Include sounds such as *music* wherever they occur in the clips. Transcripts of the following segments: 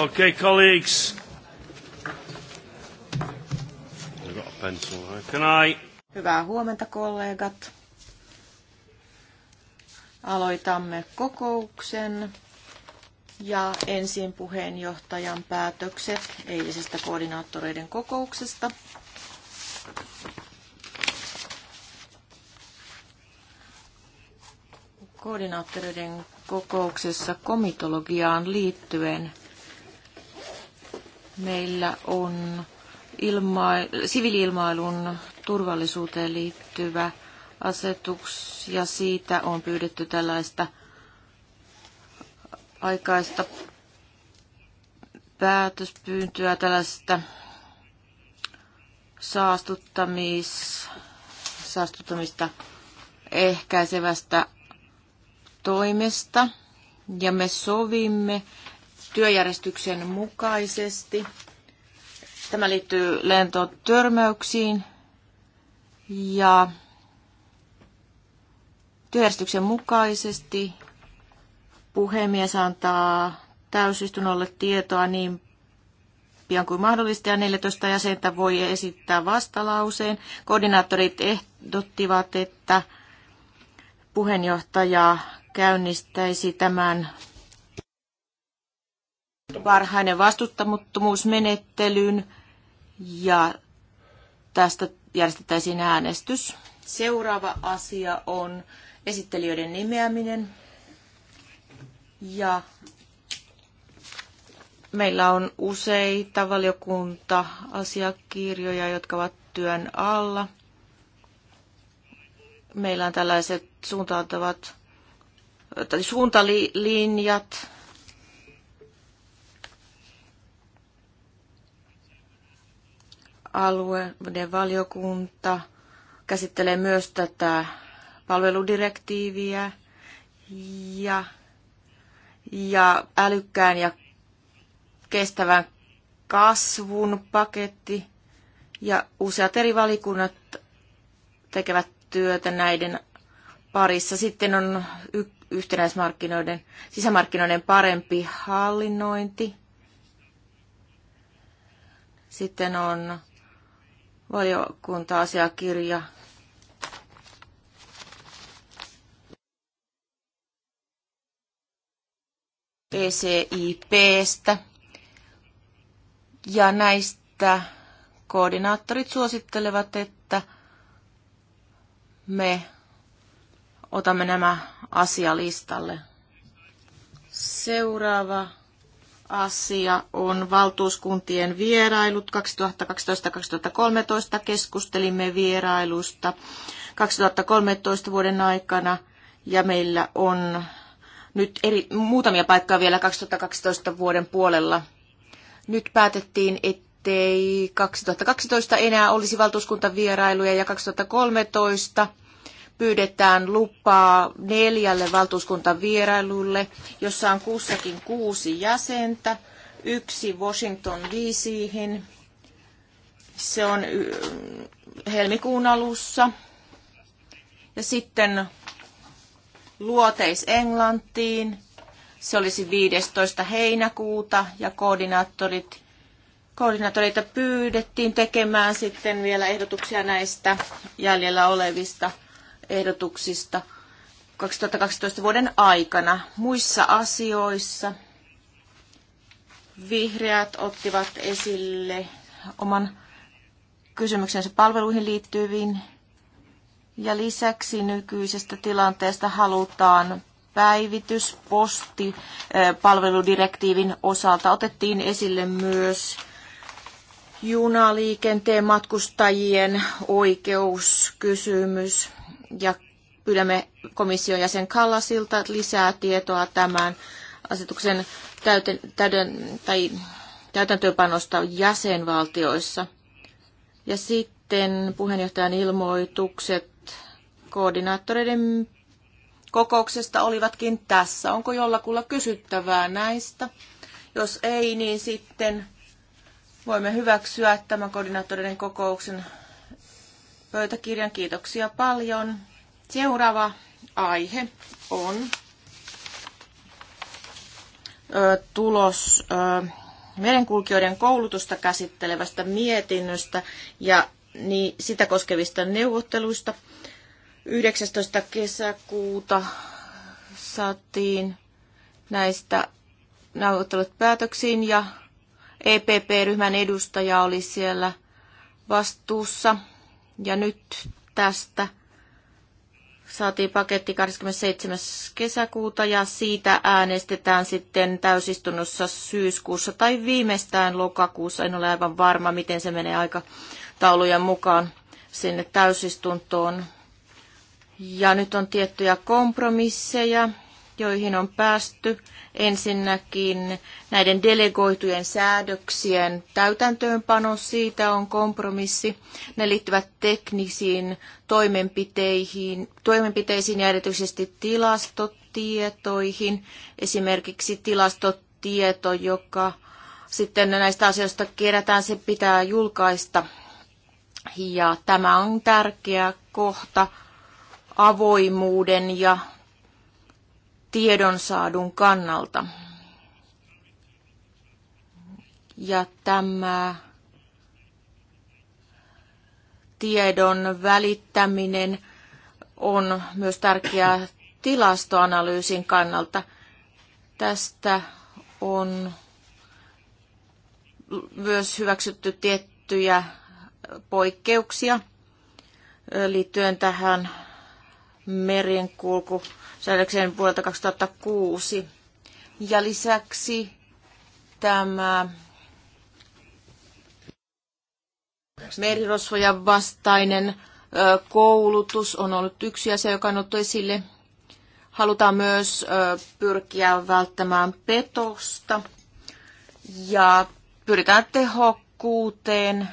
Okay, colleagues. Can I? Hyvää huomenta, kollegat. Aloitamme kokouksen ja ensin puheenjohtajan päätökset eilisestä koordinaattoreiden kokouksesta. Koordinaattoreiden kokouksessa komitologiaan liittyen meillä on ilma- siviiliilmailun turvallisuuteen liittyvä asetus ja siitä on pyydetty tällaista aikaista päätöspyyntöä tällaista saastuttamis, saastuttamista ehkäisevästä toimesta. Ja me sovimme työjärjestyksen mukaisesti. Tämä liittyy lentotörmäyksiin ja työjärjestyksen mukaisesti puhemies antaa täysistunnolle tietoa niin pian kuin mahdollista ja 14 jäsentä voi esittää vastalauseen. Koordinaattorit ehdottivat, että puheenjohtaja käynnistäisi tämän varhainen vastuttamattomuusmenettelyyn ja tästä järjestettäisiin äänestys. Seuraava asia on esittelijöiden nimeäminen ja meillä on useita valiokunta-asiakirjoja, jotka ovat työn alla. Meillä on tällaiset suuntautuvat tai suuntalinjat alueiden valiokunta käsittelee myös tätä palveludirektiiviä ja, ja älykkään ja kestävän kasvun paketti. Ja useat eri valikunnat tekevät työtä näiden parissa. Sitten on yhtenäismarkkinoiden, sisämarkkinoiden parempi hallinnointi. Sitten on valiokunta-asiakirja. PCIPstä. E ja näistä koordinaattorit suosittelevat, että me otamme nämä asialistalle. Seuraava asia on valtuuskuntien vierailut 2012-2013. Keskustelimme vierailusta 2013 vuoden aikana ja meillä on nyt eri, muutamia paikkoja vielä 2012 vuoden puolella. Nyt päätettiin, ettei 2012 enää olisi valtuuskuntavierailuja ja 2013 pyydetään lupaa neljälle valtuuskuntavierailulle, jossa on kussakin kuusi jäsentä, yksi Washington DC:hin. Se on helmikuun alussa. Ja sitten luoteis Englantiin. Se olisi 15. heinäkuuta ja koordinaattorit koordinaattoreita pyydettiin tekemään sitten vielä ehdotuksia näistä jäljellä olevista ehdotuksista 2012 vuoden aikana. Muissa asioissa vihreät ottivat esille oman kysymyksensä palveluihin liittyviin ja lisäksi nykyisestä tilanteesta halutaan päivitys postipalveludirektiivin eh, osalta. Otettiin esille myös junaliikenteen matkustajien oikeuskysymys ja pyydämme komission jäsen Kallasilta lisää tietoa tämän asetuksen täyten, täyden, tai täytäntöönpanosta jäsenvaltioissa. Ja sitten puheenjohtajan ilmoitukset koordinaattoreiden kokouksesta olivatkin tässä. Onko jollakulla kysyttävää näistä? Jos ei, niin sitten voimme hyväksyä tämän koordinaattoreiden kokouksen pöytäkirjan. Kiitoksia paljon. Seuraava aihe on ö, tulos ö, merenkulkijoiden koulutusta käsittelevästä mietinnöstä ja niin, sitä koskevista neuvotteluista. 19. kesäkuuta saatiin näistä neuvottelut päätöksiin ja EPP-ryhmän edustaja oli siellä vastuussa – ja nyt tästä saatiin paketti 27. kesäkuuta ja siitä äänestetään sitten täysistunnossa syyskuussa tai viimeistään lokakuussa. En ole aivan varma, miten se menee aika taulujen mukaan sinne täysistuntoon. Ja nyt on tiettyjä kompromisseja joihin on päästy. Ensinnäkin näiden delegoitujen säädöksien täytäntöönpano, siitä on kompromissi. Ne liittyvät teknisiin toimenpiteihin, toimenpiteisiin ja erityisesti tilastotietoihin. Esimerkiksi tilastotieto, joka sitten näistä asioista kerätään, se pitää julkaista. Ja tämä on tärkeä kohta avoimuuden ja tiedonsaadun kannalta. Ja tämä tiedon välittäminen on myös tärkeää tilastoanalyysin kannalta. Tästä on myös hyväksytty tiettyjä poikkeuksia liittyen tähän merenkulkusäädöksen vuodelta 2006. Ja lisäksi tämä merirosvojen vastainen koulutus on ollut yksi asia, joka on ollut esille. Halutaan myös pyrkiä välttämään petosta ja pyritään tehokkuuteen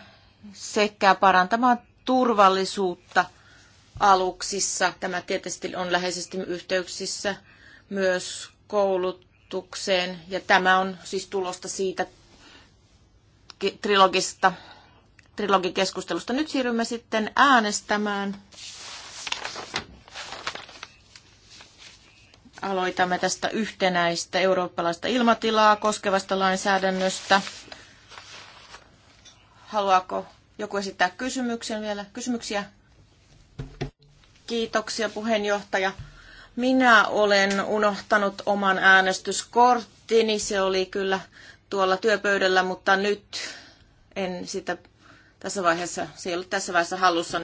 sekä parantamaan turvallisuutta – aluksissa. Tämä tietysti on läheisesti yhteyksissä myös koulutukseen ja tämä on siis tulosta siitä trilogista, trilogikeskustelusta. Nyt siirrymme sitten äänestämään. Aloitamme tästä yhtenäistä eurooppalaista ilmatilaa koskevasta lainsäädännöstä. Haluaako joku esittää kysymyksen vielä? Kysymyksiä? Kiitoksia puheenjohtaja. Minä olen unohtanut oman äänestyskorttini. Se oli kyllä tuolla työpöydällä, mutta nyt en sitä tässä vaiheessa, se ei ollut tässä vaiheessa halussa.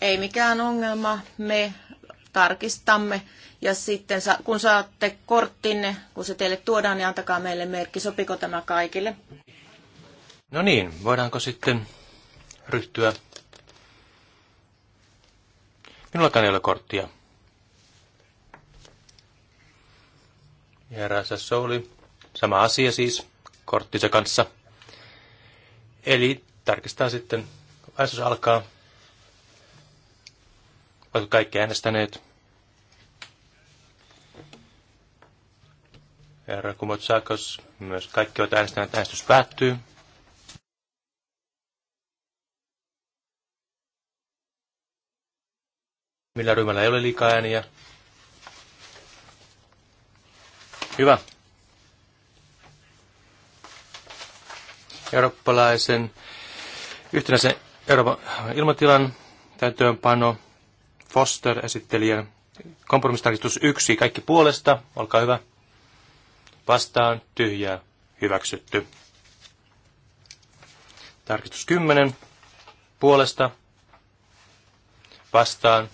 Ei mikään ongelma, me tarkistamme ja sitten kun saatte korttinne, kun se teille tuodaan, niin antakaa meille merkki, sopiko tämä kaikille. No niin, voidaanko sitten ryhtyä Minullakaan ei ole korttia. Herra oli sama asia siis, korttinsa kanssa. Eli tarkistaa sitten, äänestys alkaa. Oletko kaikki äänestäneet? Herra Kumotsakos, myös kaikki ovat äänestäneet, äänestys päättyy. millä ryhmällä ei ole liikaa ääniä. Hyvä. Eurooppalaisen yhtenäisen Euroopan ilmatilan täytöönpano Foster esittelijä. Kompromissitarkistus yksi. Kaikki puolesta. Olkaa hyvä. Vastaan. Tyhjää. Hyväksytty. Tarkistus 10. Puolesta. Vastaan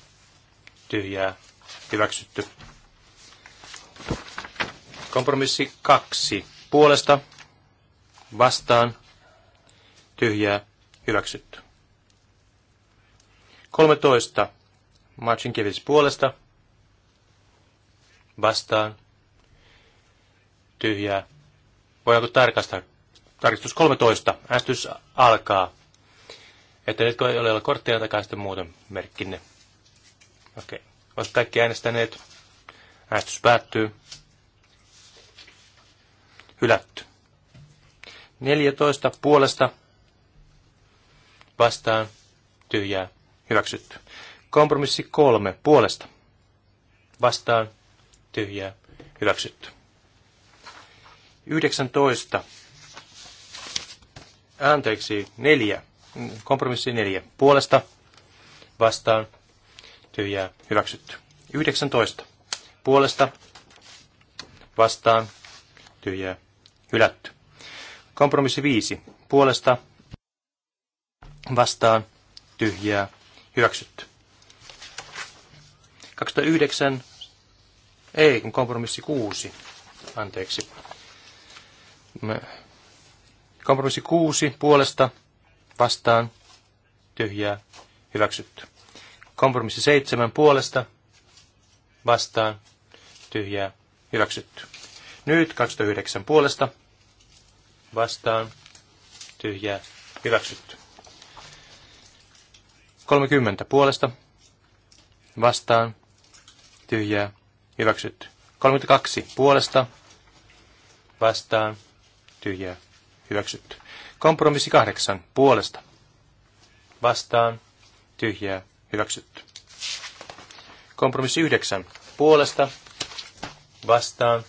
tyhjää hyväksytty. Kompromissi kaksi puolesta vastaan tyhjää hyväksytty. 13. Marcin Kivis puolesta vastaan tyhjää. Voidaanko tarkastaa? Tarkistus 13. Äänestys alkaa. Että nyt kun ei ole kortteja takaisin muuten merkkinne. Okei. Okay. Ovat kaikki äänestäneet. Äänestys päättyy. Hylätty. 14 puolesta vastaan tyhjää hyväksytty. Kompromissi kolme puolesta vastaan tyhjää hyväksytty. 19 anteeksi, neljä, kompromissi neljä, puolesta vastaan tyhjää hyväksytty. 19. Puolesta vastaan tyhjää hylätty. Kompromissi 5. Puolesta vastaan tyhjää hyväksytty. 29. ei kun kompromissi 6, anteeksi. Kompromissi 6 puolesta vastaan tyhjää hyväksytty. Kompromissi seitsemän puolesta vastaan tyhjää hyväksytty. Nyt 29 puolesta vastaan tyhjää hyväksytty. 30 puolesta vastaan tyhjää hyväksytty. 32 puolesta vastaan tyhjää hyväksytty. Kompromissi kahdeksan puolesta vastaan tyhjää Hyväksytty. Kompromissi 9. Puolesta. Vastaan.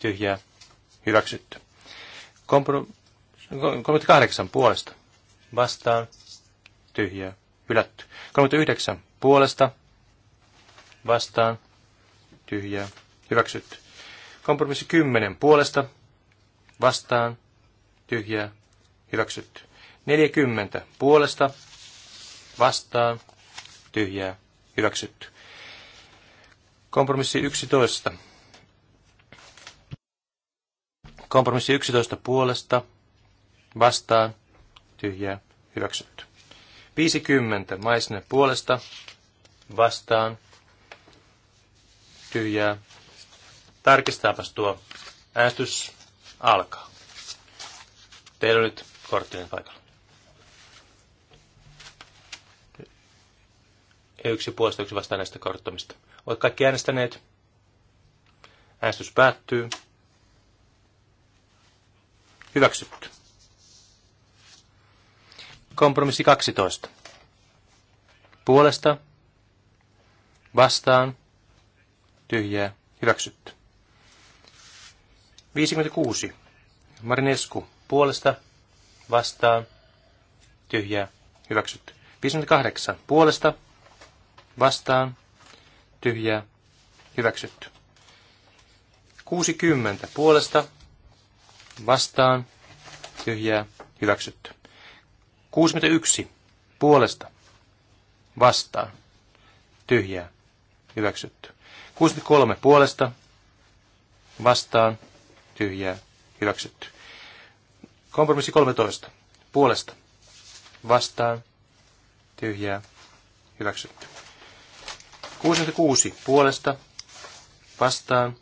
Tyhjää. Hyväksytty. Kompromissi 8. Puolesta. Vastaan. Tyhjää. Hylätty. yhdeksän Puolesta. Vastaan. Tyhjää. Hyväksytty. Kompromissi 10. Puolesta. Vastaan. Tyhjää. Hyväksytty. 40. Puolesta. Vastaan tyhjää, hyväksytty. Kompromissi 11. Kompromissi 11 puolesta, vastaan, tyhjää, hyväksytty. 50 maisne puolesta, vastaan, tyhjää. Tarkistaapas tuo äänestys alkaa. Teillä on nyt korttinen paikalla. Ja yksi puolesta, yksi vastaan näistä korottamista. Olet kaikki äänestäneet. Äänestys päättyy. Hyväksytty. Kompromissi 12. Puolesta, vastaan, tyhjää, hyväksytty. 56. Marinesku, puolesta, vastaan, tyhjää, hyväksytty. 58. Puolesta, vastaan, tyhjää, hyväksytty. 60 puolesta, vastaan, tyhjää, hyväksytty. 61 puolesta, vastaan, tyhjää, hyväksytty. 63 puolesta, vastaan, tyhjää, hyväksytty. Kompromissi 13, puolesta, vastaan, tyhjää, hyväksytty. 66 puolesta vastaan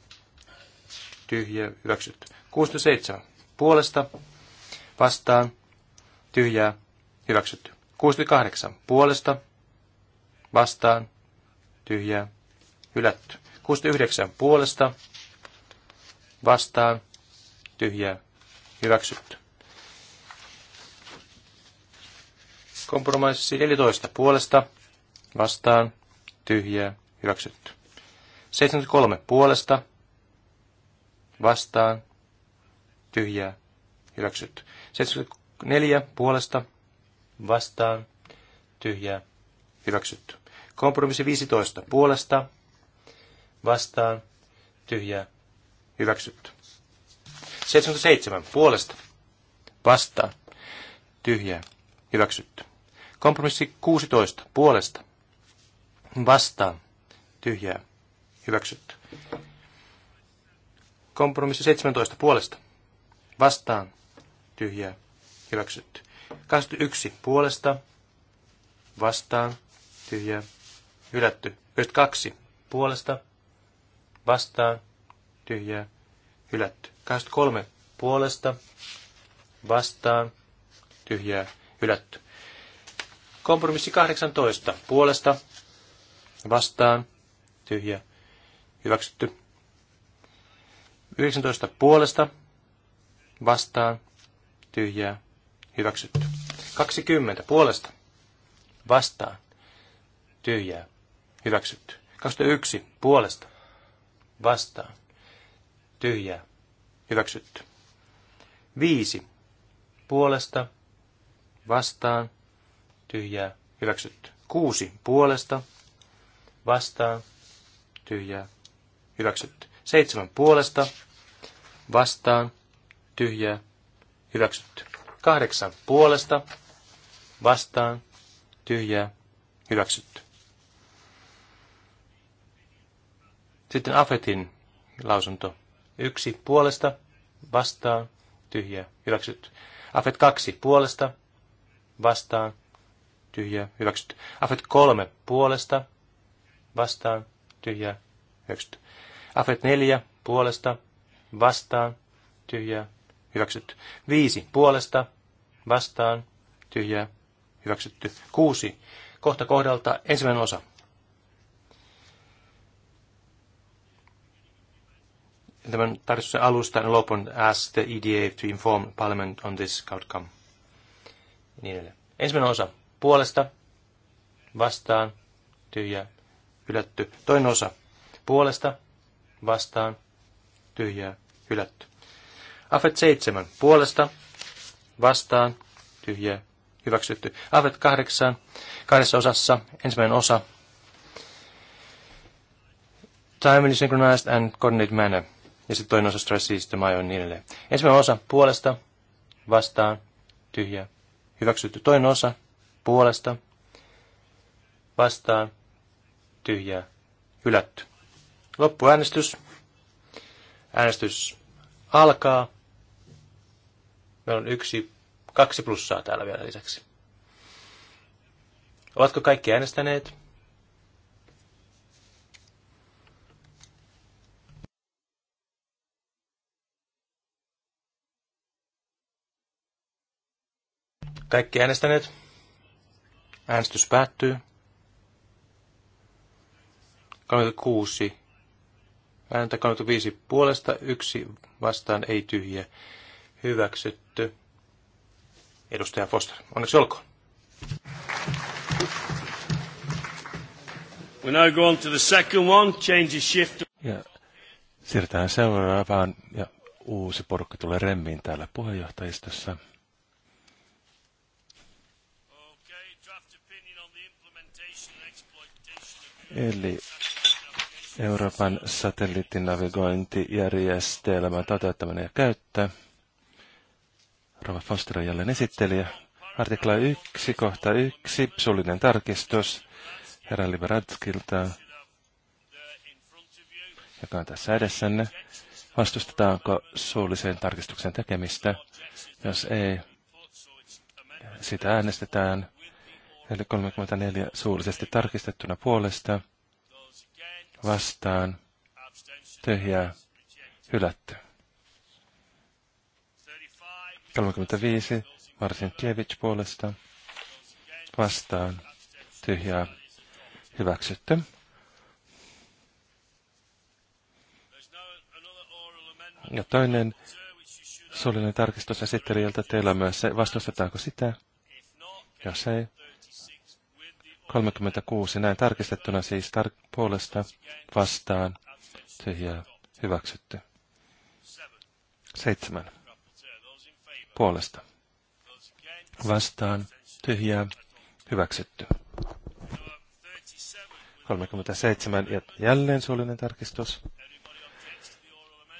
tyhjä hyväksytty. 67 puolesta vastaan tyhjää hyväksytty. 68 puolesta vastaan tyhjää hylätty. 69 puolesta vastaan tyhjää hyväksytty. Kompromissi 14 puolesta vastaan tyhjää, hyväksytty. 73 puolesta, vastaan, tyhjää, hyväksytty. 74 puolesta, vastaan, tyhjää, hyväksytty. Kompromissi 15 puolesta, vastaan, tyhjää, hyväksytty. 77 puolesta, vastaan, tyhjää, hyväksytty. Kompromissi 16 puolesta, vastaan tyhjää hyväksytty. Kompromissi 17 puolesta vastaan tyhjää hyväksytty. 21 puolesta vastaan tyhjää hylätty. 22 puolesta vastaan tyhjää hylätty. 23 puolesta vastaan tyhjää hylätty. Kompromissi 18 puolesta vastaan, tyhjä, hyväksytty. 19 puolesta, vastaan, tyhjää, hyväksytty. 20 puolesta, vastaan, tyhjää, hyväksytty. 21 puolesta, vastaan, tyhjää, hyväksytty. 5 puolesta, vastaan, tyhjää, hyväksytty. 6 puolesta, vastaan, tyhjää, hyväksytty. Seitsemän puolesta, vastaan, tyhjää, hyväksytty. Kahdeksan puolesta, vastaan, tyhjää, hyväksytty. Sitten Afetin lausunto. Yksi puolesta, vastaan, tyhjää, hyväksytty. Afet kaksi puolesta, vastaan, tyhjää, hyväksytty. Afet kolme puolesta, vastaan, tyhjä hyväksytty. Afet 4 puolesta, vastaan, tyhjä hyväksytty. 5 puolesta, vastaan, tyhjä hyväksytty. 6 kohta kohdalta ensimmäinen osa. Tämän tarkistuksen alusta ja lopun ask the EDA to inform parliament on this outcome. Niin edelleen. Ensimmäinen osa. Puolesta, vastaan, tyhjä hylätty. Toinen osa puolesta, vastaan, tyhjää, hylätty. Afet 7 puolesta, vastaan, tyhjää, hyväksytty. Afet 8 kahdessa osassa, ensimmäinen osa, timely synchronized and coordinated manner. Ja sitten toinen osa stressiä, sitten majoin niin edelleen. Ensimmäinen osa puolesta, vastaan, tyhjää, hyväksytty. Toinen osa puolesta, vastaan, tyhjää, hylätty. Loppuäänestys. Äänestys alkaa. Meillä on yksi, kaksi plussaa täällä vielä lisäksi. Ovatko kaikki äänestäneet? Kaikki äänestäneet? Äänestys päättyy. 36 ääntä, 35 puolesta, yksi vastaan, ei tyhjä. Hyväksytty. Edustaja Foster, onneksi olkoon. We now go on to the second one, change the shift. Ja siirrytään seuraavaan ja uusi porukka tulee remmiin täällä puheenjohtajistossa. Okay, Eli Euroopan satelliittinavigointijärjestelmän toteuttaminen ja käyttö. Rova Foster on jälleen esittelijä. Artikla 1, kohta 1, suullinen tarkistus herra Liberatskilta, joka on tässä edessänne. Vastustetaanko suullisen tarkistuksen tekemistä? Jos ei, sitä äänestetään. Eli 34 suullisesti tarkistettuna puolesta vastaan tyhjää hylätty. 35 Martin Kievich puolesta vastaan tyhjää hyväksytty. Ja toinen suullinen tarkistus esittelijältä teillä myös se, vastustetaanko sitä? Jos ei, 36, näin tarkistettuna siis tar- puolesta vastaan tyhjää hyväksytty. seitsemän Puolesta vastaan tyhjää hyväksytty. 37 ja jälleen suullinen tarkistus.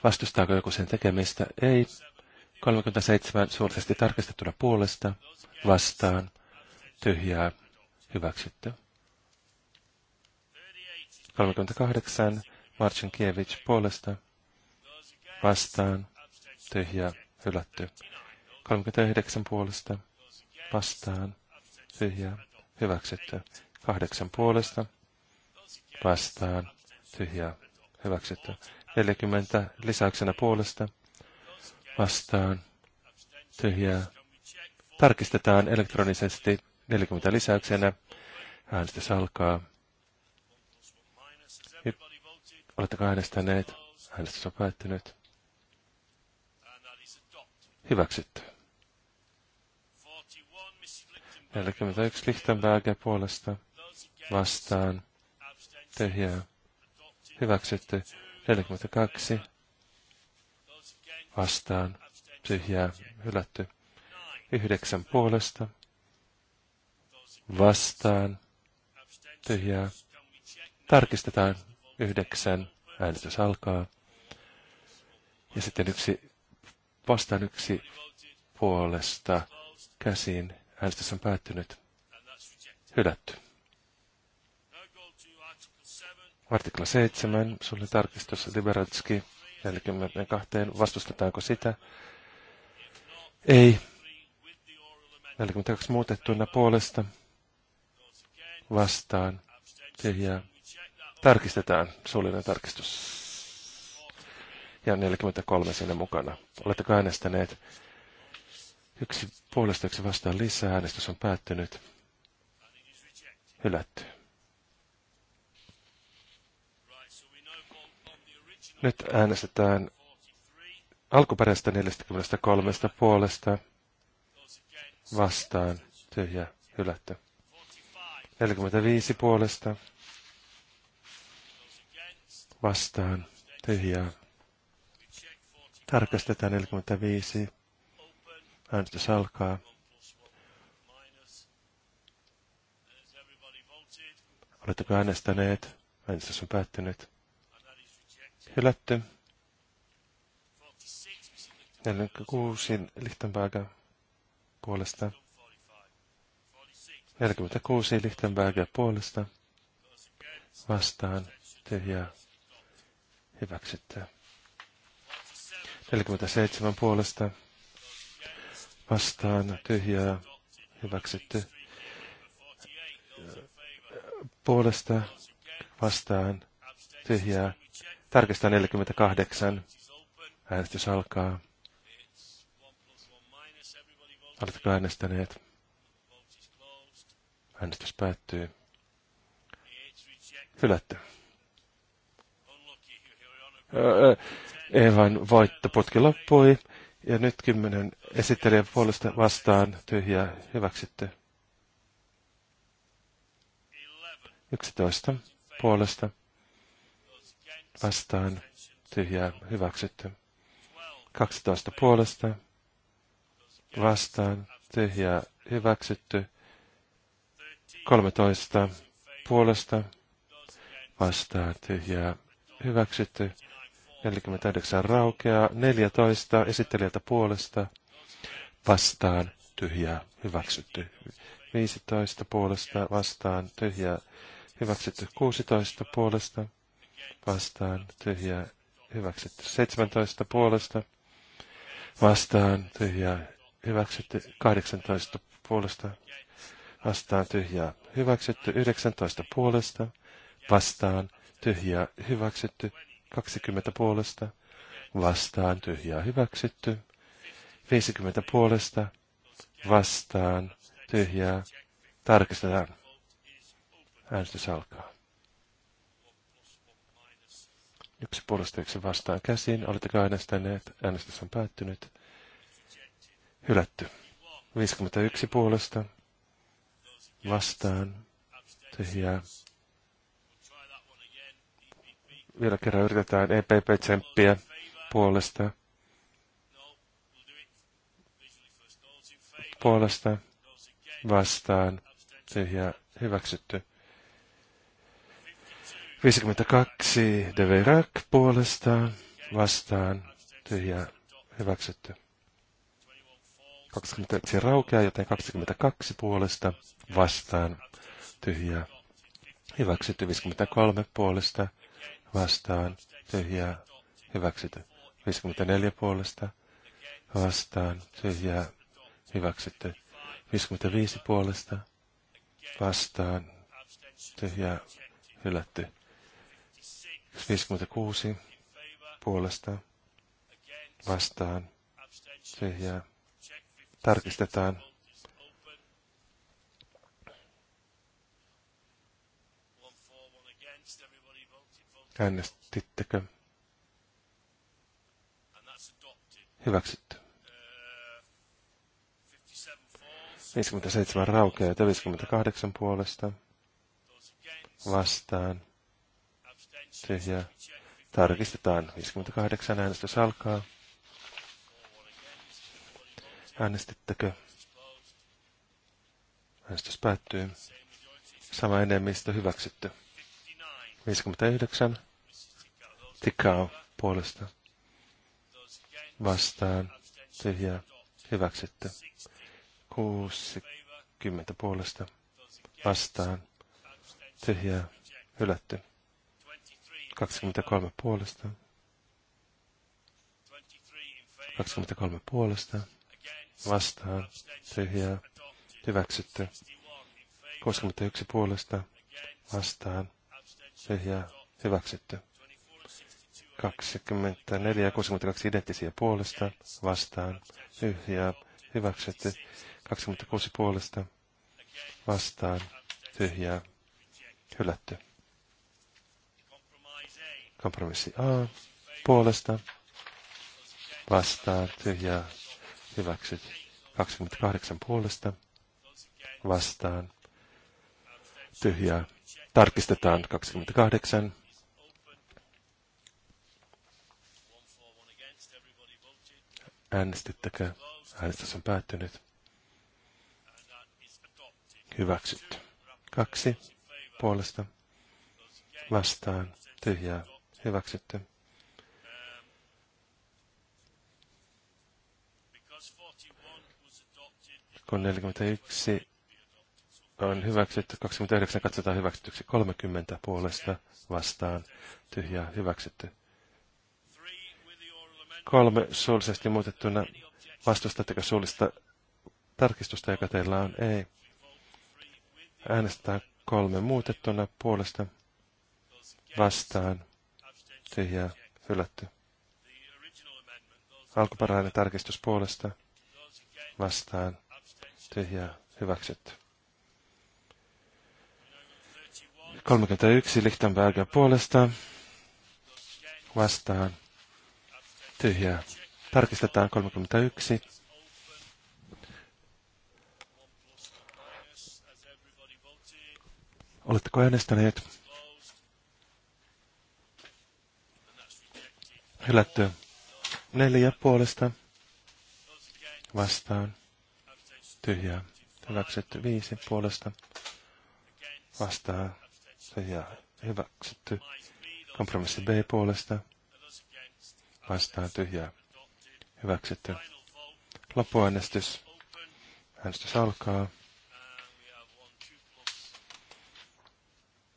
Vastustaako joku sen tekemistä? Ei. 37 suullisesti tarkistettuna puolesta vastaan tyhjää Hyväksytty. 38. Marcin Kievich puolesta. Vastaan. Tyhjä. Hylätty. 39 puolesta. Vastaan. Tyhjä. Hyväksytty. 8 puolesta. Vastaan. Tyhjä. Hyväksytty. 40 lisäyksenä puolesta. Vastaan. Tyhjää. Tarkistetaan elektronisesti 40 lisäyksenä. Äänestys alkaa. Oletteko äänestäneet? Äänestys on päättynyt. Hyväksytty. 41 Lichtenberger puolesta vastaan. Tyhjää. Hyväksytty. 42 vastaan. Tyhjää. Hylätty. 9 puolesta vastaan, tyhjää. Tarkistetaan yhdeksän, äänestys alkaa. Ja sitten yksi vastaan yksi puolesta käsiin. Äänestys on päättynyt. Hylätty. Artikla 7, sulle tarkistus Liberatski 42, vastustetaanko sitä? Ei. 42 muutettuna puolesta vastaan tyhjää. Tarkistetaan suullinen tarkistus. Ja 43 sinne mukana. Oletteko äänestäneet? Yksi puolesta yksi vastaan lisää. Äänestys on päättynyt. Hylätty. Nyt äänestetään alkuperäistä 43 puolesta vastaan tyhjä hylätty. 45 puolesta. Vastaan. Tyhjää. Tarkastetaan 45. Äänestys alkaa. Oletteko äänestäneet? Äänestys on päättynyt. Hylätty. 46 Lichtenberger puolesta 46 Lichtenbergia puolesta vastaan tyhjää hyväksyttää. 47 puolesta vastaan tyhjää hyväksytty. Puolesta vastaan tyhjää. Tarkistaa 48. Äänestys alkaa. Oletko äänestäneet? Äänestys päättyy. Hylätty. Evan potki loppui ja nyt kymmenen esittelijän puolesta vastaan tyhjää hyväksytty. 11 puolesta vastaan tyhjää hyväksytty. 12 puolesta vastaan tyhjää hyväksytty. 13 puolesta vastaa tyhjää hyväksytty. 49 raukeaa. 14 esittelijältä puolesta vastaan tyhjää hyväksytty. 15 puolesta vastaan tyhjää hyväksytty. 16 puolesta vastaan tyhjää hyväksytty. 17 puolesta vastaan tyhjää hyväksytty. 18 puolesta vastaan tyhjää hyväksytty 19 puolesta, vastaan tyhjää hyväksytty 20 puolesta, vastaan tyhjää hyväksytty 50 puolesta, vastaan tyhjää tarkistetaan. Äänestys alkaa. Yksi puolesta yksi vastaan käsin. Oletteko äänestäneet? Äänestys on päättynyt. Hylätty. 51 puolesta vastaan tyhjää. Vielä kerran yritetään EPP-tsemppiä puolesta. Puolesta vastaan tyhjää hyväksytty. 52 Deverac puolestaan vastaan tyhjää hyväksytty. 21 raukeaa, joten 22 puolesta vastaan tyhjää. Hyväksytty 53 puolesta vastaan tyhjää. Hyväksytty 54 puolesta vastaan tyhjää. Hyväksytty 55 puolesta vastaan tyhjää. Hylätty 56 puolesta vastaan tyhjää tarkistetaan. Äänestittekö? Hyväksytty. 57 raukeaa ja 58 puolesta vastaan. Tyhjää. Tarkistetaan. 58 äänestys alkaa. Äänestittekö? Äänestys päättyy. Sama enemmistö hyväksytty. 59. Tikao puolesta. Vastaan. Tyhjää. Hyväksytty. 60 puolesta. Vastaan. Tyhjää. Hylätty. 23 puolesta. 23 puolesta vastaan tyhjää hyväksytty. 61 puolesta vastaan tyhjää hyväksytty. 24 ja 62 identtisiä puolesta vastaan tyhjää hyväksytty. 26 puolesta vastaan tyhjää hylätty. Kompromissi A puolesta vastaan tyhjää hyväksyt 28 puolesta vastaan tyhjää. Tarkistetaan 28. Äänestittäkää. Äänestys on päättynyt. Hyväksytty. Kaksi puolesta vastaan tyhjää. Hyväksytty. Kun 41 on hyväksytty, 29 katsotaan hyväksytyksi, 30 puolesta vastaan, tyhjää hyväksytty. Kolme suullisesti muutettuna, vastustatteko suullista tarkistusta, joka teillä on? Ei. Äänestetään kolme muutettuna puolesta vastaan, tyhjää hylätty. Alkuperäinen tarkistus puolesta vastaan, ja hyväkset. 31 Lichtenberger puolesta vastaan tyhjää. Tarkistetaan 31. Oletteko äänestäneet? Hylätty. Neljä puolesta vastaan tyhjää hyväksytty. Viisi puolesta vastaa tyhjää hyväksytty. Kompromissi B puolesta vastaa tyhjää hyväksytty. Loppuäänestys. Äänestys alkaa.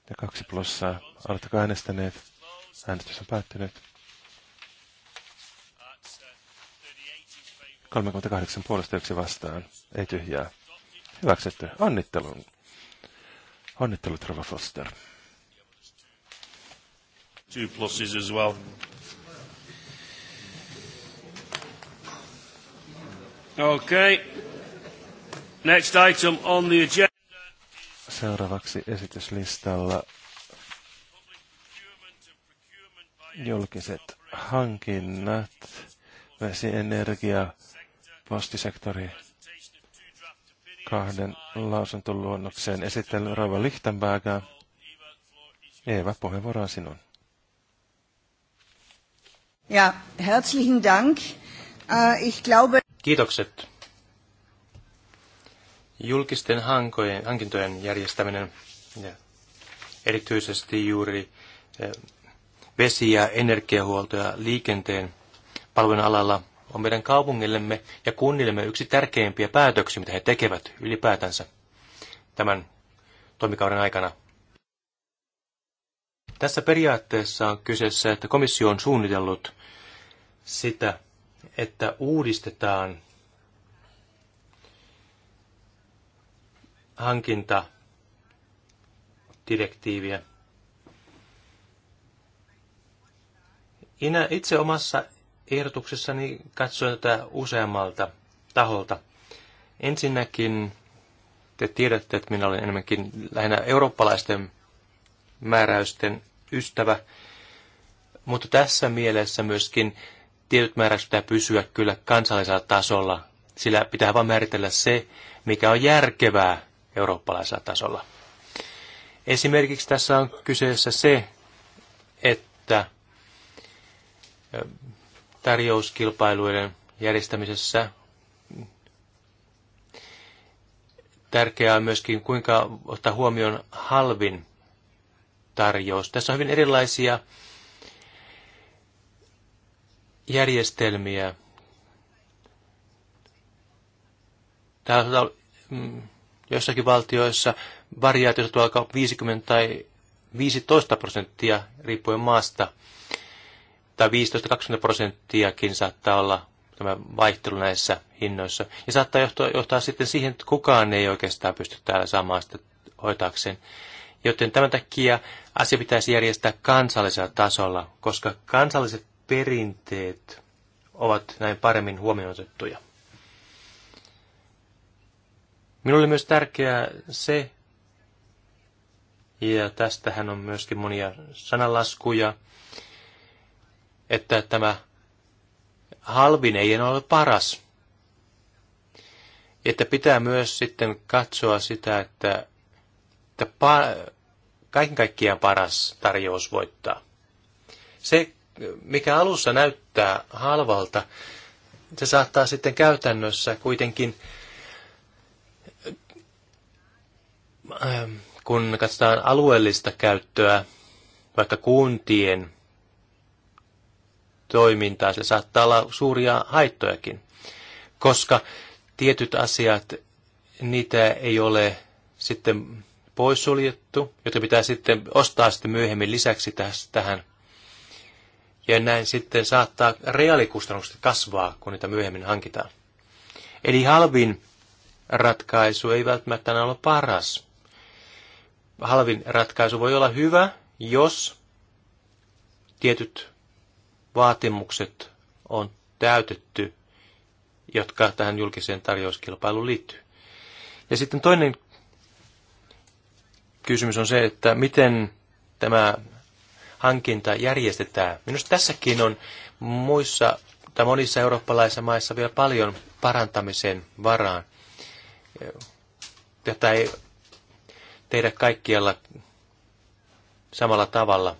Ja kaksi plussaa. Oletteko äänestäneet? Äänestys on päättynyt. 38 puolesta yksi vastaan. Ei tyhjää. Hyväksytty. Onnittelun. Onnittelut, Rova Foster. Two pluses as well. Okay. Next item on the agenda. Seuraavaksi esityslistalla julkiset hankinnat, vesienergia, energia postisektori kahden lausuntoluonnokseen esittely Rauva Lichtenberger. Eeva, puheenvuoro on sinun. Ja, herzlichen Dank. Uh, ich glaube... Kiitokset. Julkisten hankojen, hankintojen järjestäminen ja erityisesti juuri äh, vesi- ja energiahuolto ja liikenteen palvelun alalla – on meidän kaupungillemme ja kunnillemme yksi tärkeimpiä päätöksiä, mitä he tekevät ylipäätänsä tämän toimikauden aikana. Tässä periaatteessa on kyseessä, että komissio on suunnitellut sitä, että uudistetaan hankintadirektiiviä. itse omassa ehdotuksessani katsoin tätä useammalta taholta. Ensinnäkin te tiedätte, että minä olen enemmänkin lähinnä eurooppalaisten määräysten ystävä, mutta tässä mielessä myöskin tietyt määräykset pitää pysyä kyllä kansallisella tasolla, sillä pitää vain määritellä se, mikä on järkevää eurooppalaisella tasolla. Esimerkiksi tässä on kyseessä se, että tarjouskilpailuiden järjestämisessä. Tärkeää on myöskin, kuinka ottaa huomioon halvin tarjous. Tässä on hyvin erilaisia järjestelmiä. Täällä mm, joissakin valtioissa variaatiot tuolla 50 tai 15 prosenttia riippuen maasta tai 15-20 prosenttiakin saattaa olla tämä vaihtelu näissä hinnoissa. Ja saattaa johtaa, johtaa sitten siihen, että kukaan ei oikeastaan pysty täällä saamaan sitä hoitaakseen. Joten tämän takia asia pitäisi järjestää kansallisella tasolla, koska kansalliset perinteet ovat näin paremmin huomioitettuja. Minulle myös tärkeää se, ja tästähän on myöskin monia sanalaskuja, että tämä halvin ei ole paras. Että pitää myös sitten katsoa sitä, että, että pa- kaiken kaikkiaan paras tarjous voittaa. Se, mikä alussa näyttää halvalta, se saattaa sitten käytännössä kuitenkin, ähm, kun katsotaan alueellista käyttöä, vaikka kuntien toimintaa. Se saattaa olla suuria haittojakin, koska tietyt asiat, niitä ei ole sitten poissuljettu, jota pitää sitten ostaa sitten myöhemmin lisäksi tähän. Ja näin sitten saattaa reaalikustannukset kasvaa, kun niitä myöhemmin hankitaan. Eli halvin ratkaisu ei välttämättä aina ole paras. Halvin ratkaisu voi olla hyvä, jos tietyt vaatimukset on täytetty, jotka tähän julkiseen tarjouskilpailuun liittyy. Ja sitten toinen kysymys on se, että miten tämä hankinta järjestetään. Minusta tässäkin on muissa tai monissa eurooppalaisissa maissa vielä paljon parantamisen varaan. Tätä ei tehdä kaikkialla samalla tavalla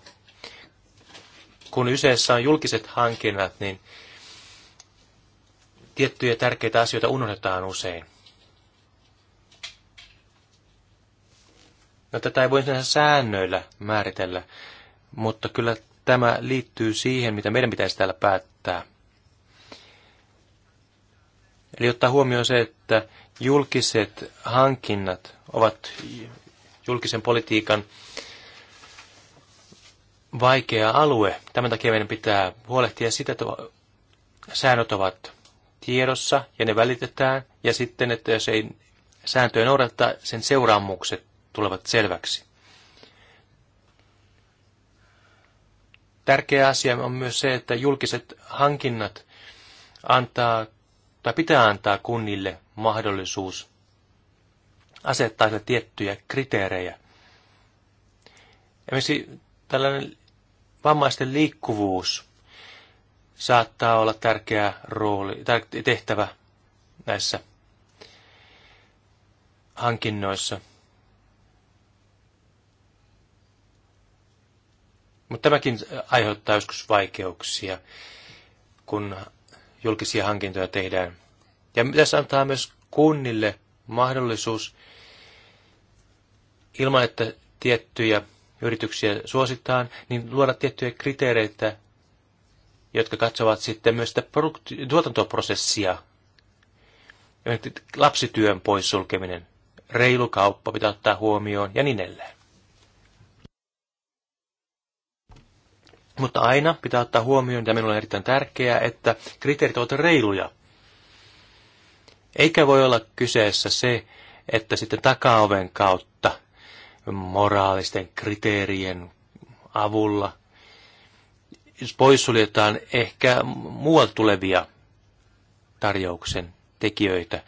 kun yseessä on julkiset hankinnat, niin tiettyjä tärkeitä asioita unohdetaan usein. No tätä ei voi sinänsä säännöillä määritellä, mutta kyllä tämä liittyy siihen, mitä meidän pitäisi täällä päättää. Eli ottaa huomioon se, että julkiset hankinnat ovat julkisen politiikan vaikea alue. Tämän takia meidän pitää huolehtia sitä, että säännöt ovat tiedossa ja ne välitetään. Ja sitten, että jos ei sääntöjä noudattaa, sen seuraamukset tulevat selväksi. Tärkeä asia on myös se, että julkiset hankinnat antaa tai pitää antaa kunnille mahdollisuus asettaa tiettyjä kriteerejä. Esimerkiksi tällainen Vammaisten liikkuvuus saattaa olla tärkeä rooli, tehtävä näissä hankinnoissa. Mutta tämäkin aiheuttaa joskus vaikeuksia, kun julkisia hankintoja tehdään. Ja tässä antaa myös kunnille mahdollisuus ilman, että tiettyjä yrityksiä suositaan, niin luoda tiettyjä kriteereitä, jotka katsovat sitten myös sitä produkti- tuotantoprosessia. Lapsityön poissulkeminen, reilu kauppa pitää ottaa huomioon ja niin edelleen. Mutta aina pitää ottaa huomioon, ja minulle on erittäin tärkeää, että kriteerit ovat reiluja. Eikä voi olla kyseessä se, että sitten takaoven kautta moraalisten kriteerien avulla. Poissuljetaan ehkä muualta tulevia tarjouksen tekijöitä.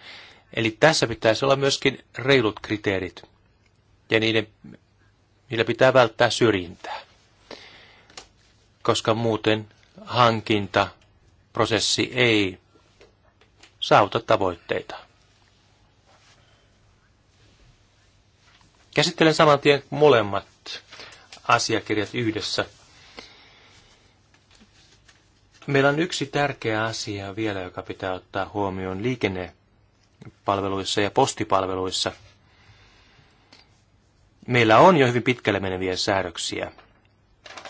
Eli tässä pitäisi olla myöskin reilut kriteerit, ja niiden, niillä pitää välttää syrjintää, koska muuten hankintaprosessi ei saavuta tavoitteita. Käsittelen saman tien molemmat asiakirjat yhdessä. Meillä on yksi tärkeä asia vielä, joka pitää ottaa huomioon liikennepalveluissa ja postipalveluissa. Meillä on jo hyvin pitkälle meneviä säädöksiä.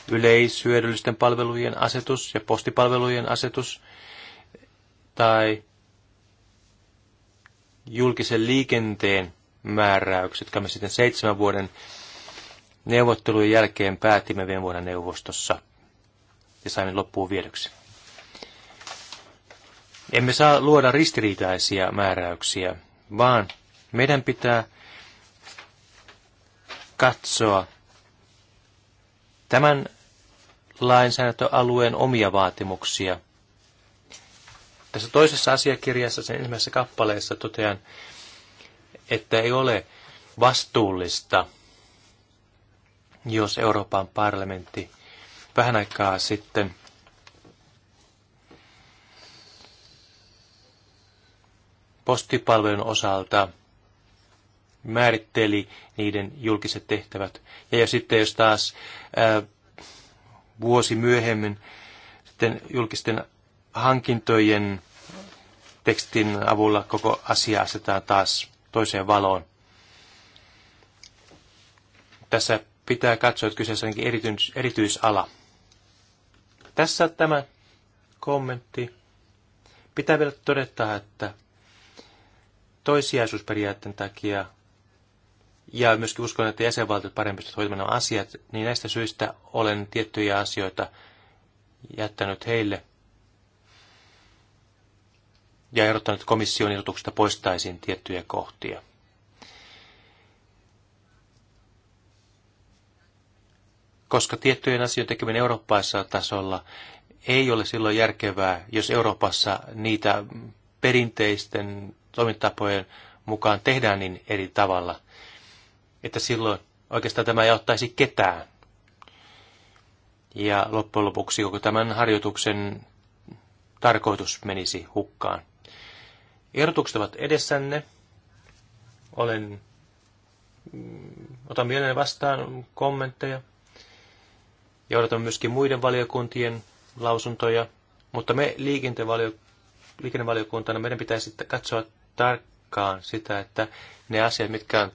Yleishyödyllisten palvelujen asetus ja postipalvelujen asetus tai julkisen liikenteen määräykset, jotka me sitten seitsemän vuoden neuvottelujen jälkeen päätimme viime vuonna neuvostossa ja saimme loppuun viedyksi. Emme saa luoda ristiriitaisia määräyksiä, vaan meidän pitää katsoa tämän lainsäädäntöalueen omia vaatimuksia. Tässä toisessa asiakirjassa, sen ensimmäisessä kappaleessa totean, että ei ole vastuullista, jos Euroopan parlamentti vähän aikaa sitten postipalvelun osalta määritteli niiden julkiset tehtävät. Ja jos sitten jos taas ää, vuosi myöhemmin sitten julkisten hankintojen tekstin avulla koko asia asetetaan taas toiseen valoon. Tässä pitää katsoa, että kyseessä on erityis, erityisala. Tässä tämä kommentti. Pitää vielä todeta, että toissijaisuusperiaatteen takia ja myöskin uskon, että jäsenvaltiot parempi hoitamaan nämä asiat, niin näistä syistä olen tiettyjä asioita jättänyt heille – ja ehdottanut, että komission ehdotuksesta poistaisiin tiettyjä kohtia. Koska tiettyjen asioiden tekeminen eurooppaisella tasolla ei ole silloin järkevää, jos Euroopassa niitä perinteisten toimintatapojen mukaan tehdään niin eri tavalla, että silloin oikeastaan tämä ei auttaisi ketään. Ja loppujen lopuksi koko tämän harjoituksen tarkoitus menisi hukkaan. Ehdotukset ovat edessänne. Olen, mm, otan mielelläni vastaan kommentteja ja odotan myöskin muiden valiokuntien lausuntoja. Mutta me liikennevaliokuntana meidän pitäisi katsoa tarkkaan sitä, että ne asiat, mitkä on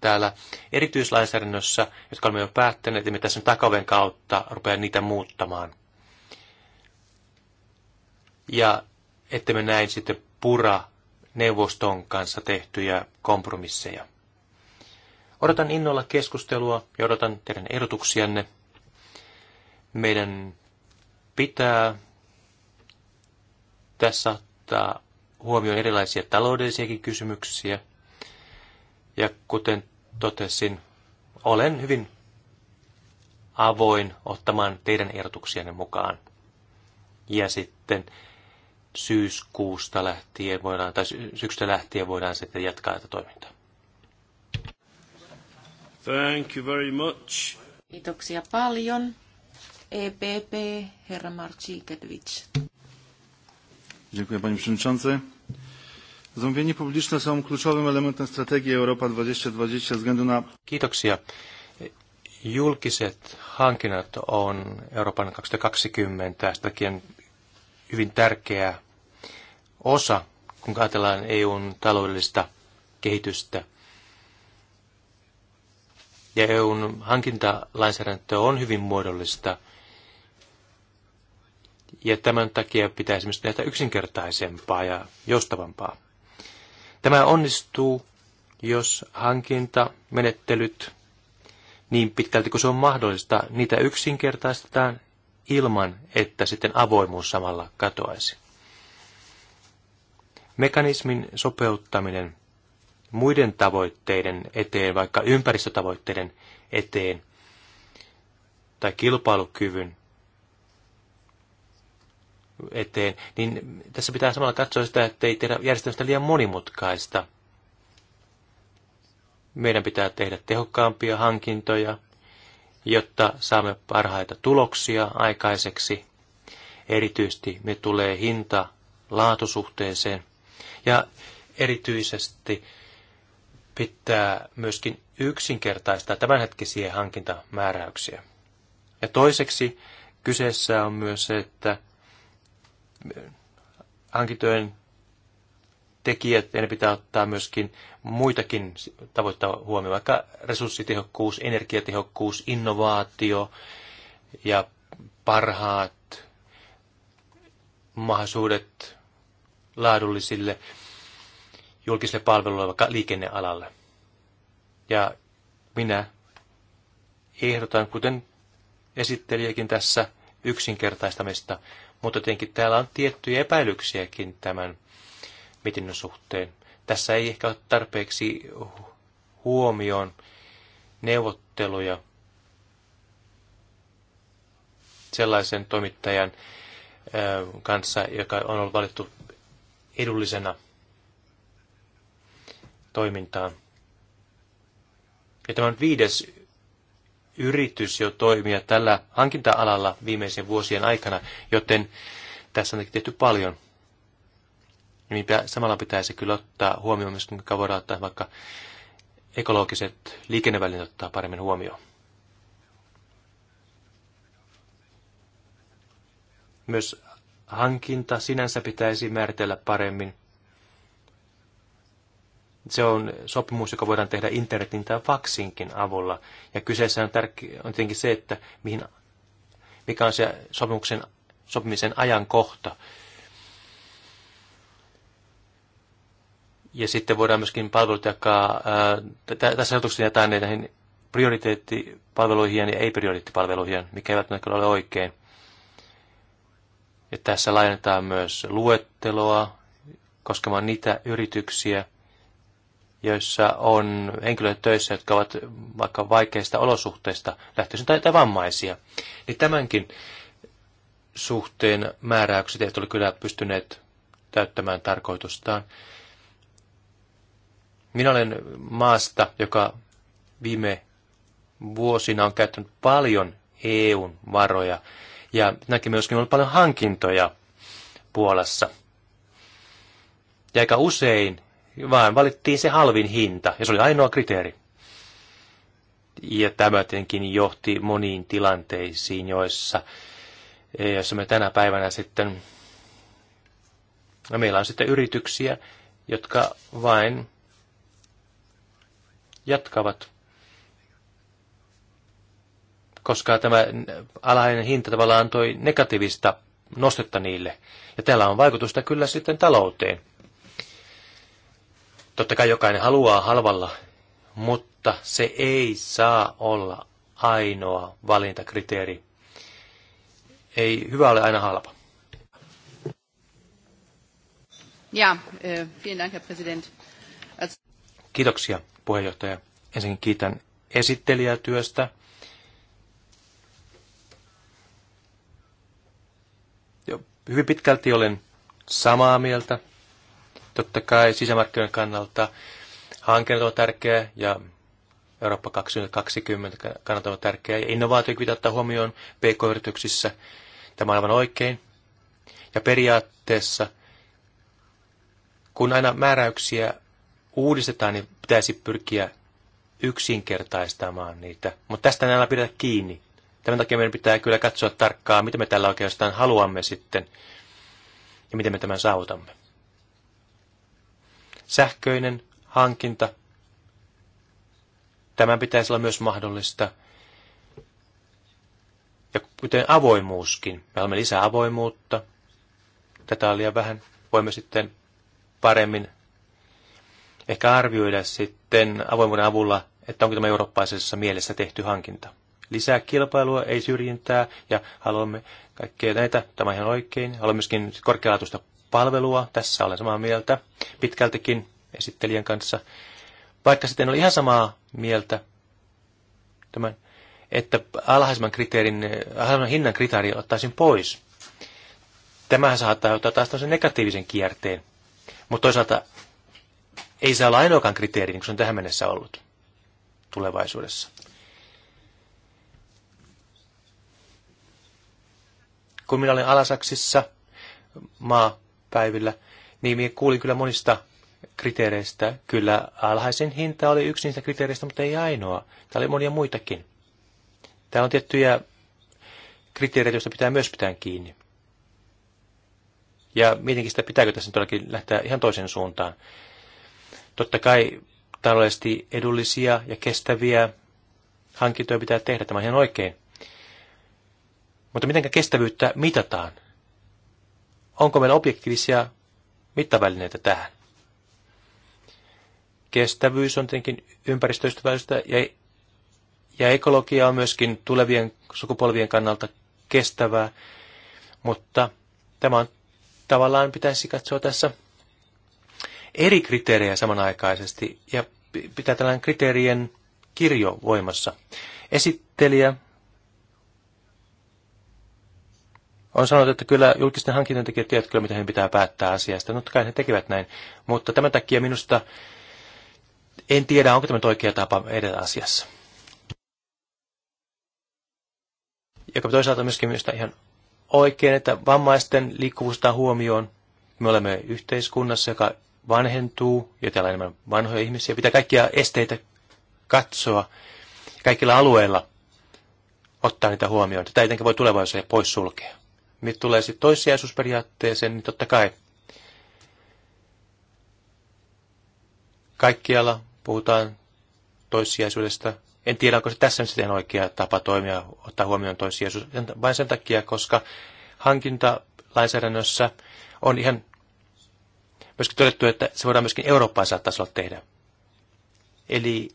täällä erityislainsäädännössä, jotka olemme jo päättäneet, ja niin me tässä takaven kautta rupeaa niitä muuttamaan. Ja että me näin sitten pura neuvoston kanssa tehtyjä kompromisseja. Odotan innolla keskustelua ja odotan teidän ehdotuksianne. Meidän pitää tässä ottaa huomioon erilaisia taloudellisiakin kysymyksiä. Ja kuten totesin, olen hyvin avoin ottamaan teidän ehdotuksianne mukaan. Ja sitten syyskuusta lähtien voidaan, tai syksystä lähtien voidaan sitten jatkaa tätä toimintaa. Thank you very much. Kiitoksia paljon. EPP, herra Marcikiewicz. Dziękuję panie przewodniczący. Zamówienia publiczne są kluczowym elementem strategii Europa 2020 względu na... Kiitoksia. Julkiset hankinnat on Euroopan 2020 strategian hyvin tärkeä osa, kun ajatellaan EUn taloudellista kehitystä. Ja EUn hankintalainsäädäntö on hyvin muodollista. Ja tämän takia pitäisi myös tehdä yksinkertaisempaa ja joustavampaa. Tämä onnistuu, jos hankintamenettelyt niin pitkälti kuin se on mahdollista, niitä yksinkertaistetaan ilman, että sitten avoimuus samalla katoaisi. Mekanismin sopeuttaminen muiden tavoitteiden eteen, vaikka ympäristötavoitteiden eteen tai kilpailukyvyn eteen, niin tässä pitää samalla katsoa sitä, että ei tehdä järjestelmästä liian monimutkaista. Meidän pitää tehdä tehokkaampia hankintoja, jotta saamme parhaita tuloksia aikaiseksi. Erityisesti me tulee hinta laatusuhteeseen ja erityisesti pitää myöskin yksinkertaistaa tämänhetkisiä hankintamääräyksiä. Ja toiseksi kyseessä on myös se, että hankintojen tekijät, ja ne pitää ottaa myöskin muitakin tavoitteita huomioon, vaikka resurssitehokkuus, energiatehokkuus, innovaatio ja parhaat mahdollisuudet laadullisille julkisille palveluille, vaikka liikennealalle. Ja minä ehdotan, kuten esittelijäkin tässä, yksinkertaistamista, mutta tietenkin täällä on tiettyjä epäilyksiäkin tämän mietinnön suhteen. Tässä ei ehkä ole tarpeeksi huomioon neuvotteluja sellaisen toimittajan kanssa, joka on ollut valittu edullisena toimintaan. Ja tämä on viides yritys jo toimia tällä hankinta-alalla viimeisen vuosien aikana, joten tässä on tehty paljon niin samalla pitäisi kyllä ottaa huomioon myös, kuinka voidaan ottaa vaikka ekologiset liikennevälineet ottaa paremmin huomioon. Myös hankinta sinänsä pitäisi määritellä paremmin. Se on sopimus, joka voidaan tehdä internetin tai faksinkin avulla. Ja kyseessä on, tärke- on tietenkin se, että mihin, mikä on se sopimuksen, sopimisen ajankohta. kohta Ja sitten voidaan myöskin palvelut jakaa, tässä ajatuksessa jätään näihin prioriteettipalveluihin ja ei-prioriteettipalveluihin, mikä eivät kyllä ole oikein. Ja tässä laajennetaan myös luetteloa koskemaan niitä yrityksiä, joissa on henkilöitä töissä, jotka ovat vaikka vaikeista olosuhteista lähtöisin tai, tai vammaisia. Niin tämänkin suhteen määräykset eivät ole kyllä pystyneet täyttämään tarkoitustaan. Minä olen maasta, joka viime vuosina on käyttänyt paljon EUn varoja ja näki myöskin on paljon hankintoja Puolassa. Ja aika usein vaan valittiin se halvin hinta ja se oli ainoa kriteeri. Ja tämä tietenkin johti moniin tilanteisiin, joissa, joissa me tänä päivänä sitten, no meillä on sitten yrityksiä, jotka vain jatkavat, koska tämä alhainen hinta tavallaan antoi negatiivista nostetta niille. Ja täällä on vaikutusta kyllä sitten talouteen. Totta kai jokainen haluaa halvalla, mutta se ei saa olla ainoa valintakriteeri. Ei hyvä ole aina halpa. Ja, eh, vielen Herr Präsident. Kiitoksia, puheenjohtaja. Ensinnäkin kiitän esittelijätyöstä. työstä. Hyvin pitkälti olen samaa mieltä. Totta kai sisämarkkinoiden kannalta hankinnat on tärkeä ja Eurooppa 2020 kannalta on tärkeä. Ja innovaatio pitää ottaa huomioon PK-yrityksissä. Tämä on aivan oikein. Ja periaatteessa, kun aina määräyksiä uudistetaan, niin pitäisi pyrkiä yksinkertaistamaan niitä. Mutta tästä näillä pitää kiinni. Tämän takia meidän pitää kyllä katsoa tarkkaan, mitä me tällä oikeastaan haluamme sitten ja miten me tämän saavutamme. Sähköinen hankinta. Tämän pitäisi olla myös mahdollista. Ja kuten avoimuuskin. Me haluamme lisää avoimuutta. Tätä on liian vähän. Voimme sitten paremmin ehkä arvioida sitten avoimuuden avulla, että onko tämä eurooppaisessa mielessä tehty hankinta. Lisää kilpailua, ei syrjintää ja haluamme kaikkea näitä, tämä on ihan oikein. Haluamme myöskin korkealaatuista palvelua, tässä olen samaa mieltä pitkältikin esittelijän kanssa. Vaikka sitten oli ihan samaa mieltä tämän, että alhaisemman, kriteerin, alhaisemman hinnan kriteeri ottaisin pois. Tämähän saattaa ottaa taas negatiivisen kierteen. Mutta toisaalta ei saa olla ainoakaan kriteeri, niin kuin se on tähän mennessä ollut tulevaisuudessa. Kun minä olin Alasaksissa maapäivillä, niin minä kuulin kyllä monista kriteereistä. Kyllä alhaisin hinta oli yksi niistä kriteereistä, mutta ei ainoa. Täällä oli monia muitakin. Täällä on tiettyjä kriteereitä, joista pitää myös pitää kiinni. Ja mietinkin sitä, pitääkö tässä todellakin lähteä ihan toisen suuntaan. Totta kai taloudellisesti edullisia ja kestäviä hankintoja pitää tehdä, tämä on ihan oikein. Mutta miten kestävyyttä mitataan? Onko meillä objektiivisia mittavälineitä tähän? Kestävyys on tietenkin ympäristöystävällistä ja, ja ekologia on myöskin tulevien sukupolvien kannalta kestävää, mutta tämä on tavallaan pitäisi katsoa tässä eri kriteerejä samanaikaisesti ja pitää tällainen kriteerien kirjo voimassa. Esittelijä on sanonut, että kyllä julkisten hankintojen tekijät tiedät kyllä, mitä he pitää päättää asiasta. No, kai he tekevät näin, mutta tämän takia minusta en tiedä, onko tämä oikea tapa edetä asiassa. Joka toisaalta myöskin minusta ihan oikein, että vammaisten liikkuvuus huomioon. Me olemme yhteiskunnassa, joka vanhentuu ja täällä on enemmän vanhoja ihmisiä. Pitää kaikkia esteitä katsoa kaikilla alueilla ottaa niitä huomioon. Tätä ei voi tulevaisuudessa poissulkea. Mitä tulee sitten toissijaisuusperiaatteeseen, niin totta kai kaikkialla puhutaan toissijaisuudesta. En tiedä, onko se tässä sitten oikea tapa toimia, ottaa huomioon toissijaisuus, vain sen takia, koska hankintalainsäädännössä on ihan myöskin todettu, että se voidaan myöskin eurooppalaisella tasolla tehdä. Eli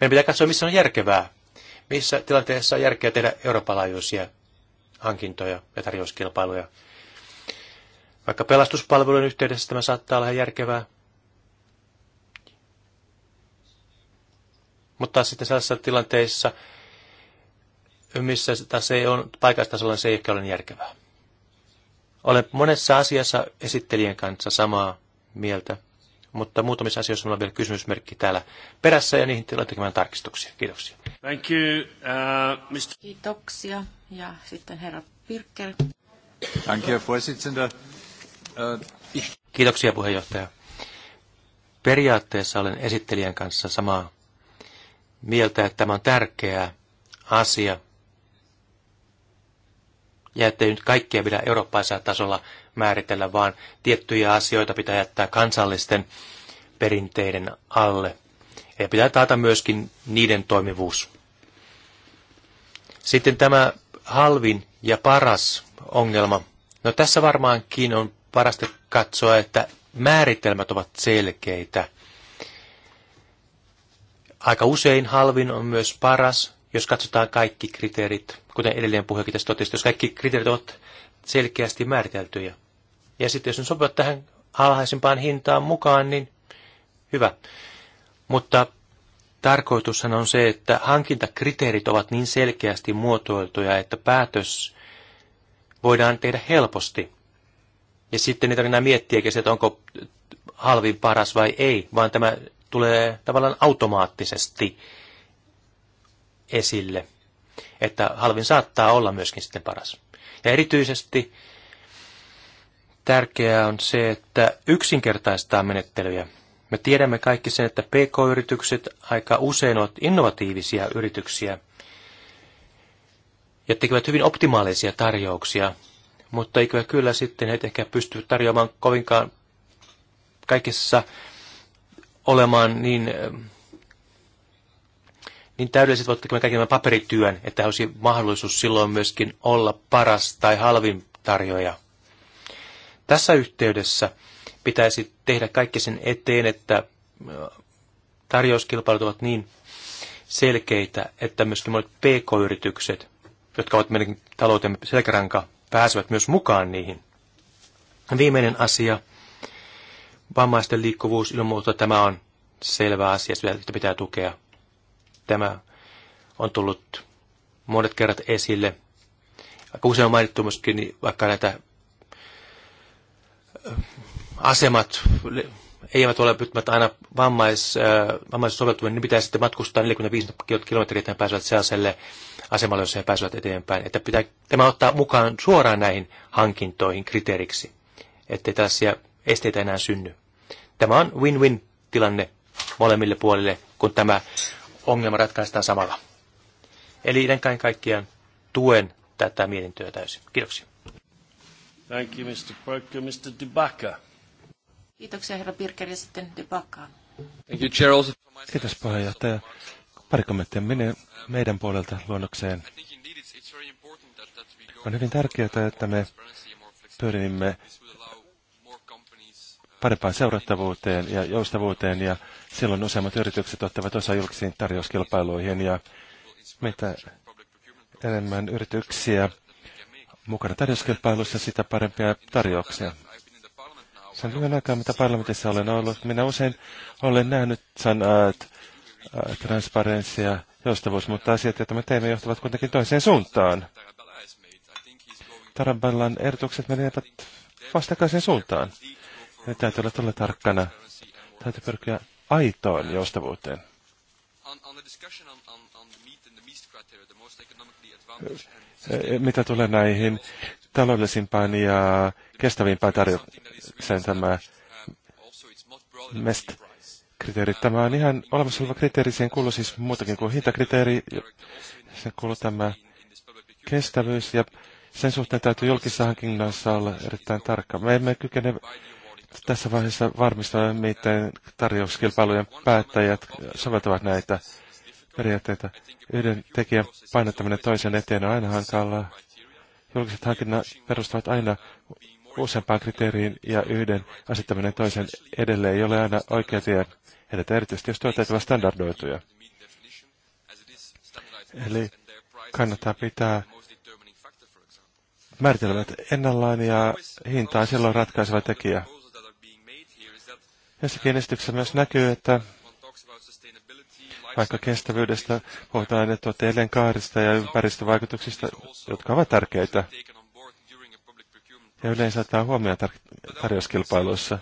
meidän pitää katsoa, missä on järkevää, missä tilanteessa on järkeä tehdä Euroopan laajuisia hankintoja ja tarjouskilpailuja. Vaikka pelastuspalvelujen yhteydessä tämä saattaa olla järkevää, mutta taas sitten sellaisissa tilanteissa, missä taas ei on, paikallistasolla niin se ei ehkä ole niin järkevää. Olen monessa asiassa esittelijän kanssa samaa mieltä, mutta muutamissa asioissa on vielä kysymysmerkki täällä perässä ja niihin tulee tekemään tarkistuksia. Kiitoksia. Thank you, uh, Mr. Kiitoksia. Ja sitten herra Pirkker. Thank you, uh, Kiitoksia puheenjohtaja. Periaatteessa olen esittelijän kanssa samaa mieltä, että tämä on tärkeä asia ja ettei nyt kaikkea pidä eurooppaisella tasolla määritellä, vaan tiettyjä asioita pitää jättää kansallisten perinteiden alle. Ja pitää taata myöskin niiden toimivuus. Sitten tämä halvin ja paras ongelma. No tässä varmaankin on parasta katsoa, että määritelmät ovat selkeitä. Aika usein halvin on myös paras, jos katsotaan kaikki kriteerit kuten edellinen puheenkin tässä totesi, jos kaikki kriteerit ovat selkeästi määriteltyjä. Ja sitten jos ne sopivat tähän alhaisimpaan hintaan mukaan, niin hyvä. Mutta tarkoitushan on se, että hankintakriteerit ovat niin selkeästi muotoiltuja, että päätös voidaan tehdä helposti. Ja sitten ei tarvitse miettiä, että onko halvin paras vai ei, vaan tämä tulee tavallaan automaattisesti esille että halvin saattaa olla myöskin sitten paras. Ja erityisesti tärkeää on se, että yksinkertaistaa menettelyjä. Me tiedämme kaikki sen, että PK-yritykset aika usein ovat innovatiivisia yrityksiä ja tekevät hyvin optimaalisia tarjouksia, mutta ikävä kyllä sitten he ehkä pysty tarjoamaan kovinkaan kaikessa olemaan niin niin täydelliset voivat tekemään kaiken paperityön, että olisi mahdollisuus silloin myöskin olla paras tai halvin tarjoaja. Tässä yhteydessä pitäisi tehdä kaikki sen eteen, että äh, tarjouskilpailut ovat niin selkeitä, että myöskin monet pk-yritykset, jotka ovat meidän taloutemme selkäranka, pääsevät myös mukaan niihin. Viimeinen asia, vammaisten liikkuvuus ilmoittaa, tämä on selvä asia, sitä pitää tukea. Tämä on tullut monet kerrat esille. Aika usein on mainittu myöskin niin vaikka näitä äh, asemat eivät ole pyytämättä aina vammais, äh, vammais soveltuminen, niin pitää sitten matkustaa 45 kilometriä, että pääsevät sellaiselle asemalle, jossa he pääsevät eteenpäin. Että pitää tämä ottaa mukaan suoraan näihin hankintoihin kriteeriksi, ettei tällaisia esteitä enää synny. Tämä on win-win tilanne molemmille puolille, kun tämä ongelma ratkaistaan samalla. Eli kaiken kaikkiaan tuen tätä mietintöä täysin. Kiitoksia. Thank you, Mr. Parker. Mr. Debacca. Kiitoksia, herra Pirker, ja sitten Debacca. Thank you, Chair. Also Kiitos, puheenjohtaja. Pari kommenttia menee meidän puolelta luonnokseen. On hyvin tärkeää, että me pyrimme parempaan seurattavuuteen ja joustavuuteen ja silloin useammat yritykset ottavat osa julkisiin tarjouskilpailuihin ja mitä enemmän yrityksiä mukana tarjouskilpailussa, sitä parempia tarjouksia. Sen lyhyen aikaa, mitä parlamentissa olen ollut, minä usein olen nähnyt sanat äh, transparenssia, ja joustavuus, mutta asiat, joita me teemme, johtavat kuitenkin toiseen suuntaan. Tarabellan ehdotukset menevät vastakkaiseen suuntaan. Ja täytyy olla todella tarkkana. Täytyy pyrkiä aitoon joustavuuteen. Eh, eh, mitä tulee näihin taloudellisimpaan ja kestävimpään tarjoukseen tämä mest kriteeri. Tämä on ihan olemassa oleva kriteeri, siihen kuuluu siis muutakin kuin hintakriteeri, sen kuuluu tämä kestävyys ja sen suhteen täytyy julkisissa hankinnassa olla erittäin tarkka. Me emme kykene tässä vaiheessa varmistaa, miten tarjouskilpailujen päättäjät soveltavat näitä periaatteita. Yhden tekijän painottaminen toisen eteen on aina hankalaa. Julkiset hankinnat perustuvat aina useampaan kriteeriin ja yhden asettaminen toisen edelle ei ole aina oikea tie edetä, erityisesti jos tuotteet ovat standardoituja. Eli kannattaa pitää määritelmät ennallaan ja hintaan silloin ratkaiseva tekijä. Jossakin esityksessä myös näkyy, että vaikka kestävyydestä puhutaan ne tuotteiden kaarista ja ympäristövaikutuksista, jotka ovat tärkeitä, ja yleensä ottaa huomioon tar- tarjouskilpailuissa.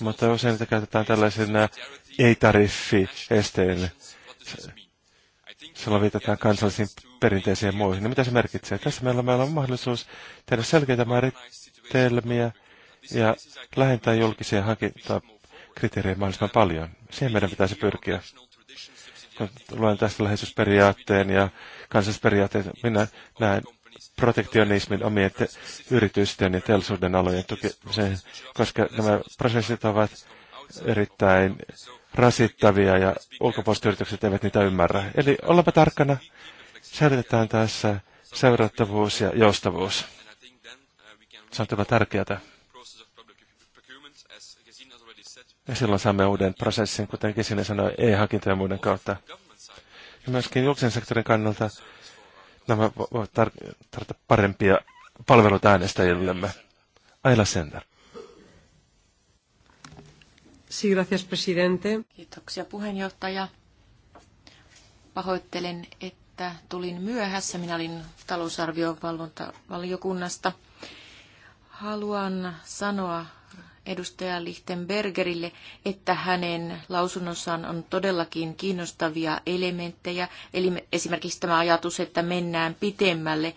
Mutta usein niitä käytetään tällaisena ei-tariffi-esteenä. sillä viitataan kansallisiin perinteisiin ja muihin. No, mitä se merkitsee? Tässä meillä, meillä on mahdollisuus tehdä selkeitä määritelmiä ja lähentää julkisia kriteerejä mahdollisimman paljon. Siihen meidän pitäisi pyrkiä. Kun luen tästä läheisyysperiaatteen ja kansallisperiaatteen, minä näen protektionismin omien te- yritysten ja teollisuuden alojen tukemiseen, koska nämä prosessit ovat erittäin rasittavia ja ulkopuoliset eivät niitä ymmärrä. Eli ollaanpa tarkkana, säilytetään tässä seurattavuus ja joustavuus. Se on tärkeää. Ja silloin saamme uuden prosessin, kuten Kisinen sanoi, e-hankintojen muiden kautta. Ja myöskin julkisen sektorin kannalta nämä voivat tar- tarjota parempia palveluita äänestäjillemme. Aila Sender. Sí, gracias, presidente. Kiitoksia puheenjohtaja. Pahoittelen, että tulin myöhässä. Minä olin talousarviovalvontavaliokunnasta. Haluan sanoa edustaja Lichtenbergerille, että hänen lausunnossaan on todellakin kiinnostavia elementtejä. Eli esimerkiksi tämä ajatus, että mennään pitemmälle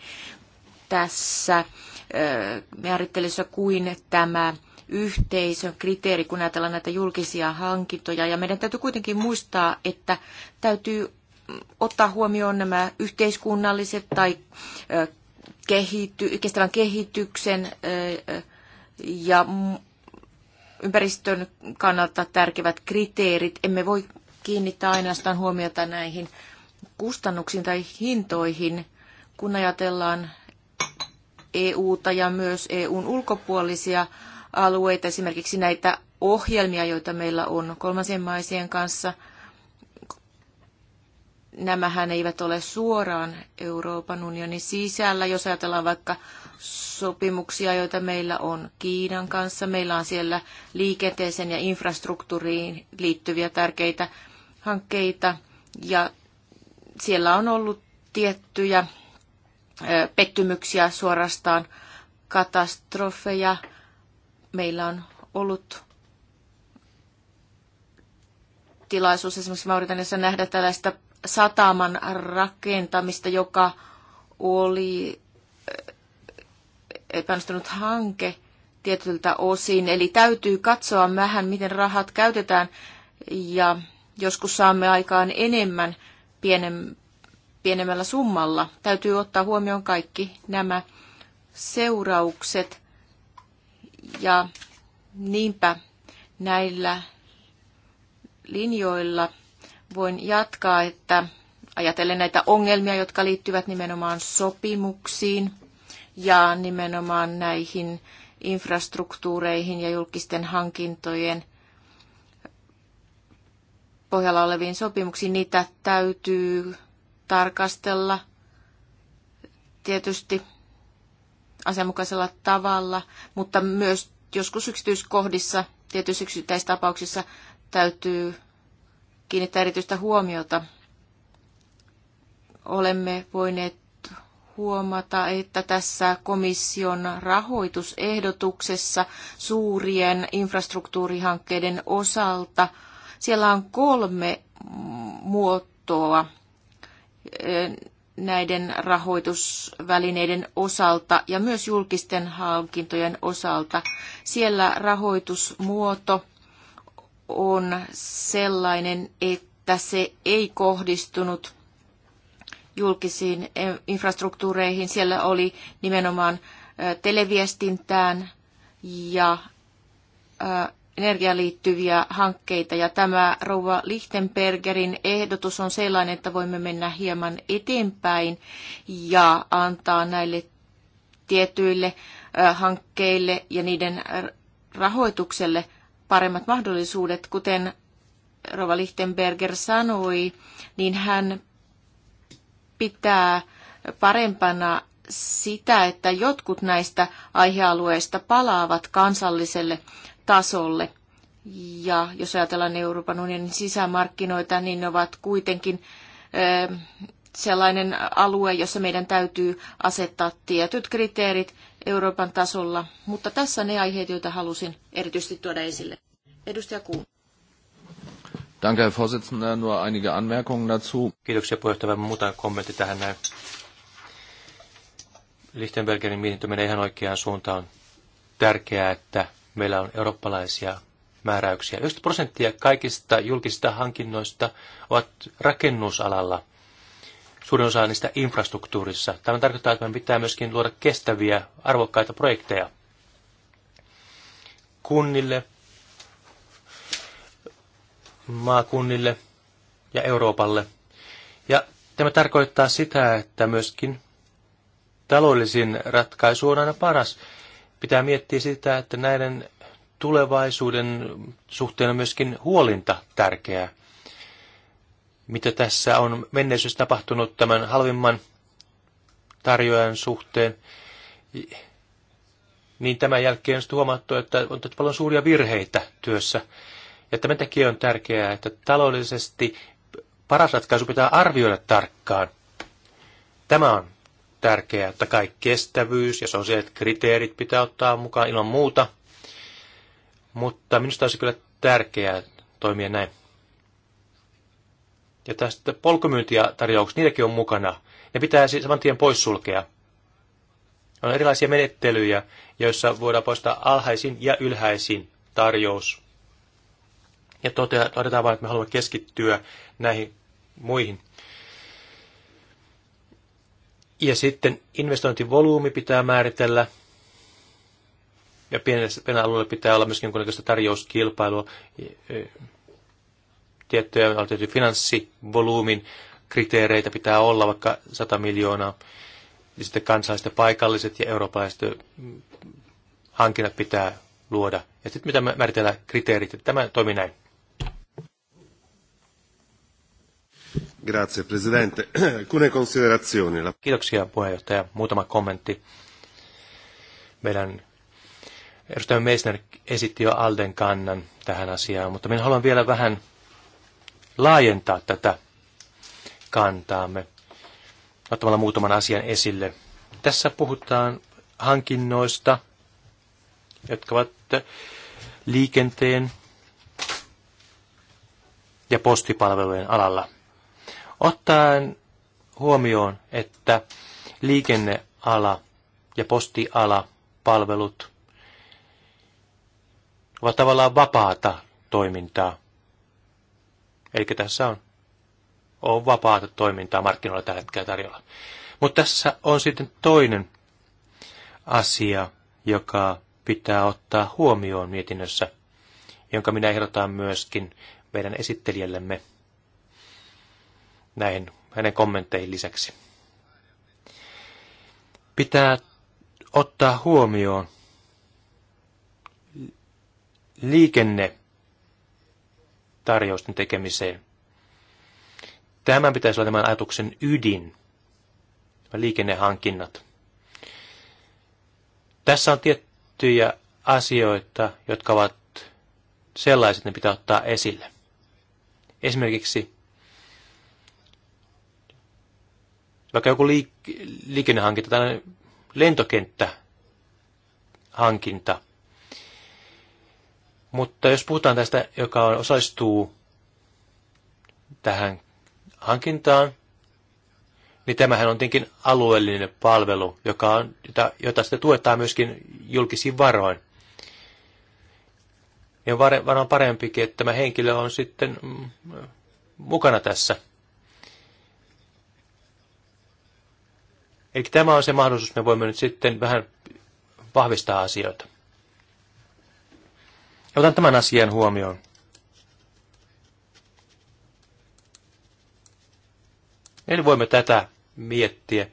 tässä määrittelyssä kuin tämä yhteisön kriteeri, kun ajatellaan näitä julkisia hankintoja. Ja meidän täytyy kuitenkin muistaa, että täytyy ottaa huomioon nämä yhteiskunnalliset tai kehitty, kestävän kehityksen ja ympäristön kannalta tärkevät kriteerit. Emme voi kiinnittää ainoastaan huomiota näihin kustannuksiin tai hintoihin, kun ajatellaan EUta ja myös EUn ulkopuolisia alueita, esimerkiksi näitä ohjelmia, joita meillä on kolmansien maisien kanssa – nämähän eivät ole suoraan Euroopan unionin sisällä. Jos ajatellaan vaikka sopimuksia, joita meillä on Kiinan kanssa, meillä on siellä liikenteeseen ja infrastruktuuriin liittyviä tärkeitä hankkeita ja siellä on ollut tiettyjä pettymyksiä suorastaan katastrofeja. Meillä on ollut tilaisuus esimerkiksi Mauritaniassa nähdä tällaista sataman rakentamista, joka oli eh, epäonnistunut hanke tietyltä osin. Eli täytyy katsoa vähän, miten rahat käytetään ja joskus saamme aikaan enemmän pienem, pienemmällä summalla. Täytyy ottaa huomioon kaikki nämä seuraukset ja niinpä näillä linjoilla voin jatkaa, että ajatellen näitä ongelmia, jotka liittyvät nimenomaan sopimuksiin ja nimenomaan näihin infrastruktuureihin ja julkisten hankintojen pohjalla oleviin sopimuksiin, niitä täytyy tarkastella tietysti asianmukaisella tavalla, mutta myös joskus yksityiskohdissa, tietysti yksittäistapauksissa täytyy kiinnittää erityistä huomiota. Olemme voineet huomata, että tässä komission rahoitusehdotuksessa suurien infrastruktuurihankkeiden osalta siellä on kolme muotoa e, näiden rahoitusvälineiden osalta ja myös julkisten hankintojen osalta. Siellä rahoitusmuoto on sellainen, että se ei kohdistunut julkisiin e- infrastruktuureihin. Siellä oli nimenomaan televiestintään ja energiaan liittyviä hankkeita. Ja tämä rouva Lichtenbergerin ehdotus on sellainen, että voimme mennä hieman eteenpäin ja antaa näille tietyille hankkeille ja niiden rahoitukselle – paremmat mahdollisuudet. Kuten Rova Lichtenberger sanoi, niin hän pitää parempana sitä, että jotkut näistä aihealueista palaavat kansalliselle tasolle. Ja jos ajatellaan Euroopan unionin sisämarkkinoita, niin ne ovat kuitenkin sellainen alue, jossa meidän täytyy asettaa tietyt kriteerit Euroopan tasolla, mutta tässä ne aiheet, joita halusin erityisesti tuoda esille. Edustaja Kuun. Danke, Herr Vorsitzender. Nur einige Anmerkungen dazu. Kiitoksia puheenjohtaja. Muuta kommentti tähän näin. Lichtenbergerin mietintö menee ihan oikeaan suuntaan. Tärkeää, että meillä on eurooppalaisia määräyksiä. 90 prosenttia kaikista julkisista hankinnoista ovat rakennusalalla suurin osa niistä infrastruktuurissa. Tämä tarkoittaa, että meidän pitää myöskin luoda kestäviä, arvokkaita projekteja kunnille, maakunnille ja Euroopalle. Ja tämä tarkoittaa sitä, että myöskin taloudellisin ratkaisu on aina paras. Pitää miettiä sitä, että näiden tulevaisuuden suhteen on myöskin huolinta tärkeää mitä tässä on menneisyys tapahtunut tämän halvimman tarjoajan suhteen, niin tämän jälkeen on huomattu, että on paljon suuria virheitä työssä. Ja tämän takia on tärkeää, että taloudellisesti paras ratkaisu pitää arvioida tarkkaan. Tämä on tärkeää, että kaikki kestävyys ja sosiaaliset kriteerit pitää ottaa mukaan ilman muuta. Mutta minusta olisi kyllä tärkeää toimia näin. Ja tästä polkumyyntiä tarjoukset, niitäkin on mukana. Ne pitää siis saman tien poissulkea. On erilaisia menettelyjä, joissa voidaan poistaa alhaisin ja ylhäisin tarjous. Ja todetaan vain, että me haluamme keskittyä näihin muihin. Ja sitten investointivolyymi pitää määritellä. Ja pienellä alueella pitää olla myöskin jonkinlaista tarjouskilpailua tiettyjä tietty finanssivolyymin kriteereitä pitää olla, vaikka 100 miljoonaa. Ja sitten kansalliset paikalliset ja eurooppalaiset hankinnat pitää luoda. Ja sitten mitä määritellään kriteerit, että tämä toimii näin. Grazie Presidente. Alcune considerazioni. Kiitoksia puheenjohtaja. Muutama kommentti. Meidän edustaja Meisner esitti jo Alden kannan tähän asiaan, mutta minä haluan vielä vähän laajentaa tätä kantaamme ottamalla muutaman asian esille. Tässä puhutaan hankinnoista, jotka ovat liikenteen ja postipalvelujen alalla. Ottaen huomioon, että liikenneala ja postiala palvelut ovat tavallaan vapaata toimintaa. Eli tässä on, on vapaata toimintaa markkinoilla tällä hetkellä tarjolla. Mutta tässä on sitten toinen asia, joka pitää ottaa huomioon mietinnössä, jonka minä ehdotan myöskin meidän esittelijällemme näihin hänen kommentteihin lisäksi. Pitää ottaa huomioon liikenne tarjousten tekemiseen. Tämän pitäisi olla tämän ajatuksen ydin, liikennehankinnat. Tässä on tiettyjä asioita, jotka ovat sellaiset, ne pitää ottaa esille. Esimerkiksi vaikka joku liik- liikennehankinta, tällainen lentokenttä hankinta, mutta jos puhutaan tästä, joka on osallistuu tähän hankintaan, niin tämähän on tietenkin alueellinen palvelu, joka on, jota, jota sitä tuetaan myöskin julkisiin varoin. Ja on varmaan parempikin, että tämä henkilö on sitten mukana tässä. Eli tämä on se mahdollisuus, me voimme nyt sitten vähän vahvistaa asioita. Otan tämän asian huomioon. Eli voimme tätä miettiä.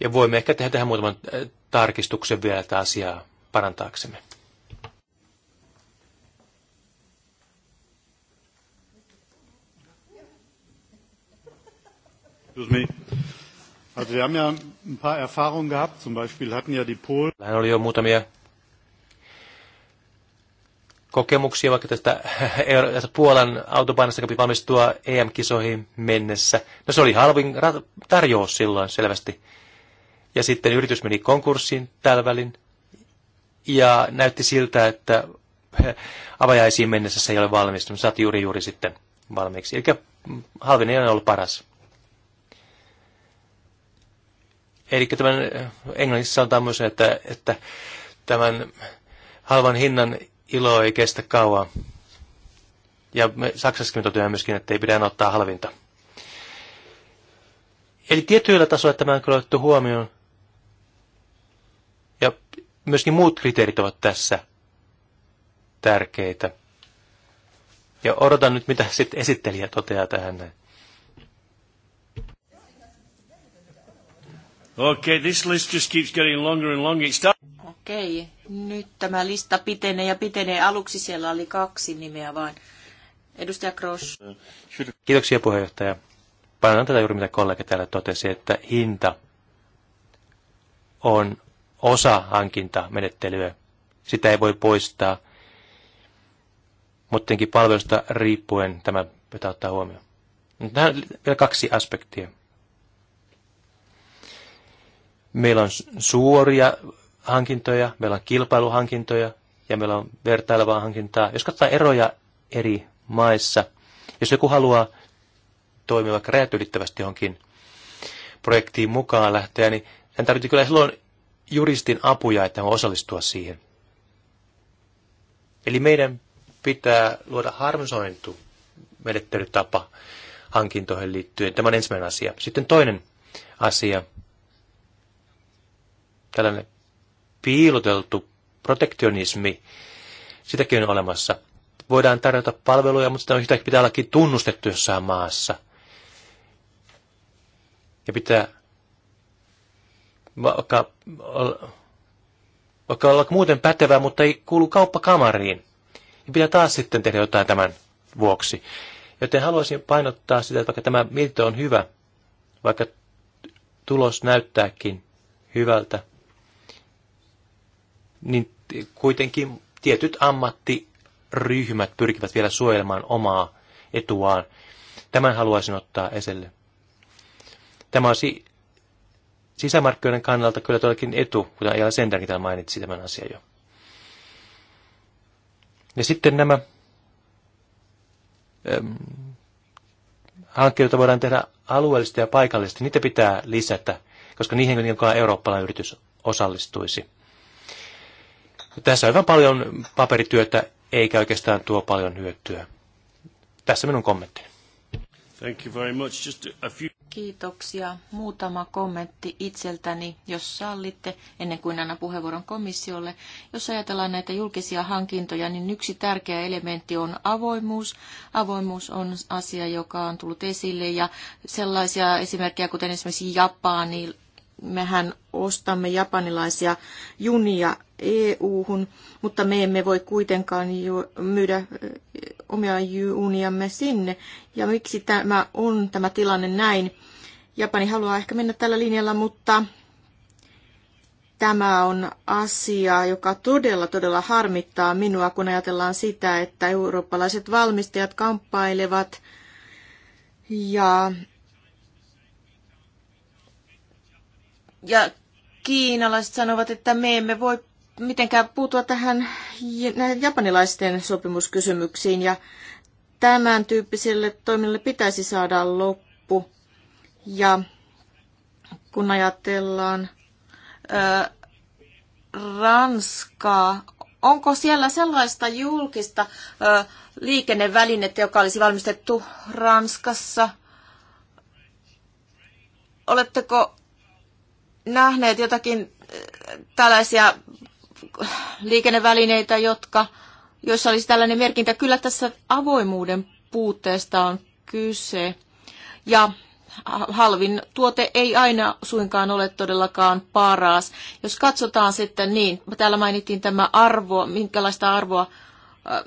Ja voimme ehkä tehdä tähän muutaman äh, tarkistuksen vielä tätä asiaa parantaaksemme. Also wir haben ja ein paar Erfahrungen gehabt, zum Beispiel hatten ja die Polen... oli jo muutamia kokemuksia vaikka tästä Puolan autopainosta kävi valmistua EM-kisoihin mennessä. No se oli halvin tarjous silloin selvästi. Ja sitten yritys meni konkurssiin tällä välin. Ja näytti siltä, että *laughs* avajaisiin mennessä se ei ole valmistunut. saatiin juuri juuri sitten valmiiksi. Eli mm, halvin ei ole ollut paras. Eli tämän äh, englannissa sanotaan myös, että, että tämän halvan hinnan ilo ei kestä kauan. Ja me Saksassakin toteamme myöskin, että ei pidä ottaa halvinta. Eli tietyillä tasoilla tämä on kyllä otettu huomioon. Ja myöskin muut kriteerit ovat tässä tärkeitä. Ja odotan nyt, mitä sitten esittelijä toteaa tähän Okay, this list just keeps getting longer and longer. It Okei, nyt tämä lista pitenee ja pitenee. Aluksi siellä oli kaksi nimeä vain. Edustaja Gross. Kiitoksia puheenjohtaja. Painan tätä juuri mitä kollega täällä totesi, että hinta on osa hankintamenettelyä. Sitä ei voi poistaa, muttenkin palvelusta riippuen tämä pitää ottaa huomioon. Tähän on vielä kaksi aspektia. Meillä on suoria hankintoja, meillä on kilpailuhankintoja ja meillä on vertailevaa hankintaa. Jos katsotaan eroja eri maissa, jos joku haluaa toimia vaikka rajat ylittävästi johonkin projektiin mukaan lähteä, niin hän tarvitsee kyllä silloin juristin apuja, että hän voi osallistua siihen. Eli meidän pitää luoda harmonisointu menettelytapa hankintoihin liittyen. Tämä on ensimmäinen asia. Sitten toinen asia, tällainen piiloteltu protektionismi, sitäkin on olemassa. Voidaan tarjota palveluja, mutta sitä on yhtäkkiä pitää ollakin tunnustettu jossain maassa. Ja pitää vaikka, vaikka olla muuten pätevä, mutta ei kuulu kauppakamariin. Ja pitää taas sitten tehdä jotain tämän vuoksi. Joten haluaisin painottaa sitä, että vaikka tämä mietintö on hyvä, vaikka tulos näyttääkin hyvältä, niin kuitenkin tietyt ammattiryhmät pyrkivät vielä suojelemaan omaa etuaan. Tämän haluaisin ottaa esille. Tämä olisi sisämarkkinoiden kannalta kyllä todellakin etu, kuten Ajala Senderkin täällä mainitsi tämän asian jo. Ja sitten nämä ähm, hankkeet, joita voidaan tehdä alueellisesti ja paikallisesti, niitä pitää lisätä, koska niihin joka eurooppalainen yritys osallistuisi. Tässä on hyvin paljon paperityötä, eikä oikeastaan tuo paljon hyötyä. Tässä minun kommentti. Thank you very much. Just a few... Kiitoksia. Muutama kommentti itseltäni, jos sallitte, ennen kuin annan puheenvuoron komissiolle. Jos ajatellaan näitä julkisia hankintoja, niin yksi tärkeä elementti on avoimuus. Avoimuus on asia, joka on tullut esille ja sellaisia esimerkkejä, kuten esimerkiksi Japani, mehän ostamme japanilaisia junia EU-hun, mutta me emme voi kuitenkaan ju- myydä omia uniamme sinne. Ja miksi tämä on tämä tilanne näin? Japani haluaa ehkä mennä tällä linjalla, mutta tämä on asia, joka todella, todella harmittaa minua, kun ajatellaan sitä, että eurooppalaiset valmistajat kamppailevat ja, ja kiinalaiset sanovat, että me emme voi mitenkään puutua tähän japanilaisten sopimuskysymyksiin ja tämän tyyppiselle toiminnalle pitäisi saada loppu. Ja kun ajatellaan ää, Ranskaa, onko siellä sellaista julkista ää, liikennevälinettä, joka olisi valmistettu Ranskassa? Oletteko nähneet jotakin tällaisia liikennevälineitä, jotka, joissa olisi tällainen merkintä. Kyllä tässä avoimuuden puutteesta on kyse. Ja halvin tuote ei aina suinkaan ole todellakaan paras. Jos katsotaan sitten niin, täällä mainittiin tämä arvo, minkälaista arvoa äh,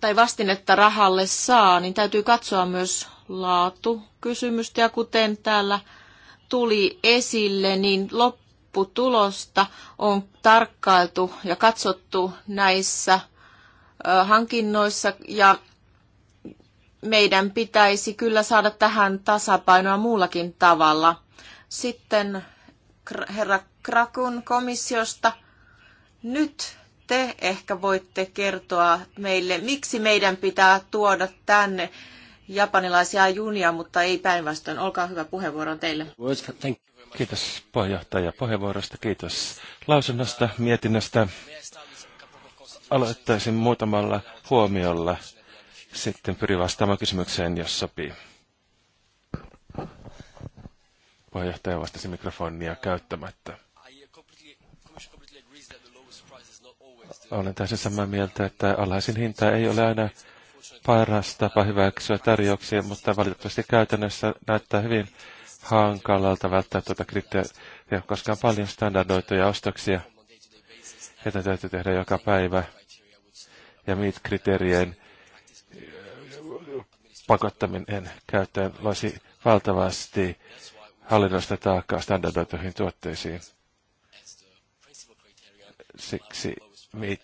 tai vastinetta rahalle saa, niin täytyy katsoa myös laatukysymystä. Ja kuten täällä tuli esille, niin lop- lopputulosta on tarkkailtu ja katsottu näissä hankinnoissa ja meidän pitäisi kyllä saada tähän tasapainoa muullakin tavalla. Sitten herra Krakun komissiosta. Nyt te ehkä voitte kertoa meille, miksi meidän pitää tuoda tänne japanilaisia junia, mutta ei päinvastoin. Olkaa hyvä puheenvuoro teille. Kiitos puheenjohtaja puheenvuorosta, kiitos lausunnosta, mietinnöstä. Aloittaisin muutamalla huomiolla, sitten pyrin vastaamaan kysymykseen, jos sopii. Puheenjohtaja vastasi mikrofonia käyttämättä. Olen täysin samaa mieltä, että alhaisin hinta ei ole aina paras tapa hyväksyä tarjouksia, mutta valitettavasti käytännössä näyttää hyvin hankalalta välttää tuota kriteeriä, koska on paljon standardoituja ostoksia, joita täytyy tehdä joka päivä, ja mit kriteerien äh, pakottaminen käyttöön loisi valtavasti hallinnosta taakkaa standardoituihin tuotteisiin. Siksi mit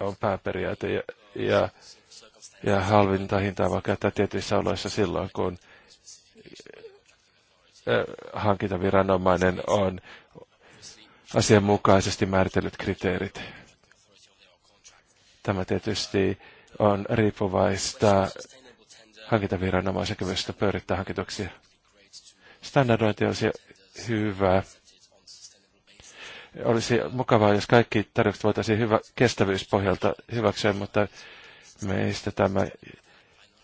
on pääperiaate ja, ja, ja halvinta hintaa voi käyttää tietyissä oloissa silloin, kun hankintaviranomainen on asianmukaisesti määritellyt kriteerit. Tämä tietysti on riippuvaista hankintaviranomaisen kyvystä pyörittää hankituksia. Standardointi olisi hyvä. Olisi mukavaa, jos kaikki tarjoukset voitaisiin hyvä, kestävyyspohjalta hyväksyä, mutta meistä tämä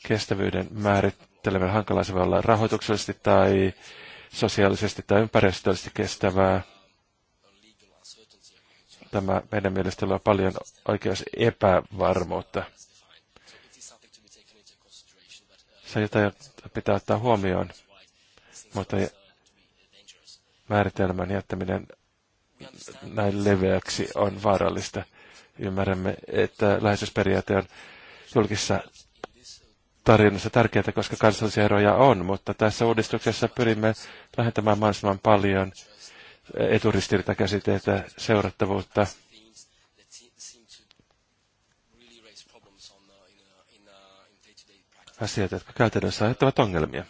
kestävyyden määritteleminen hankalaa voi olla rahoituksellisesti tai sosiaalisesti tai ympäristöllisesti kestävää. Tämä meidän mielestä on paljon oikeus epävarmuutta. Se jotain pitää ottaa huomioon, mutta määritelmän jättäminen näin leveäksi on vaarallista. Ymmärrämme, että läheisyysperiaate on julkisessa tarinassa tärkeää, koska kansallisia eroja on, mutta tässä uudistuksessa pyrimme lähentämään mahdollisimman paljon eturistiriitakäsiteitä, seurattavuutta. asiat, jotka käytännössä aiheuttavat ongelmia.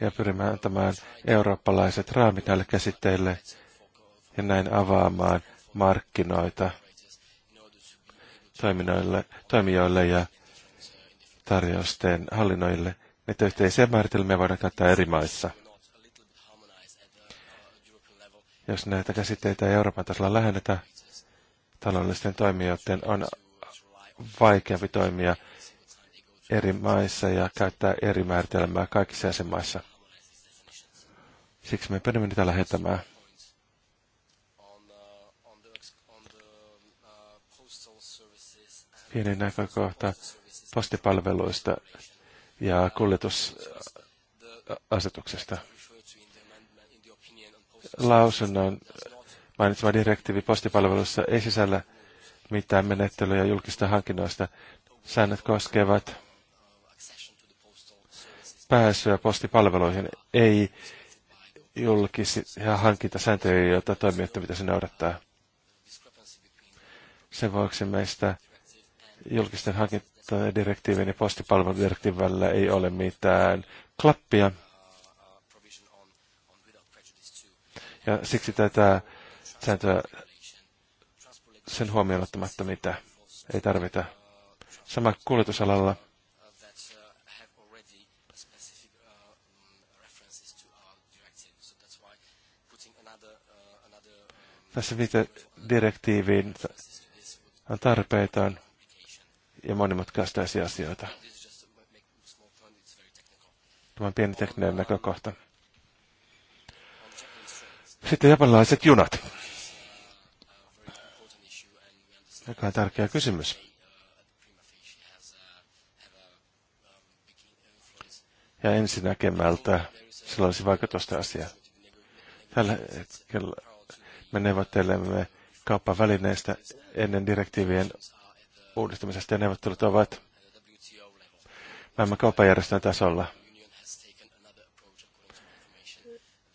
Ja pyrimme antamaan eurooppalaiset raamit näille käsitteille ja näin avaamaan markkinoita toimijoille, toimijoille ja tarjousten hallinnoille. Näitä yhteisiä määritelmiä voidaan käyttää eri maissa. Jos näitä käsitteitä ei Euroopan tasolla lähennetä, taloudellisten toimijoiden on vaikeampi toimia eri maissa ja käyttää eri määritelmää kaikissa jäsenmaissa. Siksi me pyrimme niitä lähettämään. pieni näkökohta postipalveluista ja kuljetusasetuksesta. Lausunnon mainitsema direktiivi postipalveluissa ei sisällä mitään menettelyjä julkista hankinnoista. Säännöt koskevat pääsyä postipalveluihin, ei julkisia hankintasääntöjä, joita toimijoita pitäisi noudattaa. Sen vuoksi meistä julkisten hankintadirektiivin ja postipalveludirektiivin välillä ei ole mitään klappia. Ja siksi tätä sääntöä sen huomioon ottamatta mitä ei tarvita. Sama kuljetusalalla tässä viite direktiiviin on tarpeeton ja monimutkaistaisia asioita. Tämä on pieni tekninen näkökohta. Sitten japanilaiset junat. Tämä on tärkeä kysymys. Ja ensinäkemältä sillä olisi vaikutusta asia. Tällä hetkellä me neuvottelemme kauppavälineistä ennen direktiivien uudistamisesta ja neuvottelut ovat maailman kauppajärjestön tasolla.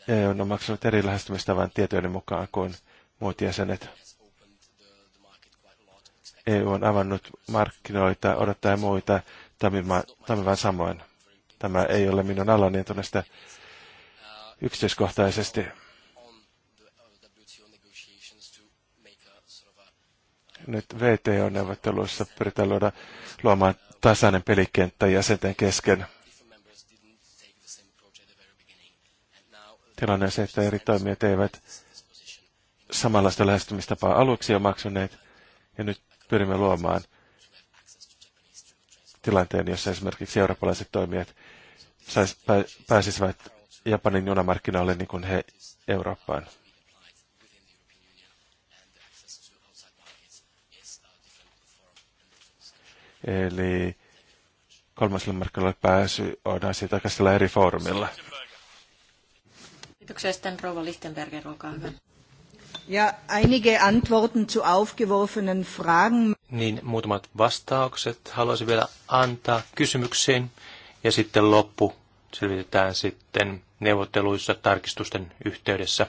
EU on maksanut eri lähestymistavan tietojen mukaan kuin muut jäsenet. EU on avannut markkinoita odottaa muita toimivan samoin. Tämä ei ole minun alani, niin tunnen sitä yksityiskohtaisesti. nyt VTO-neuvotteluissa pyritään luoda, luomaan tasainen pelikenttä jäsenten kesken. Tilanne on se, että eri toimijat eivät samanlaista lähestymistapaa aluksi omaksuneet, ja nyt pyrimme luomaan tilanteen, jossa esimerkiksi eurooppalaiset toimijat pääsisivät Japanin junamarkkinoille niin kuin he Eurooppaan. Eli kolmaselle markkinoille pääsy voidaan siitä käsitellä eri foorumilla. Kiitoksia sitten Rova Lichtenberger, olkaa hyvä. Ja einige Antworten zu aufgeworfenen Fragen. Niin, muutamat vastaukset haluaisin vielä antaa kysymyksiin. Ja sitten loppu selvitetään sitten neuvotteluissa tarkistusten yhteydessä.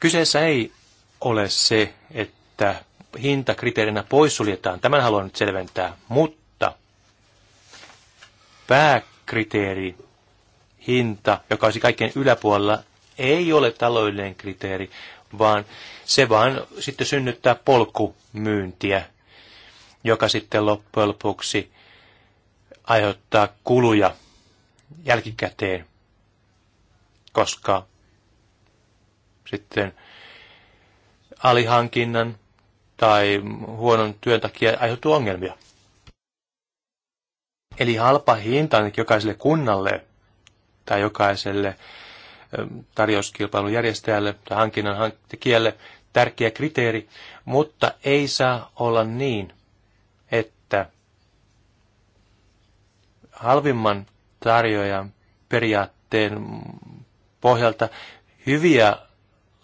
Kyseessä ei ole se, että hintakriteerinä poissuljetaan. Tämän haluan nyt selventää, mutta pääkriteeri hinta, joka olisi kaikkein yläpuolella, ei ole taloudellinen kriteeri, vaan se vaan sitten synnyttää polkumyyntiä, joka sitten loppujen lopuksi aiheuttaa kuluja jälkikäteen, koska sitten alihankinnan tai huonon työn takia aiheutuu ongelmia. Eli halpa hinta ainakin jokaiselle kunnalle tai jokaiselle tarjouskilpailun järjestäjälle tai hankinnan tekijälle tärkeä kriteeri, mutta ei saa olla niin, että halvimman tarjoajan periaatteen pohjalta hyviä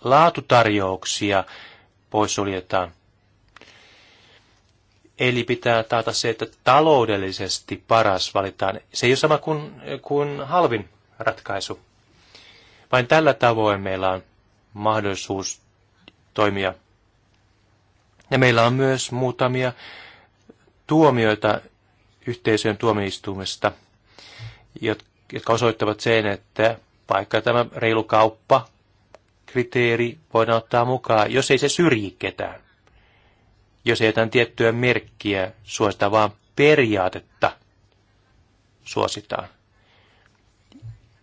laatutarjouksia poissuljetaan. Eli pitää taata se, että taloudellisesti paras valitaan. Se ei ole sama kuin, kuin halvin ratkaisu. Vain tällä tavoin meillä on mahdollisuus toimia. Ja meillä on myös muutamia tuomioita yhteisöjen tuomioistuimesta, jotka osoittavat sen, että vaikka tämä reilu kauppa kriteeri voidaan ottaa mukaan, jos ei se syrji ketään jos ei jotain tiettyä merkkiä suosita, vaan periaatetta suositaan.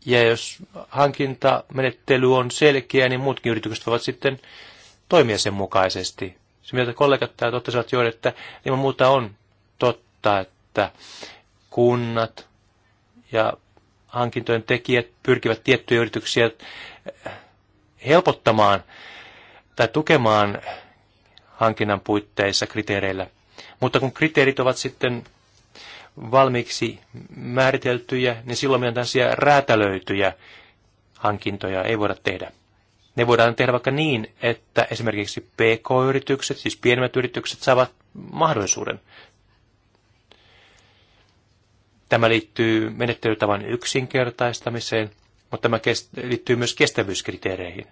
Ja jos hankintamenettely on selkeä, niin muutkin yritykset voivat sitten toimia sen mukaisesti. Se, mitä kollegat täällä totesivat jo, että ilman muuta on totta, että kunnat ja hankintojen tekijät pyrkivät tiettyjä yrityksiä eh, helpottamaan tai tukemaan hankinnan puitteissa kriteereillä. Mutta kun kriteerit ovat sitten valmiiksi määriteltyjä, niin silloin meidän tällaisia räätälöityjä hankintoja ei voida tehdä. Ne voidaan tehdä vaikka niin, että esimerkiksi PK-yritykset, siis pienemmät yritykset, saavat mahdollisuuden. Tämä liittyy menettelytavan yksinkertaistamiseen, mutta tämä liittyy myös kestävyyskriteereihin.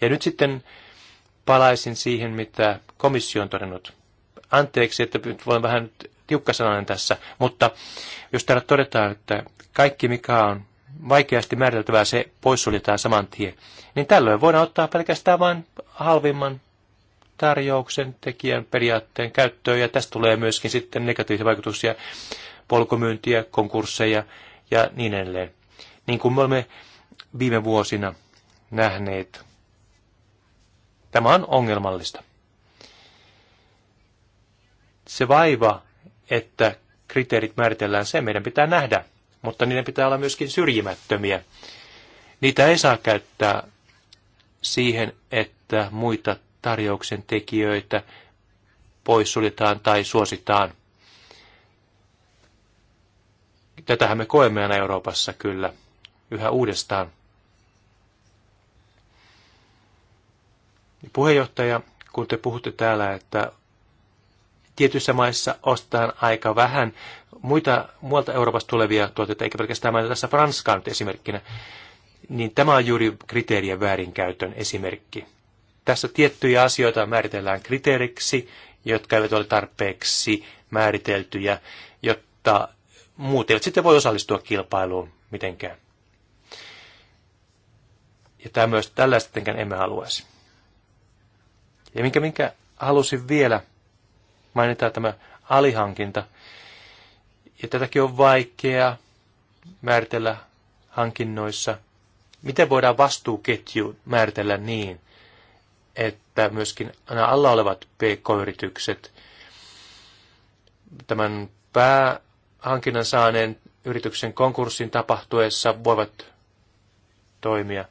Ja nyt sitten palaisin siihen, mitä komissio on todennut. Anteeksi, että nyt voin vähän tiukkasanainen tässä, mutta jos täällä todetaan, että kaikki mikä on vaikeasti määriteltävää, se poissuljetaan saman tien, niin tällöin voidaan ottaa pelkästään vain halvimman tarjouksen tekijän periaatteen käyttöön, ja tästä tulee myöskin sitten negatiivisia vaikutuksia, polkomyyntiä, konkursseja ja niin edelleen. Niin kuin me olemme viime vuosina nähneet, tämä on ongelmallista se vaiva, että kriteerit määritellään, se meidän pitää nähdä, mutta niiden pitää olla myöskin syrjimättömiä. Niitä ei saa käyttää siihen, että muita tarjouksen tekijöitä poissuljetaan tai suositaan. Tätähän me koemme aina Euroopassa kyllä yhä uudestaan. Puheenjohtaja, kun te puhutte täällä, että tietyissä maissa ostetaan aika vähän muita muualta Euroopasta tulevia tuotteita, eikä pelkästään mainita tässä Ranskaa esimerkkinä, niin tämä on juuri kriteerien väärinkäytön esimerkki. Tässä tiettyjä asioita määritellään kriteeriksi, jotka eivät ole tarpeeksi määriteltyjä, jotta muut eivät sitten voi osallistua kilpailuun mitenkään. Ja tämä myös tällaistenkään emme haluaisi. Ja minkä, minkä halusin vielä mainitaan tämä alihankinta. Ja tätäkin on vaikea määritellä hankinnoissa. Miten voidaan vastuuketju määritellä niin, että myöskin nämä alla olevat pk-yritykset tämän päähankinnan saaneen yrityksen konkurssin tapahtuessa voivat toimia.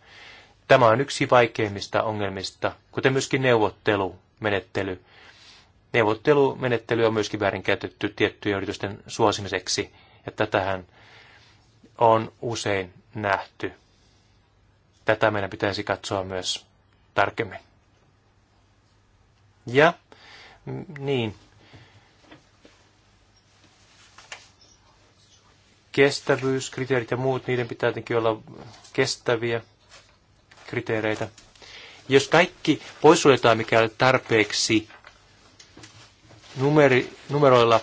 Tämä on yksi vaikeimmista ongelmista, kuten myöskin neuvottelumenettely. Neuvottelumenettely on myöskin väärinkäytetty tiettyjen yritysten suosimiseksi, ja tätähän on usein nähty. Tätä meidän pitäisi katsoa myös tarkemmin. Ja mm, niin, kestävyyskriteerit ja muut, niiden pitää tietenkin olla kestäviä kriteereitä. Jos kaikki poissuljetaan, mikä ei ole tarpeeksi numeri, numeroilla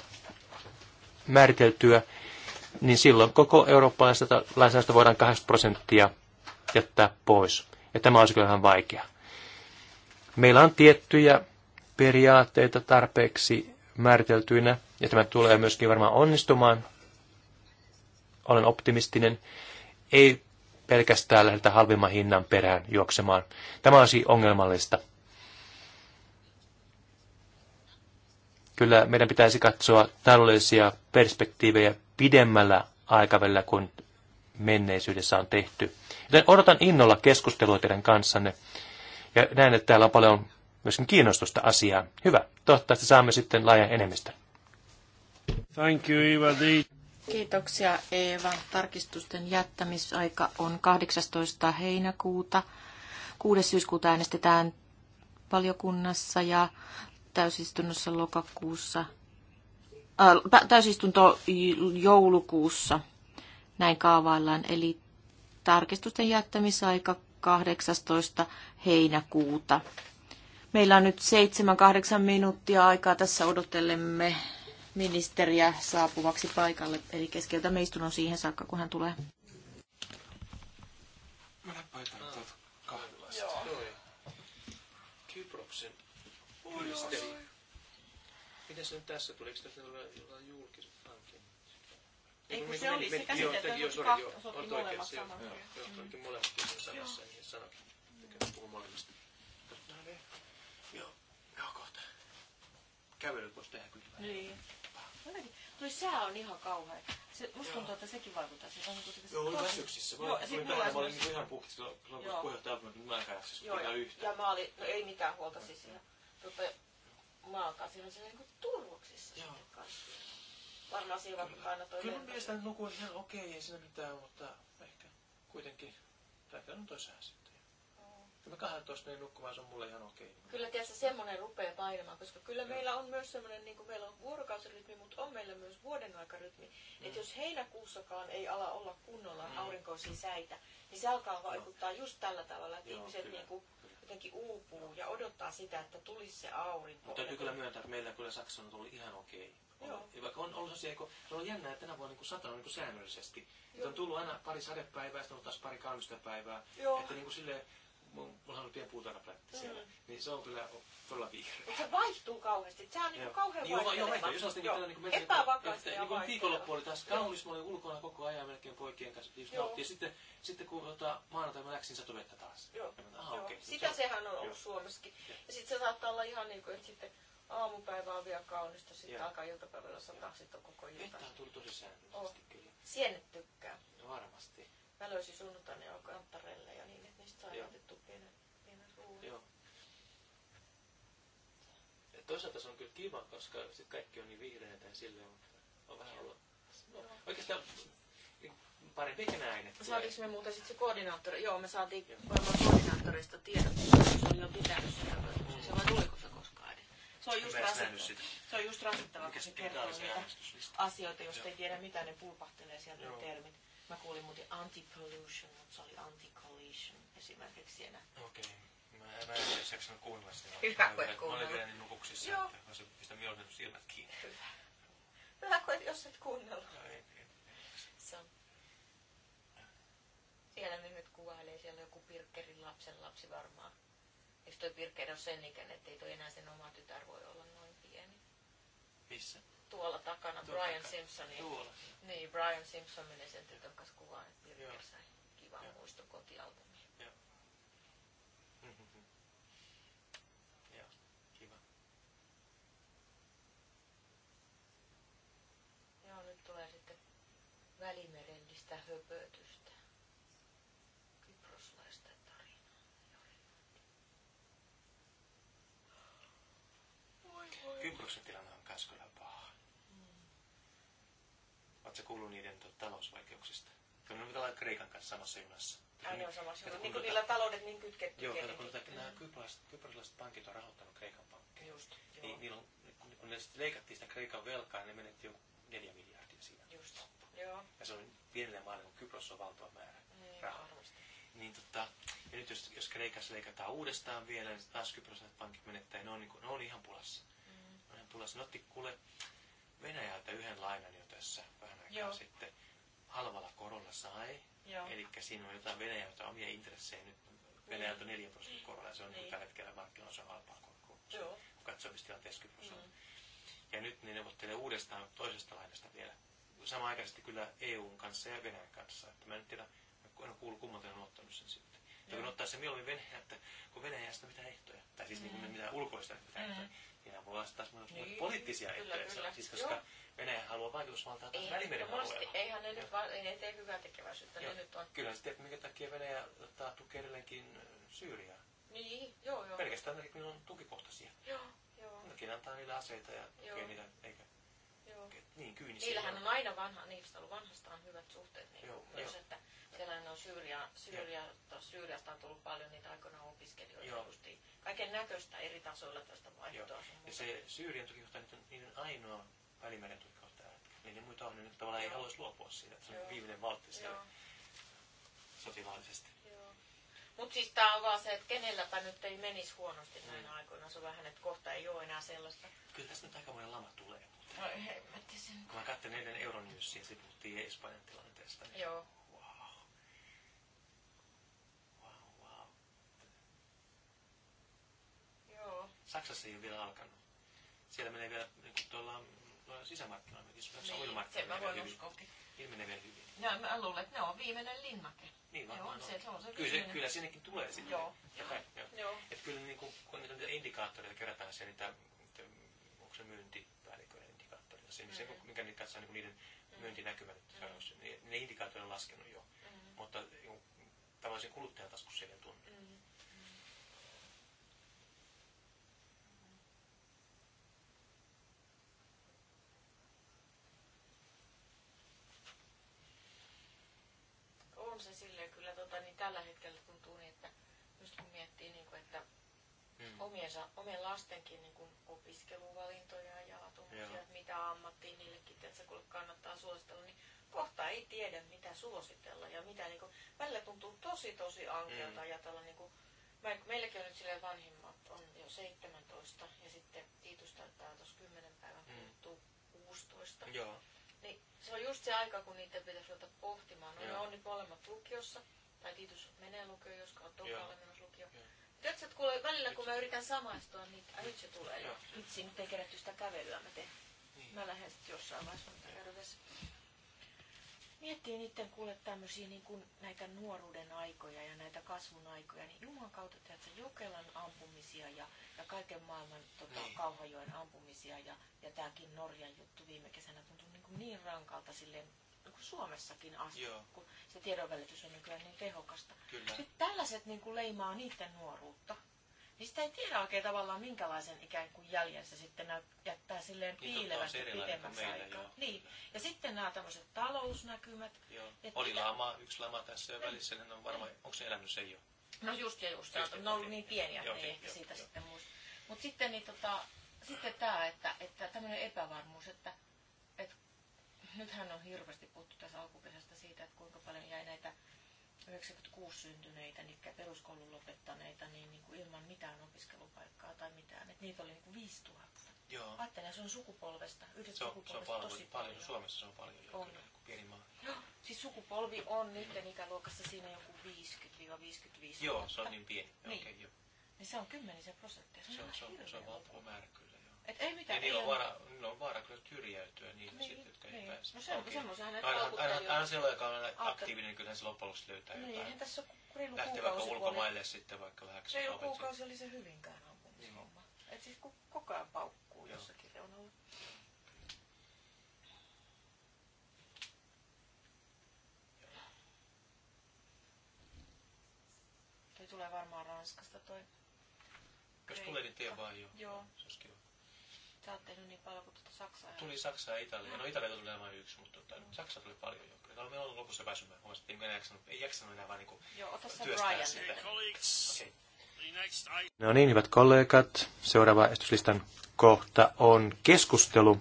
määriteltyä, niin silloin koko eurooppalaisesta lainsäädännöstä voidaan 8 prosenttia jättää pois. Ja tämä olisi kyllä ihan vaikea. Meillä on tiettyjä periaatteita tarpeeksi määriteltyinä, ja tämä tulee myöskin varmaan onnistumaan. Olen optimistinen. Ei pelkästään lähdetä halvimman hinnan perään juoksemaan. Tämä olisi ongelmallista. kyllä meidän pitäisi katsoa taloudellisia perspektiivejä pidemmällä aikavälillä kuin menneisyydessä on tehty. Joten odotan innolla keskustelua teidän kanssanne. Ja näen, että täällä on paljon myöskin kiinnostusta asiaan. Hyvä. Toivottavasti saamme sitten laajan enemmistön. Thank you, Eva. Kiitoksia Eeva. Tarkistusten jättämisaika on 18. heinäkuuta. 6. syyskuuta äänestetään valiokunnassa ja täysistunnossa lokakuussa, äh, täysistunto joulukuussa, näin kaavaillaan, eli tarkistusten jättämisaika 18. heinäkuuta. Meillä on nyt 7-8 minuuttia aikaa. Tässä odotellemme ministeriä saapuvaksi paikalle, eli keskeytämme istunnon siihen saakka, kun hän tulee. Mä rekisteri. Niin. se nyt tässä tuli? Eikö tässä ole jollain julkiset hankinnat? Ei kun niin, se niin, oli se käsitelty, että sori, joo, olet oikeassa, joo, joo, olikin mm. molemmat siinä samassa, niin sanokin, mikä puhuu molemmista. No joo, joo kohta. Kävelyt voisi tehdä kyllä. Niin. tuo sää on ihan kauhea. Se, musta tuntuu, että sekin vaikuttaa. Niinku se on niin Joo, oli väsyksissä. Mä, joo, sit mulla mä olin niinku ihan puhti kun puheenjohtaja Avman, mä en käy siis yhtään. Ja mä olin, no ei mitään huolta siis ihan tuota, maakaasihan se oli niinku turvoksissa Joo. sitten kanssa. Varmaan siihen vaikka kannatoi Kyllä mun mielestä nukuu on ihan okei, okay, ei siinä mitään, mutta ehkä kuitenkin. Tämä on toisaan sitten. Mm. Kyllä 12 menin nukkumaan, se on mulle ihan okei. Okay. Kyllä tässä semmoinen rupeaa painamaan, koska kyllä Joo. meillä on myös semmoinen, niin kuin meillä on vuorokausirytmi, mutta on meillä myös vuoden aikarytmi. Mm. Että jos heinäkuussakaan ei ala olla kunnolla mm. aurinkoisia säitä, niin se alkaa vaikuttaa no. just tällä tavalla, että Joo, ihmiset kyllä. niin kuin, jotenkin uupuu ja odottaa sitä, että tulisi se aurinko. Mutta täytyy kyllä myöntää, että meillä kyllä Saksassa tuli ihan okei. Joo. Vaikka on ollut sellaisia, kun se on jännää, että tänä vuonna niin satanut niin säännöllisesti. Että on tullut aina pari sadepäivää, sitten on taas pari kaunista päivää. Joo. Että niin kuin sille, mulla on pieni puutarhaplätti siellä, mm. niin se on kyllä todella vihreä. Se vaihtuu kauheasti, se on niinku kauhean niin, vaihteleva. Joo, vaihteleva. Jos niin kuin, niin kuin Epävakaasti ja niin Viikonloppu oli taas kaunis, mä olin ulkona koko ajan melkein poikien kanssa. Just joo. Ja sitten, sitten kun tota, maanantaina mä läksin satovettä taas. Joo. mä, aha, joo. Okay. Sitä se, sehän on ollut Suomessakin. Ja, sitten se saattaa olla ihan niin kuin, että sitten aamupäivä on vielä kaunista, sitten joo. alkaa iltapäivällä sataa, sitten on koko ilta. Vettä on tullut tosi säännöllisesti oh. kyllä. Sienet tykkää. Varmasti. Mä löysin sunnuntaina jo kantarelle ja niin mistä on Joo. pienet, pienet Joo. Ja toisaalta se on kyllä kiva, koska sit kaikki on niin vihreätä ja sille on, on vähän ollut... No, oikeastaan parempikin näin. Saatiinko me muuten sitten se koordinaattori? Joo, me saatiin varmaan koordinaattorista tiedot, se oli jo pitänyt sitä, se vai mm. tuliko se koskaan. Se on just, rasittava. se on just rasittava, kun se kertoo niitä asioita, jos ei tiedä mitä ne pulpahtelee sieltä Joo. termit. Mä kuulin muuten anti-pollution, mutta se oli anti-collision esimerkiksi siinä. Okei. Okay. Mä, mä en edes jaksanut kuunnella sitä. Hyvä, kun et kuunnella. Mä olin vielä niin nukuksissa, Joo. että mä se pistän mieluummin silmät kiinni. Hyvä. Hyvä, kun et, jos et kuunnella. No, ei, ei. Se on. Siellä ne nyt kuvailee, siellä on joku Pirkkerin lapsen lapsi varmaan. Eikö toi Pirkker ole sen ikäinen, ei toi enää sen oma tytär voi olla noin pieni? Missä? Tuolla takana, Tuo Brian takana. Simpsonin. Tuolla. Niin, Brian Simpson menee sen tytön kanssa kuvaan, että Pirkker sai kivan muiston kotialbumin. Kyproksen tilanne on myös kyllä paha. Mm. Oletko kuullut niiden tota, talousvaikeuksista? Kyllä ne pitää olla Kreikan kanssa samassa junassa. Aina on samassa junassa. Niin kuin niillä taloudet niin kytketty. Joo, kato, kun nämä kyproslaiset pankit on rahoittanut Kreikan pankkeja. Just, Niin, niillä on, kun kun ne leikattiin sitä Kreikan velkaa, niin ne menetti joku neljä miljardia siinä. Just, joo. Ja se on pienelle maalle, kun Kypros on valtava määrä niin, rahaa. Varmasti. Niin tota, ja nyt jos, jos Kreikassa leikataan uudestaan vielä, niin taas kyproslaiset pankit menettää, ne on, niin kuin, ne on ihan pulassa tulla. Sanoin, otti kuule Venäjältä yhden lainan jo tässä vähän aikaa Joo. sitten. Halvalla korolla sai. Eli siinä on jotain Venäjältä omia intressejä nyt. Venäjältä 4 niin. prosenttia korolla ja se on niin. tällä hetkellä markkinoissa halpaa korkoa. Kun katsoo, missä tilanteessa Mm. Ja nyt ne neuvottelee uudestaan toisesta lainasta vielä. aikaisesti kyllä EUn kanssa ja Venäjän kanssa. Että mä en tiedä, en kuullut kummalta ne on ottanut sen sitten. Ja kun ottaa se mieluummin että kun Venäjästä mitä ehtoja. Tai siis mm. niin kuin mm. mitä ulkoista mitä mm. ehtoja siinä voi olla taas myös niin, poliittisia kyllä, intressejä, kyllä. siis koska Joo. Venäjä haluaa vaikutusvaltaa taas Välimeren no alueella. Eihän ne nyt vaan, ei ne tee hyvää tekeväisyyttä, ne nyt on. Kyllä, sitten minkä takia Venäjä ottaa tukea edelleenkin Syyriaa. Niin, joo, joo. Pelkästään merkki, kun on tukikohtaisia. Joo, joo. No, nekin antaa niille aseita ja tukee niitä, eikä joo. niin kyynisiä. Niillähän on aina vanha, niistä on ollut vanhastaan hyvät suhteet. Niin joo, joo. että tilanne on Syyria, Syyria to, Syyriasta on tullut paljon niitä aikoinaan opiskelijoita Joo. justiin. Kaiken näköistä eri tasoilla tästä vaihtoa. Ja se Syyrian tukikohta nyt on niiden ainoa välimeren tukikohta tällä hetkellä. Niiden muita on, niin tavallaan Joo. ei haluaisi luopua siitä. Se on Joo. viimeinen valtti siellä sotilaallisesti. Mutta siis tämä on vaan se, että kenelläpä nyt ei menisi huonosti mm. näinä aikoina. Se on vähän, että kohta ei ole enää sellaista. Kyllä tässä nyt aika monen lama tulee. Mutta... No, ei, mä tiedän. Kun mä katsoin eilen Euronewsia, se puhuttiin Espanjan tilanteesta. Niin Joo. Saksassa ei ole vielä alkanut. Siellä menee vielä, niin kuin tuolla sisämarkkinoilla, niin, Saksan niin, ulmarkkinoilla menee vielä hyvin. Niillä menee vielä hyvin. No, mä luulen, että ne on viimeinen linnake. Niin varmaan on. Se, se on se kyllä, se, kyllä sinnekin tulee sinne. Joo. Ja ja, joo. joo. Et kyllä niin kuin, kun niitä indikaattoreita kerätään siellä, niitä, niitä, onko se myyntipäälliköiden indikaattoreita, se, mm. hmm se, mikä niitä katsoo niin niiden mm-hmm. myyntinäkymät, mm. hmm ne, ne indikaattorit on laskenut jo. Mm. hmm Mutta niin tavallisen kuluttajan taskussa ei tunne. Mm. hmm tällä hetkellä tuntuu niin, että just kun miettii, niin kuin, että mm. omiensa, omien lastenkin niin kuin opiskeluvalintoja ja tuommoisia, että mitä ammattia niillekin tietysti, kun kannattaa suositella, niin kohta ei tiedä, mitä suositella ja mitä. Niin kuin, välillä tuntuu tosi, tosi ankealta mm. ajatella. Niin kuin, meilläkin on nyt silleen vanhimmat on jo 17 ja sitten Tiitus täyttää tuossa 10 päivän hmm. kuluttua mm. 16. Joo. Niin se on just se aika, kun niitä pitäisi ruveta pohtimaan. No, ne on nyt molemmat lukiossa tai Titus menee lukioon, josko on tokaalla menossa lukioon. Tiedätkö, että kuule, välillä kun mä yritän samaistua, niin ai, nyt se tulee jo. Vitsi, nyt ei kerätty sitä kävelyä, mä teen. Niin. Mä lähden sitten jossain vaiheessa, mutta käydessä. Miettii niiden kuule tämmöisiä niin kuin näitä nuoruuden aikoja ja näitä kasvun aikoja, niin Jumalan kautta tiedätkö, Jokelan ampumisia ja, ja kaiken maailman tota, niin. Kauhajoen ampumisia ja, ja tämäkin Norjan juttu viime kesänä tuntui niin, kuin niin rankalta silleen Suomessakin asti, Joo. kun se tiedonvälitys on nykyään niin tehokasta. Kyllä. Sitten tällaiset niin kuin leimaa niiden nuoruutta. Niin sitä ei tiedä oikein tavallaan minkälaisen ikään kuin jäljen se sitten jättää silleen niin, piilevästi pidemmäksi aikaa. Joo. Niin. Ja sitten nämä tämmöiset talousnäkymät. Joo. Oli mitä... lama, yksi lama tässä jo niin. välissä, niin on varmaan, onko se elänyt se jo? No just ja just, just ne on ollut niin pieniä, että ei ehkä siitä jo. sitten muista. Mutta sitten, niin, tota, sitten tämä, että, että tämmöinen epävarmuus, että nythän on hirveästi puhuttu tässä alkukesästä siitä, että kuinka paljon jäi näitä 96 syntyneitä, eli peruskoulun lopettaneita, niin, niin kuin ilman mitään opiskelupaikkaa tai mitään. Et niitä oli niin kuin 5000. Joo. että se on sukupolvesta. yhdessä se on, sukupolvesta se on paljon, tosi paljon. paljon. Suomessa se on paljon jo, niin Kyllä, pieni maa. Joo, siis sukupolvi on nyt mm. ikäluokassa siinä joku 50-55 Joo, se on niin pieni. Niin. Okay, joo. Niin se on kymmenisen prosenttia. Se on, se on, se on, se on valtava määrä kyllä. Et ei mitään. Niin, niillä on, vaara, niillä no, on vaara kyllä syrjäytyä niillä niin, sitten, jotka niin. ei pääse. No se, okay. semmoisenhan ne talkuttaa. Aina, aina, aina silloin, joka on aktiivinen, niin kyllähän se loppujen lopuksi löytää niin, jotain. Niin, tässä on reilu Lähtee vaikka ulkomaille puoli. sitten vaikka vähäksi. ole kuukausi oli se hyvinkään ampumishomma. Niin. Et siis kun koko ajan paukkuu Joo. jossakin reunalla. Ei tule varmaan Ranskasta toi. Jos tulee, niin tee vaan jo. Joo. Se olisi kiva. Tää on tehnyt niin paljon kuin tuota Saksaa. Tuli Saksaa ja Italiaa. No Italia tuli vain yksi, mutta tuota, mm. Saksa tuli paljon jo. Kyllä meillä on lopussa väsymään. Mä olisin, en jaksanut, ei jaksanut enää vaan niinku Joo, ota se Brian sitä. Okay. No niin, hyvät kollegat. Seuraava estyslistan kohta on keskustelu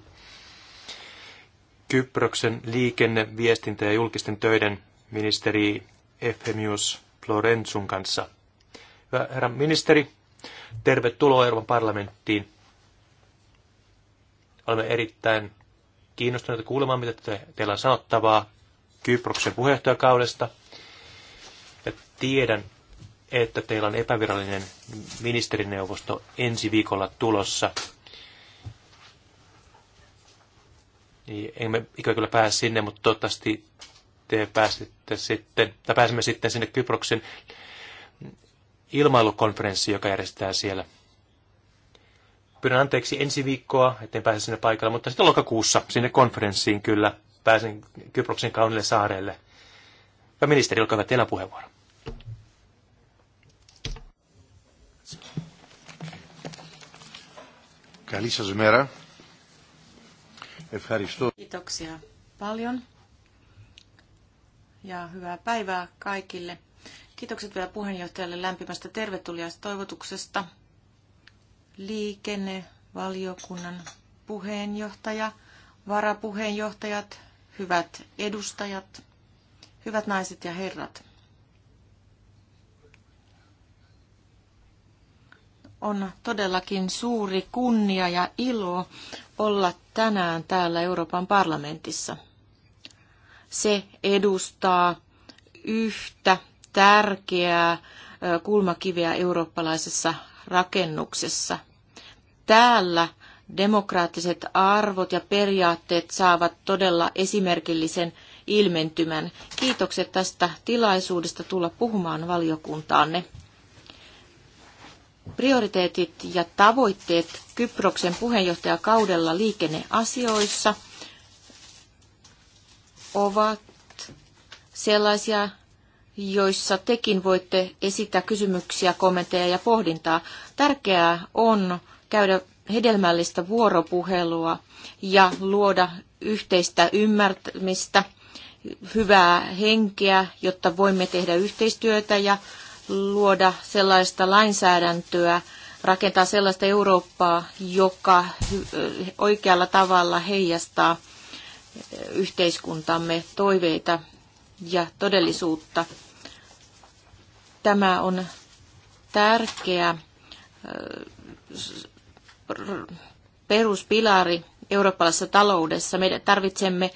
Kyproksen liikenne, viestintä ja julkisten töiden ministeri Efemius Florensun kanssa. Hyvä herra ministeri, tervetuloa Euroopan parlamenttiin. Olemme erittäin kiinnostuneita kuulemaan, mitä te, teillä on sanottavaa Kyproksen puheenjohtajakaudesta. Ja tiedän, että teillä on epävirallinen ministerineuvosto ensi viikolla tulossa. Niin emme ikävä kyllä pääse sinne, mutta toivottavasti te pääsette sitten, tai pääsemme sitten sinne Kyproksen ilmailukonferenssiin, joka järjestetään siellä – pyydän anteeksi ensi viikkoa, etten pääse sinne paikalle, mutta sitten lokakuussa sinne konferenssiin kyllä pääsen Kyproksen kaunille saarelle. Ja ministeri, olkaa hyvä, teillä puheenvuoro. Kiitoksia paljon ja hyvää päivää kaikille. Kiitokset vielä puheenjohtajalle lämpimästä tervetuliaista toivotuksesta liikennevaliokunnan puheenjohtaja, varapuheenjohtajat, hyvät edustajat, hyvät naiset ja herrat. On todellakin suuri kunnia ja ilo olla tänään täällä Euroopan parlamentissa. Se edustaa yhtä tärkeää kulmakiveä eurooppalaisessa rakennuksessa – täällä demokraattiset arvot ja periaatteet saavat todella esimerkillisen ilmentymän. Kiitokset tästä tilaisuudesta tulla puhumaan valiokuntaanne. Prioriteetit ja tavoitteet Kyproksen puheenjohtajakaudella liikenneasioissa ovat sellaisia, joissa tekin voitte esittää kysymyksiä, kommentteja ja pohdintaa. Tärkeää on käydä hedelmällistä vuoropuhelua ja luoda yhteistä ymmärtämistä, hyvää henkeä, jotta voimme tehdä yhteistyötä ja luoda sellaista lainsäädäntöä, rakentaa sellaista Eurooppaa, joka oikealla tavalla heijastaa yhteiskuntamme toiveita ja todellisuutta. Tämä on tärkeä peruspilari eurooppalaisessa taloudessa. Me tarvitsemme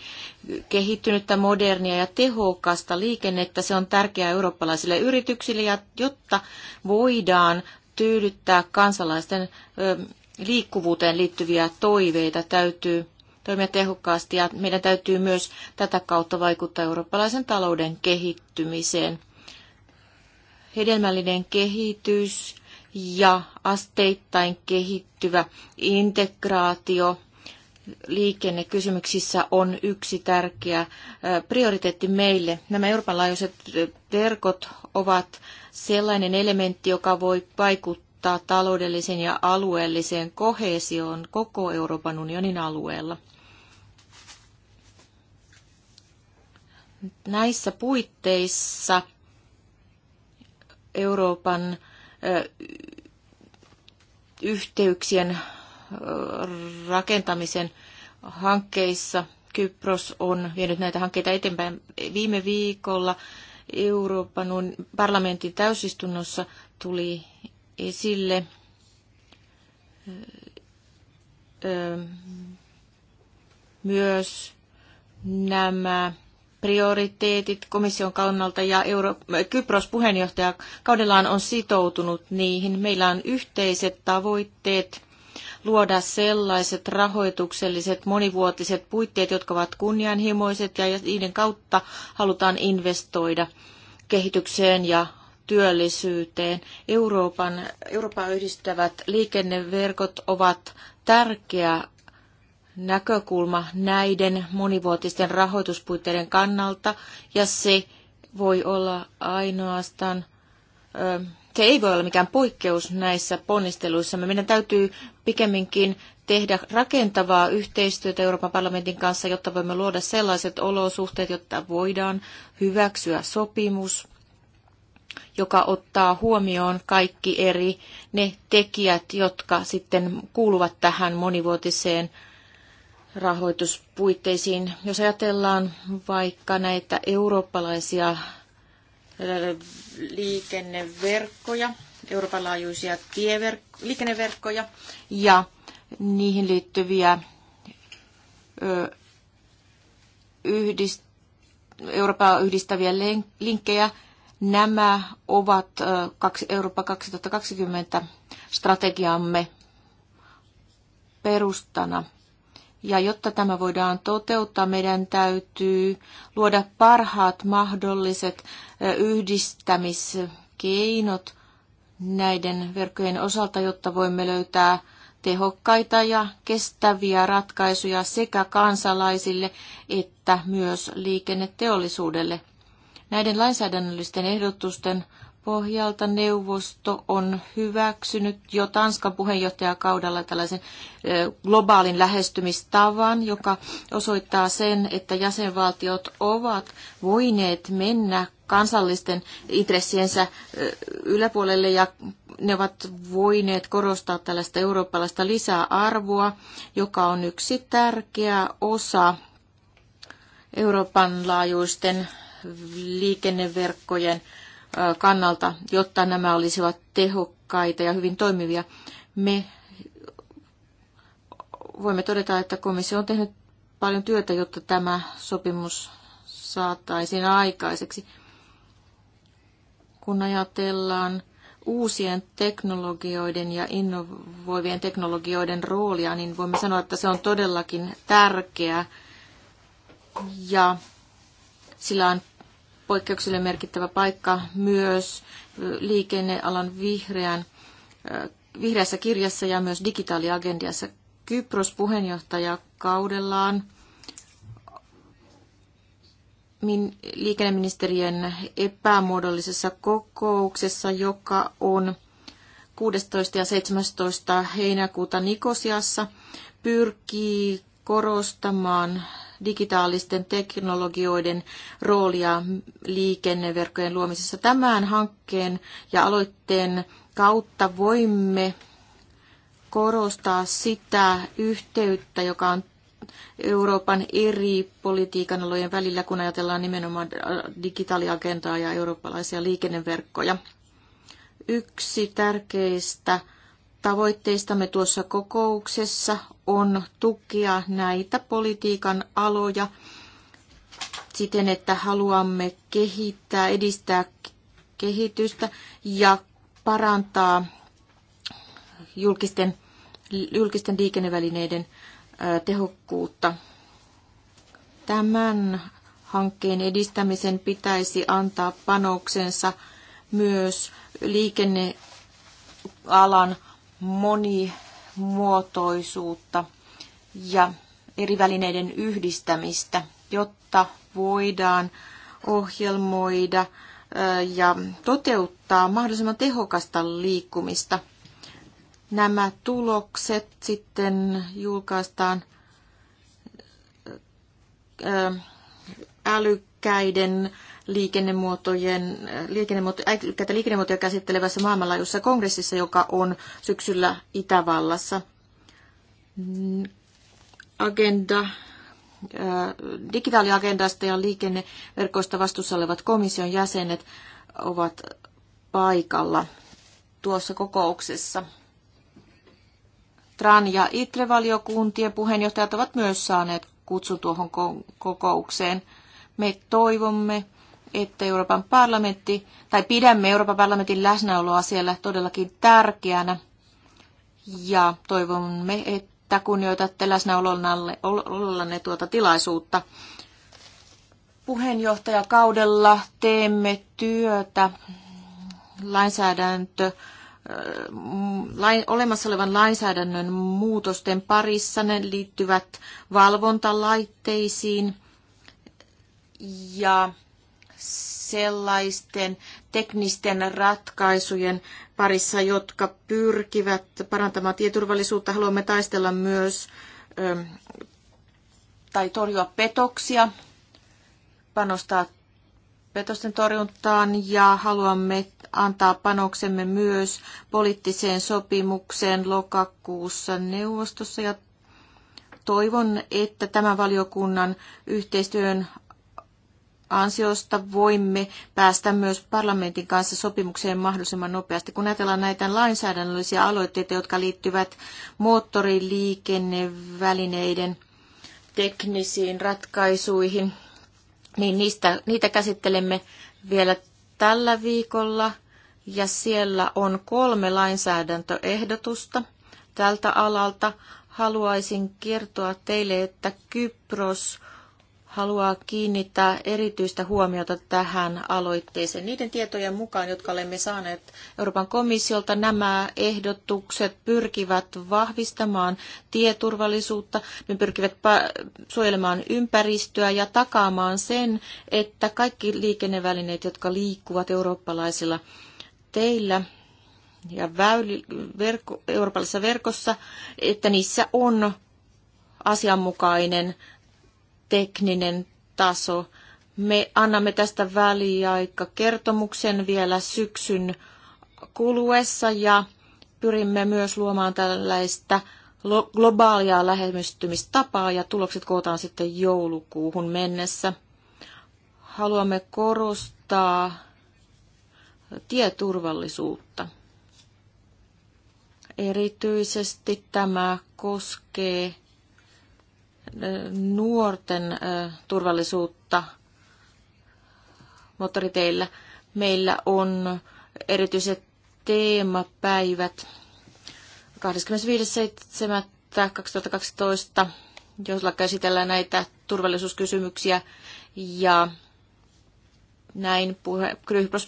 kehittynyttä, modernia ja tehokasta liikennettä. Se on tärkeää eurooppalaisille yrityksille, ja jotta voidaan tyydyttää kansalaisten liikkuvuuteen liittyviä toiveita, täytyy toimia tehokkaasti ja meidän täytyy myös tätä kautta vaikuttaa eurooppalaisen talouden kehittymiseen. Hedelmällinen kehitys ja asteittain kehittyvä integraatio liikennekysymyksissä on yksi tärkeä prioriteetti meille. Nämä Euroopan laajuiset verkot ovat sellainen elementti, joka voi vaikuttaa taloudelliseen ja alueelliseen kohesioon koko Euroopan unionin alueella. Näissä puitteissa Euroopan yhteyksien rakentamisen hankkeissa. Kypros on vienyt näitä hankkeita eteenpäin viime viikolla. Euroopan parlamentin täysistunnossa tuli esille myös nämä prioriteetit komission kannalta ja Euro- äh, Kypros puheenjohtaja kaudellaan on sitoutunut niihin. Meillä on yhteiset tavoitteet luoda sellaiset rahoitukselliset monivuotiset puitteet, jotka ovat kunnianhimoiset ja niiden kautta halutaan investoida kehitykseen ja työllisyyteen. Euroopan, Euroopan yhdistävät liikenneverkot ovat tärkeä näkökulma näiden monivuotisten rahoituspuitteiden kannalta, ja se voi olla ainoastaan, se ei voi olla mikään poikkeus näissä ponnisteluissa. Meidän täytyy pikemminkin tehdä rakentavaa yhteistyötä Euroopan parlamentin kanssa, jotta voimme luoda sellaiset olosuhteet, jotta voidaan hyväksyä sopimus, joka ottaa huomioon kaikki eri ne tekijät, jotka sitten kuuluvat tähän monivuotiseen rahoituspuitteisiin. Jos ajatellaan vaikka näitä eurooppalaisia äh, liikenneverkkoja, Euroopan laajuisia liikenneverkkoja ja niihin liittyviä ö, yhdist- Eurooppaa yhdistäviä linkkejä. Nämä ovat ö, Eurooppa 2020 strategiamme perustana. Ja jotta tämä voidaan toteuttaa, meidän täytyy luoda parhaat mahdolliset yhdistämiskeinot näiden verkkojen osalta, jotta voimme löytää tehokkaita ja kestäviä ratkaisuja sekä kansalaisille että myös liikenneteollisuudelle. Näiden lainsäädännöllisten ehdotusten pohjalta neuvosto on hyväksynyt jo Tanskan puheenjohtajakaudella tällaisen globaalin lähestymistavan, joka osoittaa sen, että jäsenvaltiot ovat voineet mennä kansallisten intressiensä yläpuolelle ja ne ovat voineet korostaa tällaista eurooppalaista lisäarvoa, joka on yksi tärkeä osa Euroopan laajuisten liikenneverkkojen kannalta, jotta nämä olisivat tehokkaita ja hyvin toimivia. Me voimme todeta, että komissio on tehnyt paljon työtä, jotta tämä sopimus saataisiin aikaiseksi. Kun ajatellaan uusien teknologioiden ja innovoivien teknologioiden roolia, niin voimme sanoa, että se on todellakin tärkeä ja sillä on poikkeuksille merkittävä paikka myös liikennealan vihreän, vihreässä kirjassa ja myös digitaaliagendiassa. Kypros puheenjohtaja kaudellaan liikenneministerien epämuodollisessa kokouksessa, joka on 16. ja 17. heinäkuuta Nikosiassa, pyrkii korostamaan digitaalisten teknologioiden roolia liikenneverkkojen luomisessa. Tämän hankkeen ja aloitteen kautta voimme korostaa sitä yhteyttä, joka on Euroopan eri politiikan alojen välillä, kun ajatellaan nimenomaan digitaaliagendaa ja eurooppalaisia liikenneverkkoja. Yksi tärkeistä tavoitteistamme tuossa kokouksessa on tukea näitä politiikan aloja siten, että haluamme kehittää, edistää kehitystä ja parantaa julkisten, julkisten liikennevälineiden tehokkuutta. Tämän hankkeen edistämisen pitäisi antaa panoksensa myös liikennealan monimuotoisuutta ja eri välineiden yhdistämistä, jotta voidaan ohjelmoida ja toteuttaa mahdollisimman tehokasta liikkumista. Nämä tulokset sitten julkaistaan älykkäiden liikennemuotojen, liikennemuoto, liikennemuotoja käsittelevässä maailmanlaajuisessa kongressissa, joka on syksyllä Itävallassa. Agenda äh, digitaaliagendasta ja liikenneverkoista vastuussa olevat komission jäsenet ovat paikalla tuossa kokouksessa. TRAN ja ITRE-valiokuntien puheenjohtajat ovat myös saaneet kutsun tuohon kokoukseen. Me toivomme, että Euroopan parlamentti, tai pidämme Euroopan parlamentin läsnäoloa siellä todellakin tärkeänä. Ja toivomme, että kunnioitatte läsnäolollanne tuota tilaisuutta. Puheenjohtajakaudella teemme työtä lainsäädäntö äh, lain, olemassa olevan lainsäädännön muutosten parissa. Ne liittyvät valvontalaitteisiin ja sellaisten teknisten ratkaisujen parissa, jotka pyrkivät parantamaan tieturvallisuutta. Haluamme taistella myös ähm, tai torjua petoksia, panostaa petosten torjuntaan ja haluamme antaa panoksemme myös poliittiseen sopimukseen lokakuussa neuvostossa ja toivon, että tämän valiokunnan yhteistyön ansiosta voimme päästä myös parlamentin kanssa sopimukseen mahdollisimman nopeasti. Kun ajatellaan näitä lainsäädännöllisiä aloitteita, jotka liittyvät moottoriliikennevälineiden teknisiin ratkaisuihin, niin niistä, niitä käsittelemme vielä tällä viikolla. Ja siellä on kolme lainsäädäntöehdotusta tältä alalta. Haluaisin kertoa teille, että Kypros – haluaa kiinnittää erityistä huomiota tähän aloitteeseen. Niiden tietojen mukaan, jotka olemme saaneet Euroopan komissiolta, nämä ehdotukset pyrkivät vahvistamaan tieturvallisuutta, ne pyrkivät suojelemaan ympäristöä ja takaamaan sen, että kaikki liikennevälineet, jotka liikkuvat eurooppalaisilla teillä ja väyli, verko, eurooppalaisessa verkossa, että niissä on asianmukainen tekninen taso. Me annamme tästä kertomuksen vielä syksyn kuluessa ja pyrimme myös luomaan tällaista globaalia lähestymistapaa ja tulokset kootaan sitten joulukuuhun mennessä. Haluamme korostaa tieturvallisuutta. Erityisesti tämä koskee nuorten turvallisuutta moottoriteillä. Meillä on erityiset teemapäivät 25.7.2012, jolla käsitellään näitä turvallisuuskysymyksiä ja näin puhe,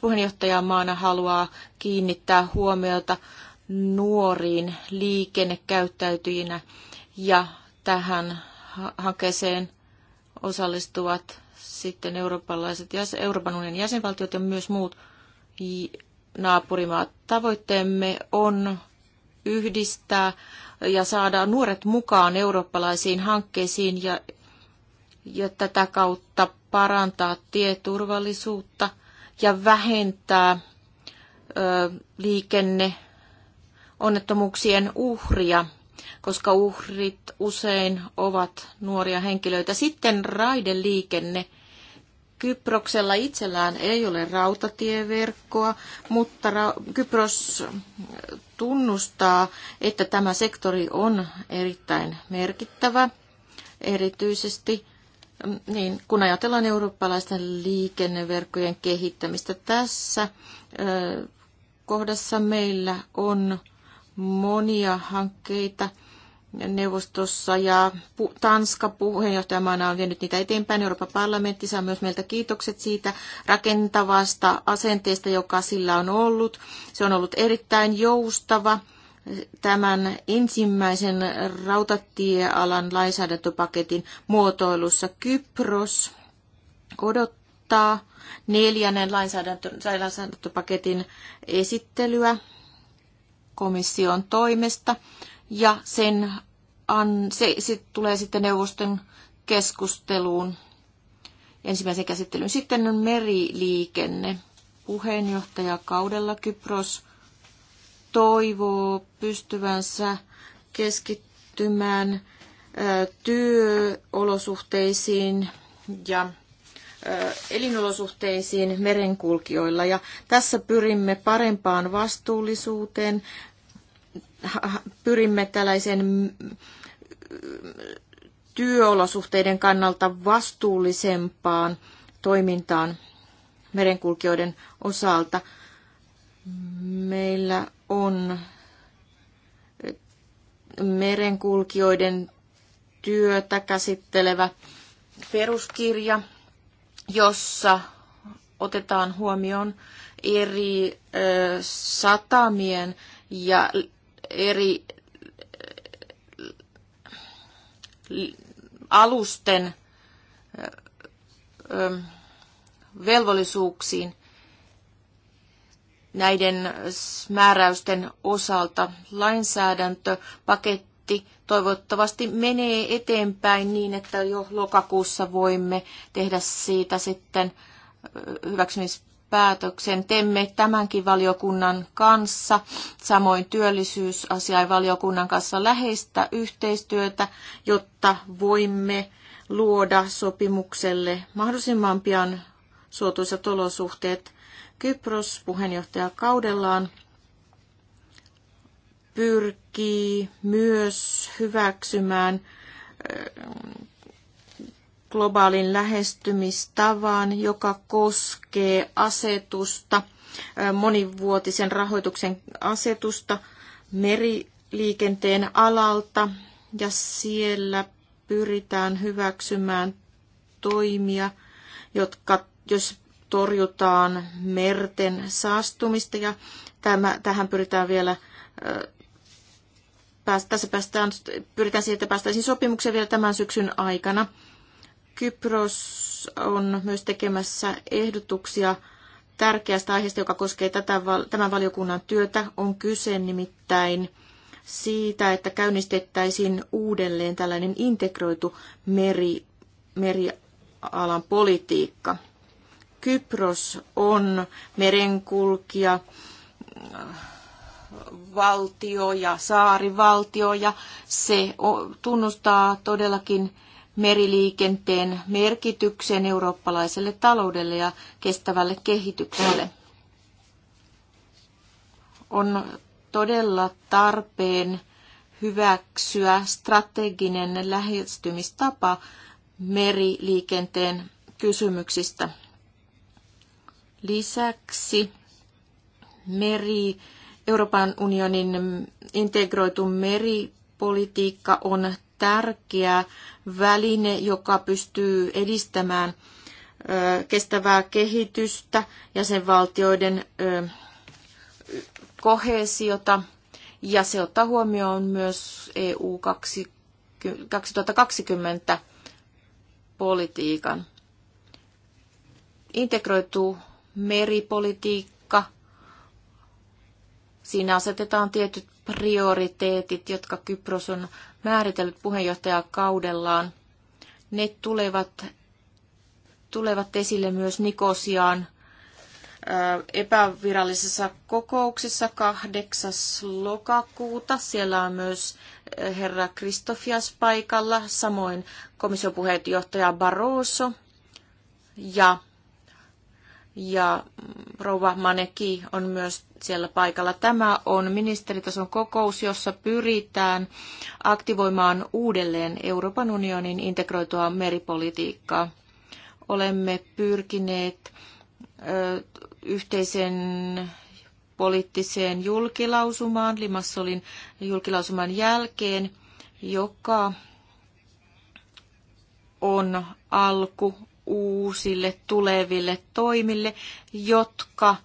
puheenjohtaja maana haluaa kiinnittää huomiota nuoriin liikennekäyttäytyjinä ja tähän hankkeeseen osallistuvat sitten eurooppalaiset, ja Euroopan unionin jäsenvaltiot ja myös muut naapurimaat. Tavoitteemme on yhdistää ja saada nuoret mukaan eurooppalaisiin hankkeisiin ja, ja tätä kautta parantaa tieturvallisuutta ja vähentää ö, liikenne onnettomuuksien uhria – koska uhrit usein ovat nuoria henkilöitä. Sitten raideliikenne. Kyproksella itsellään ei ole rautatieverkkoa, mutta ra- Kypros tunnustaa, että tämä sektori on erittäin merkittävä, erityisesti niin, kun ajatellaan eurooppalaisten liikenneverkkojen kehittämistä tässä kohdassa meillä on monia hankkeita neuvostossa ja Tanska puheenjohtajamaana on vienyt niitä eteenpäin. Euroopan parlamentti saa myös meiltä kiitokset siitä rakentavasta asenteesta, joka sillä on ollut. Se on ollut erittäin joustava tämän ensimmäisen rautatiealan lainsäädäntöpaketin muotoilussa. Kypros odottaa neljännen lainsäädäntöpaketin esittelyä komission toimesta ja sen an, se, se tulee sitten neuvoston keskusteluun ensimmäisen käsittelyn. Sitten on meriliikenne. kaudella Kypros toivoo pystyvänsä keskittymään työolosuhteisiin ja elinolosuhteisiin merenkulkijoilla. Ja tässä pyrimme parempaan vastuullisuuteen, pyrimme tällaisen mm, työolosuhteiden kannalta vastuullisempaan toimintaan merenkulkijoiden osalta. Meillä on eh, merenkulkijoiden työtä käsittelevä peruskirja, jossa otetaan huomioon eri eh, satamien ja eri alusten velvollisuuksiin näiden määräysten osalta. Lainsäädäntöpaketti toivottavasti menee eteenpäin niin, että jo lokakuussa voimme tehdä siitä sitten hyväksymis päätöksen teemme tämänkin valiokunnan kanssa, samoin työllisyysasiainvaliokunnan kanssa läheistä yhteistyötä, jotta voimme luoda sopimukselle mahdollisimman pian suotuisat olosuhteet. Kypros puheenjohtajakaudellaan pyrkii myös hyväksymään globaalin lähestymistavan, joka koskee asetusta, monivuotisen rahoituksen asetusta meriliikenteen alalta ja siellä pyritään hyväksymään toimia, jotka, jos torjutaan merten saastumista ja tämä, tähän pyritään vielä tässä päästään, pyritään siihen, että päästäisiin sopimukseen vielä tämän syksyn aikana. Kypros on myös tekemässä ehdotuksia tärkeästä aiheesta, joka koskee tätä, tämän valiokunnan työtä. On kyse nimittäin siitä, että käynnistettäisiin uudelleen tällainen integroitu meri, merialan politiikka. Kypros on merenkulkija, valtio ja saarivaltio ja se tunnustaa todellakin meriliikenteen merkityksen eurooppalaiselle taloudelle ja kestävälle kehitykselle. On todella tarpeen hyväksyä strateginen lähestymistapa meriliikenteen kysymyksistä. Lisäksi meri, Euroopan unionin integroitu meripolitiikka on tärkeä väline, joka pystyy edistämään kestävää kehitystä, jäsenvaltioiden kohesiota ja se ottaa huomioon myös EU 2020 politiikan. Integroituu meripolitiikka. Siinä asetetaan tietyt prioriteetit, jotka Kypros on määritellyt puheenjohtajakaudellaan, ne tulevat, tulevat esille myös Nikosiaan epävirallisessa kokouksessa 8. lokakuuta. Siellä on myös herra Kristofias paikalla, samoin komission puheenjohtaja Barroso ja ja rouva Maneki on myös siellä paikalla. Tämä on ministeritason kokous, jossa pyritään aktivoimaan uudelleen Euroopan unionin integroitua meripolitiikkaa. Olemme pyrkineet ö, yhteisen poliittiseen julkilausumaan, Limassolin julkilausuman jälkeen, joka on alku uusille tuleville toimille, jotka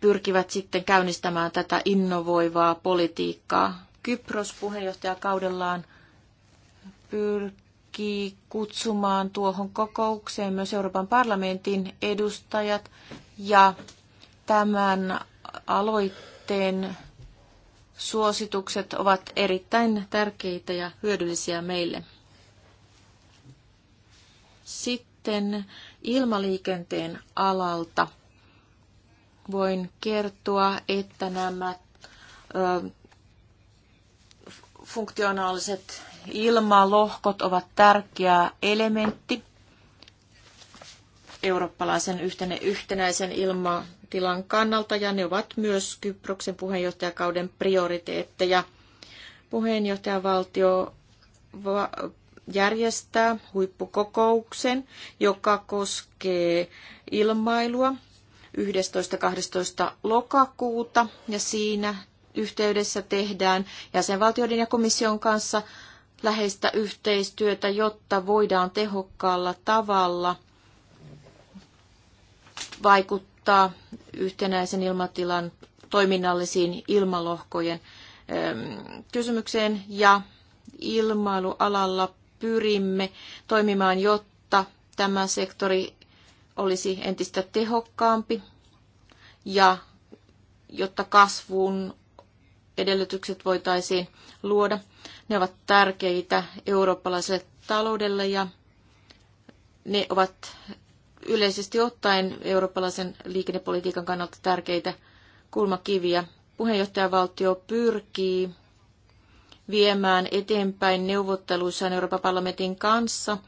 pyrkivät sitten käynnistämään tätä innovoivaa politiikkaa. Kypros puheenjohtajakaudellaan pyrkii kutsumaan tuohon kokoukseen myös Euroopan parlamentin edustajat ja tämän aloitteen suositukset ovat erittäin tärkeitä ja hyödyllisiä meille. Sitten sitten ilmaliikenteen alalta voin kertoa, että nämä ö, funktionaaliset ilmalohkot ovat tärkeä elementti eurooppalaisen yhtenä, yhtenäisen ilmatilan kannalta ja ne ovat myös Kyproksen puheenjohtajakauden prioriteetteja. Puheenjohtajavaltio va- järjestää huippukokouksen, joka koskee ilmailua 11.12. lokakuuta ja siinä yhteydessä tehdään jäsenvaltioiden ja komission kanssa läheistä yhteistyötä, jotta voidaan tehokkaalla tavalla vaikuttaa yhtenäisen ilmatilan toiminnallisiin ilmalohkojen kysymykseen ja ilmailualalla pyrimme toimimaan, jotta tämä sektori olisi entistä tehokkaampi ja jotta kasvun edellytykset voitaisiin luoda. Ne ovat tärkeitä eurooppalaiselle taloudelle ja ne ovat yleisesti ottaen eurooppalaisen liikennepolitiikan kannalta tärkeitä kulmakiviä. Puheenjohtajavaltio pyrkii viemään eteenpäin neuvotteluissaan Euroopan parlamentin kanssa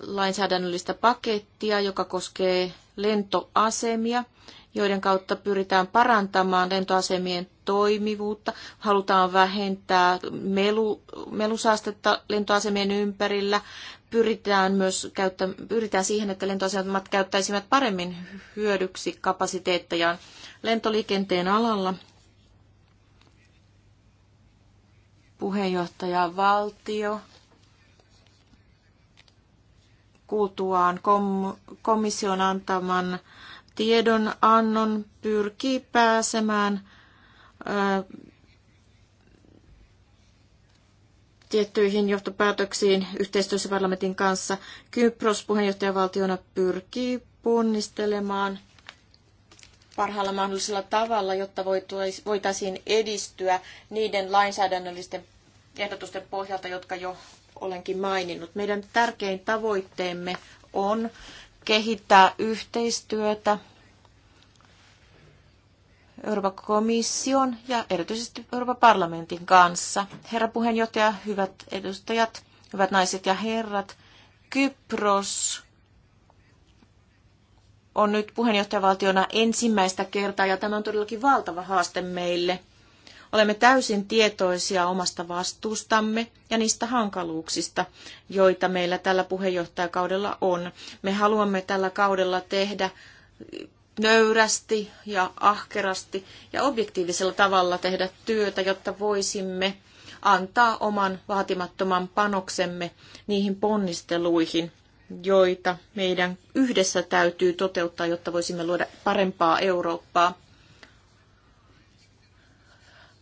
lainsäädännöllistä pakettia, joka koskee lentoasemia, joiden kautta pyritään parantamaan lentoasemien toimivuutta. Halutaan vähentää melu, melusaastetta lentoasemien ympärillä. Pyritään myös käyttä, pyritään siihen, että lentoasemat käyttäisivät paremmin hyödyksi kapasiteettejaan lentoliikenteen alalla – puheenjohtaja valtio kuultuaan kom- komission antaman tiedon annon pyrkii pääsemään ö, tiettyihin johtopäätöksiin yhteistyössä parlamentin kanssa. Kypros puheenjohtajavaltiona pyrkii punnistelemaan parhaalla mahdollisella tavalla, jotta voitaisiin edistyä niiden lainsäädännöllisten ehdotusten pohjalta, jotka jo olenkin maininnut. Meidän tärkein tavoitteemme on kehittää yhteistyötä Euroopan komission ja erityisesti Euroopan parlamentin kanssa. Herra puheenjohtaja, hyvät edustajat, hyvät naiset ja herrat, Kypros on nyt puheenjohtajavaltiona ensimmäistä kertaa ja tämä on todellakin valtava haaste meille – Olemme täysin tietoisia omasta vastuustamme ja niistä hankaluuksista, joita meillä tällä puheenjohtajakaudella on. Me haluamme tällä kaudella tehdä nöyrästi ja ahkerasti ja objektiivisella tavalla tehdä työtä, jotta voisimme antaa oman vaatimattoman panoksemme niihin ponnisteluihin, joita meidän yhdessä täytyy toteuttaa, jotta voisimme luoda parempaa Eurooppaa.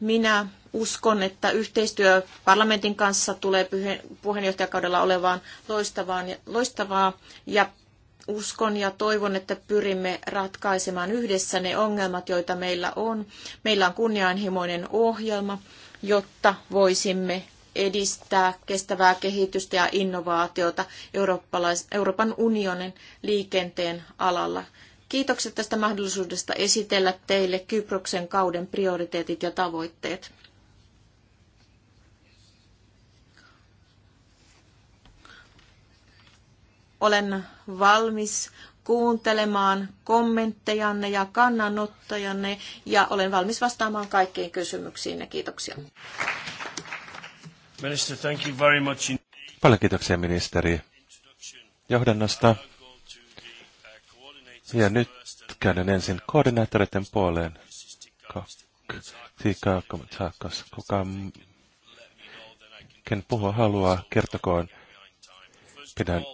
Minä uskon, että yhteistyö parlamentin kanssa tulee puheenjohtajakaudella olevaan loistavaan, loistavaa ja uskon ja toivon, että pyrimme ratkaisemaan yhdessä ne ongelmat, joita meillä on. Meillä on kunnianhimoinen ohjelma, jotta voisimme edistää kestävää kehitystä ja innovaatiota Euroopan unionin liikenteen alalla. Kiitokset tästä mahdollisuudesta esitellä teille Kyproksen kauden prioriteetit ja tavoitteet. Olen valmis kuuntelemaan kommenttejanne ja kannanottojanne ja olen valmis vastaamaan kaikkiin kysymyksiin ja kiitoksia. Minister, thank you very much. Paljon kiitoksia ministeri johdannosta. Ja nyt käydään ensin koordinaattoreiden puoleen. kuka ken puhua haluaa, kertokoon. Pidän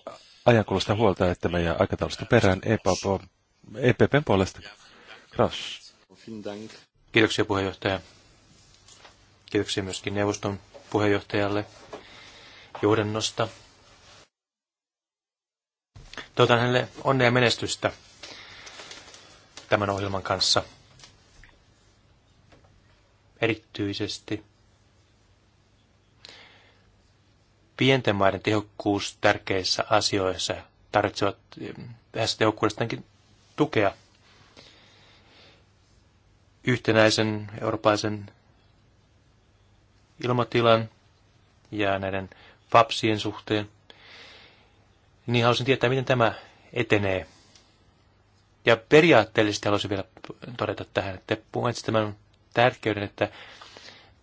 ajankulusta huolta, että me aikataulusta perään EPPn e puolesta. Ross. Kiitoksia puheenjohtaja. Kiitoksia myöskin neuvoston puheenjohtajalle johdannosta. Toivotan hänelle onnea menestystä tämän ohjelman kanssa. Erityisesti pienten maiden tehokkuus tärkeissä asioissa tarvitsevat mm, tässä tehokkuudesta tukea yhtenäisen eurooppalaisen ilmatilan ja näiden FAPSien suhteen. Niin haluaisin tietää, miten tämä etenee. Ja periaatteellisesti haluaisin vielä todeta tähän, että mainitsitte tämän tärkeyden, että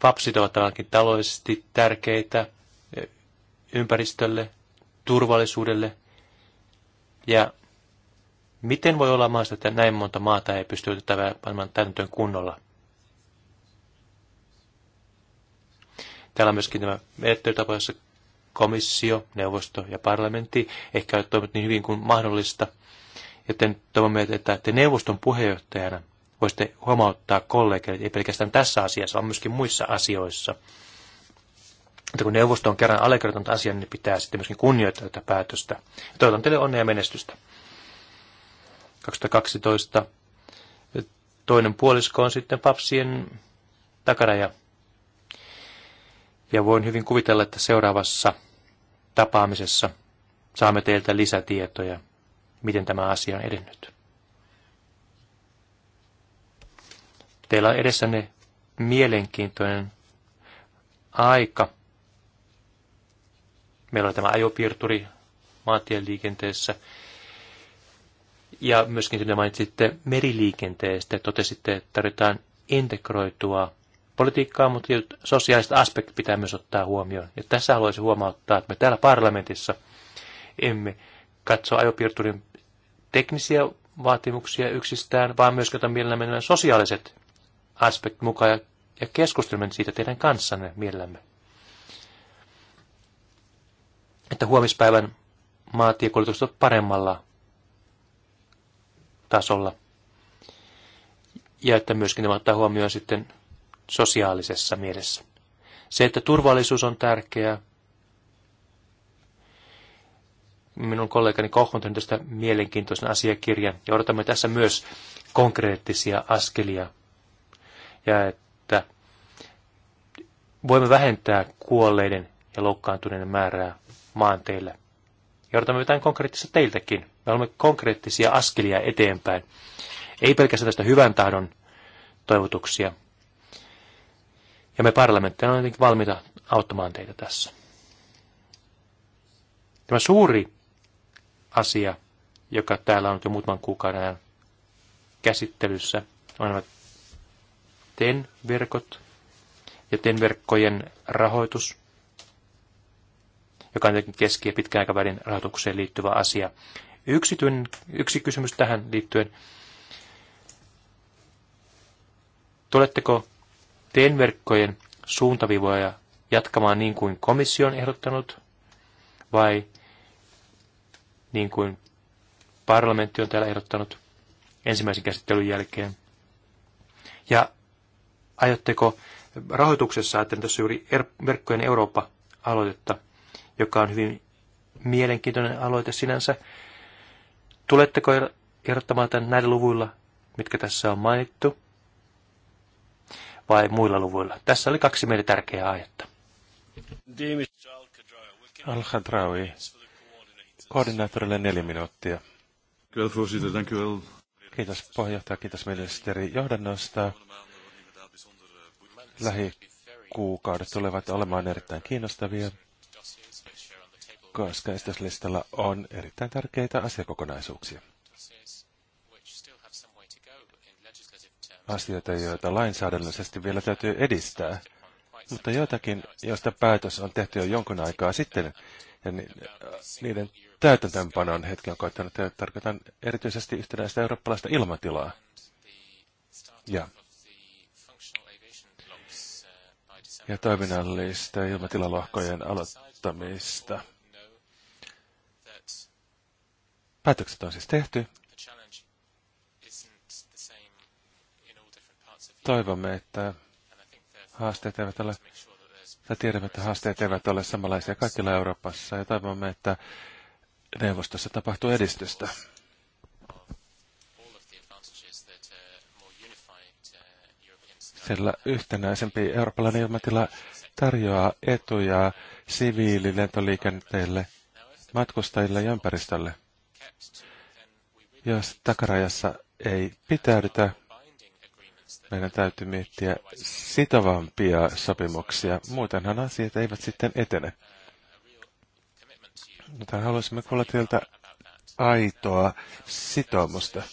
papsit ovat ainakin taloudellisesti tärkeitä e, ympäristölle, turvallisuudelle. Ja miten voi olla maasta, että näin monta maata ei pysty tätä panemaan täytäntöön kunnolla? Täällä on myöskin tämä menettelytapa, jossa komissio, neuvosto ja parlamentti ehkä ovat toimineet niin hyvin kuin mahdollista – joten toivomme, että te neuvoston puheenjohtajana voisitte huomauttaa kollegeille, ei pelkästään tässä asiassa, vaan myöskin muissa asioissa. Että kun neuvosto on kerran allekirjoittanut asian, niin pitää sitten myöskin kunnioittaa tätä päätöstä. Ja toivotan teille onnea ja menestystä. 2012 toinen puolisko on sitten papsien takaraja. Ja voin hyvin kuvitella, että seuraavassa tapaamisessa saamme teiltä lisätietoja miten tämä asia on edennyt. Teillä on edessänne mielenkiintoinen aika. Meillä on tämä ajopiirturi maantien liikenteessä. Ja myöskin sinne mainitsitte meriliikenteestä. Totesitte, että tarvitaan integroitua politiikkaa, mutta sosiaaliset aspektit pitää myös ottaa huomioon. Ja tässä haluaisin huomauttaa, että me täällä parlamentissa emme katso ajopiirturin teknisiä vaatimuksia yksistään, vaan myös otan mielellämme nämä sosiaaliset aspekt mukaan ja, ja keskustelemme siitä teidän kanssanne mielellämme. Että huomispäivän maatiekuljetukset on paremmalla tasolla. Ja että myöskin tämä ottaa huomioon sitten sosiaalisessa mielessä. Se, että turvallisuus on tärkeää, minun kollegani Koch on tehnyt tästä mielenkiintoisen asiakirjan ja odotamme tässä myös konkreettisia askelia ja että voimme vähentää kuolleiden ja loukkaantuneiden määrää maanteillä. Ja odotamme jotain konkreettista teiltäkin. Me olemme konkreettisia askelia eteenpäin. Ei pelkästään tästä hyvän tahdon toivotuksia. Ja me on jotenkin valmiita auttamaan teitä tässä. Tämä suuri asia, joka täällä on jo muutaman kuukauden ajan käsittelyssä, on nämä TEN-verkot ja TEN-verkkojen rahoitus, joka on tietenkin keski- ja pitkän aikavälin rahoitukseen liittyvä asia. Yksityinen, yksi kysymys tähän liittyen. Tuletteko TEN-verkkojen suuntavivoja jatkamaan niin kuin komissio on ehdottanut, vai niin kuin parlamentti on täällä ehdottanut ensimmäisen käsittelyn jälkeen? Ja aiotteko rahoituksessa, että tässä juuri verkkojen Eurooppa-aloitetta, joka on hyvin mielenkiintoinen aloite sinänsä, tuletteko er- ehdottamaan tämän näillä luvuilla, mitkä tässä on mainittu, vai muilla luvuilla? Tässä oli kaksi meille tärkeää aihetta. Al-Khadrawi, Koordinaattorille neljä minuuttia. Kiitos puheenjohtaja, kiitos ministeri johdannosta. Lähikuukaudet tulevat olemaan erittäin kiinnostavia, koska esityslistalla on erittäin tärkeitä asiakokonaisuuksia. Asioita, joita lainsäädännöllisesti vielä täytyy edistää, mutta joitakin, joista päätös on tehty jo jonkun aikaa sitten, ja niiden täytäntöönpanon hetken on koittanut, ja tarkoitan erityisesti yhtenäistä eurooppalaista ilmatilaa. Ja, ja toiminnallista ilmatilalohkojen aloittamista. Päätökset on siis tehty. Toivomme, että haasteet eivät ole, tai tiedämme, että haasteet eivät ole samanlaisia kaikilla Euroopassa, ja toivomme, että neuvostossa tapahtuu edistystä. Sillä yhtenäisempi eurooppalainen ilmatila tarjoaa etuja siviililentoliikenteelle, matkustajille ja ympäristölle. Jos takarajassa ei pitäydytä, meidän täytyy miettiä sitovampia sopimuksia, muutenhan asiat eivät sitten etene mutta haluaisimme kuulla teiltä aitoa sitoumusta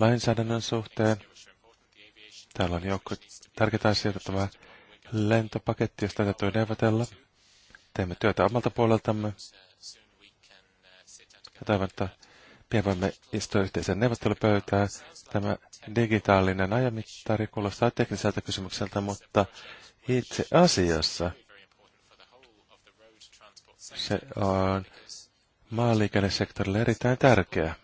lainsäädännön suhteen. Täällä on joukko tärkeitä asioita tämä lentopaketti, josta täytyy neuvotella. Teemme työtä omalta puoleltamme. Ja toivon, että pian voimme istua yhteisen neuvottelupöytään. Tämä digitaalinen ajamittari kuulostaa tekniseltä kysymykseltä, mutta itse asiassa – se on maanliikennesektorille erittäin tärkeä.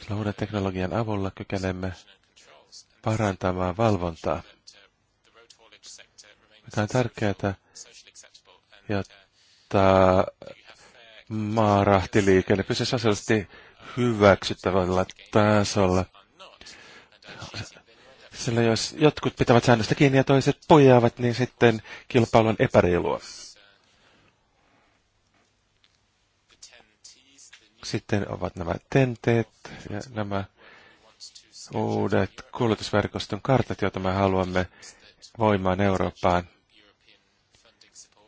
Sillä uuden teknologian avulla kykenemme parantamaan valvontaa, mikä on tärkeää, jotta maarahtiliikenne pysyy sosiaalisesti hyväksyttävällä tasolla. Sillä jos jotkut pitävät säännöstä kiinni ja toiset pojaavat, niin sitten kilpailu on epäreilua. Sitten ovat nämä tenteet ja nämä uudet kuljetusverkoston kartat, joita me haluamme voimaan Eurooppaan.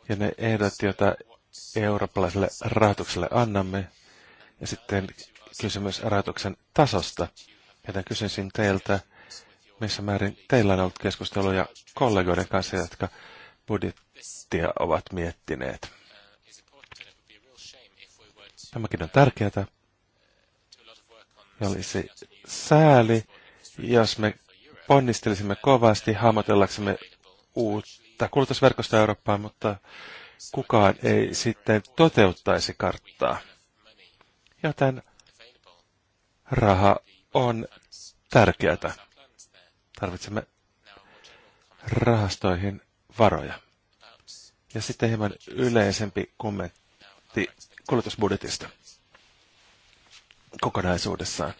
Ja ne ehdot, joita eurooppalaiselle rahoitukselle annamme. Ja sitten kysymys rahoituksen tasosta. Joten kysyisin teiltä, missä määrin teillä on ollut keskusteluja kollegoiden kanssa, jotka budjettia ovat miettineet. Tämäkin on tärkeää. Ja olisi sääli, jos me ponnistelisimme kovasti hahmotellaksemme uutta kulutusverkosta Eurooppaan, mutta kukaan ei sitten toteuttaisi karttaa. Joten raha on tärkeää. Tarvitsemme rahastoihin varoja. Ja sitten hieman yleisempi kommentti kulutusbudjetista kokonaisuudessaan.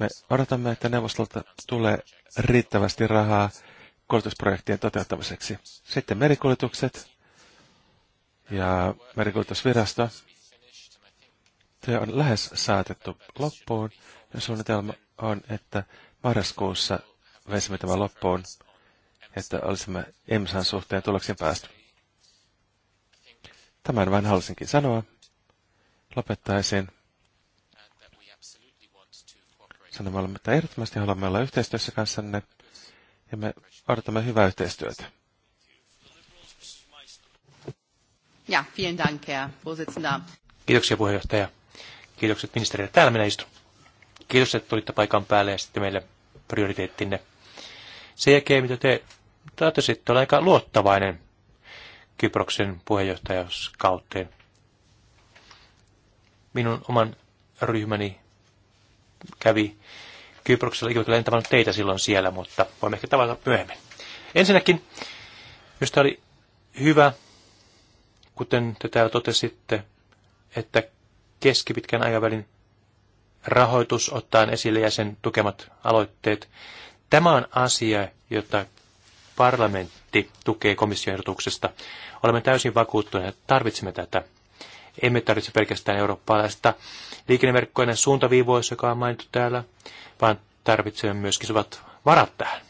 Me odotamme, että neuvostolta tulee riittävästi rahaa kulutusprojektien toteuttamiseksi. Sitten merikuljetukset ja merikuljetusvirasto. Työ on lähes saatettu loppuun ja suunnitelma on, että marraskuussa veisimme tämän loppuun, että olisimme EMSAn suhteen tuloksiin päästy. Tämän vain halusinkin sanoa. Lopettaisin sanomalla, että ehdottomasti haluamme olla yhteistyössä kanssanne ja me odotamme hyvää yhteistyötä. Ja, vielen dank, Kiitoksia puheenjohtaja. Kiitokset ministerille. Täällä minä istun. Kiitos, että tulitte paikan päälle ja sitten meille prioriteettinne. Sen jälkeen, mitä te totesitte, sitten aika luottavainen Kyproksen puheenjohtajaskauteen. Minun oman ryhmäni kävi Kyproksella, ikävä kyllä en tavannut teitä silloin siellä, mutta voimme ehkä tavata myöhemmin. Ensinnäkin, jos oli hyvä, kuten te täällä totesitte, että keskipitkän aikavälin rahoitus ottaen esille ja sen tukemat aloitteet. Tämä on asia, jota parlamentti parlamentti tukee komission ehdotuksesta. Olemme täysin vakuuttuneita, että tarvitsemme tätä. Emme tarvitse pelkästään eurooppalaista liikenneverkkojen suuntaviivoissa, joka on mainittu täällä, vaan tarvitsemme myöskin sovat varat tähän.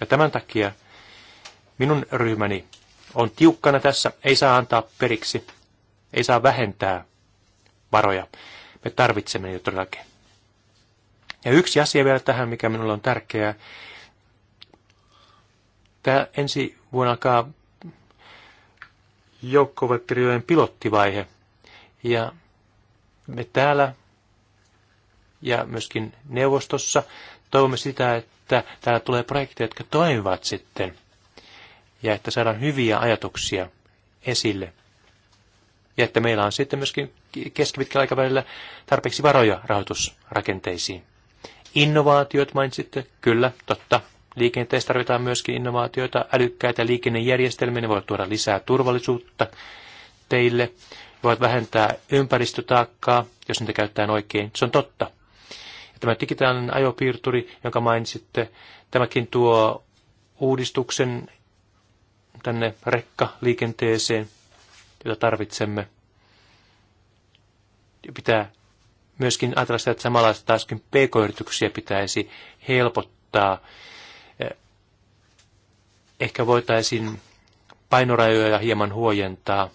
Ja tämän takia minun ryhmäni on tiukkana tässä, ei saa antaa periksi, ei saa vähentää varoja. Me tarvitsemme niitä todellakin. Ja yksi asia vielä tähän, mikä minulle on tärkeää, Tämä ensi vuonna alkaa joukkoväkirjojen pilottivaihe. Ja me täällä ja myöskin neuvostossa toivomme sitä, että täällä tulee projekteja, jotka toimivat sitten ja että saadaan hyviä ajatuksia esille. Ja että meillä on sitten myöskin keskipitkällä aikavälillä tarpeeksi varoja rahoitusrakenteisiin. Innovaatiot mainitsitte, kyllä, totta. Liikenteessä tarvitaan myöskin innovaatioita, älykkäitä liikennejärjestelmiä, ne voivat tuoda lisää turvallisuutta teille, voivat vähentää ympäristötaakkaa, jos niitä käyttää oikein. Se on totta. Ja tämä digitaalinen ajopiirturi, jonka mainitsitte, tämäkin tuo uudistuksen tänne rekkaliikenteeseen, jota tarvitsemme. Pitää myöskin ajatella sitä, että samalla taaskin pk-yrityksiä pitäisi helpottaa ehkä voitaisiin painorajoja hieman huojentaa.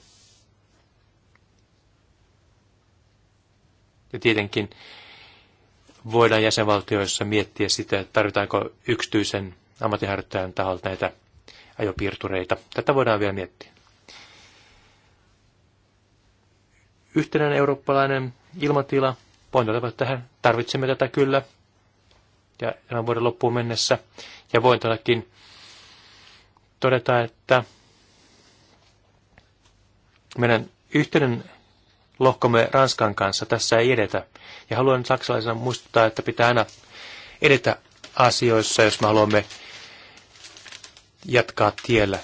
Ja tietenkin voidaan jäsenvaltioissa miettiä sitä, että tarvitaanko yksityisen ammattiharjoittajan taholta näitä ajopiirtureita. Tätä voidaan vielä miettiä. Yhtenäinen eurooppalainen ilmatila, pointoilevat tähän, tarvitsemme tätä kyllä, ja tämän vuoden loppuun mennessä. Ja voin todellakin todeta, että meidän yhteinen lohkomme Ranskan kanssa tässä ei edetä. Ja haluan saksalaisena muistuttaa, että pitää aina edetä asioissa, jos me haluamme jatkaa tiellä.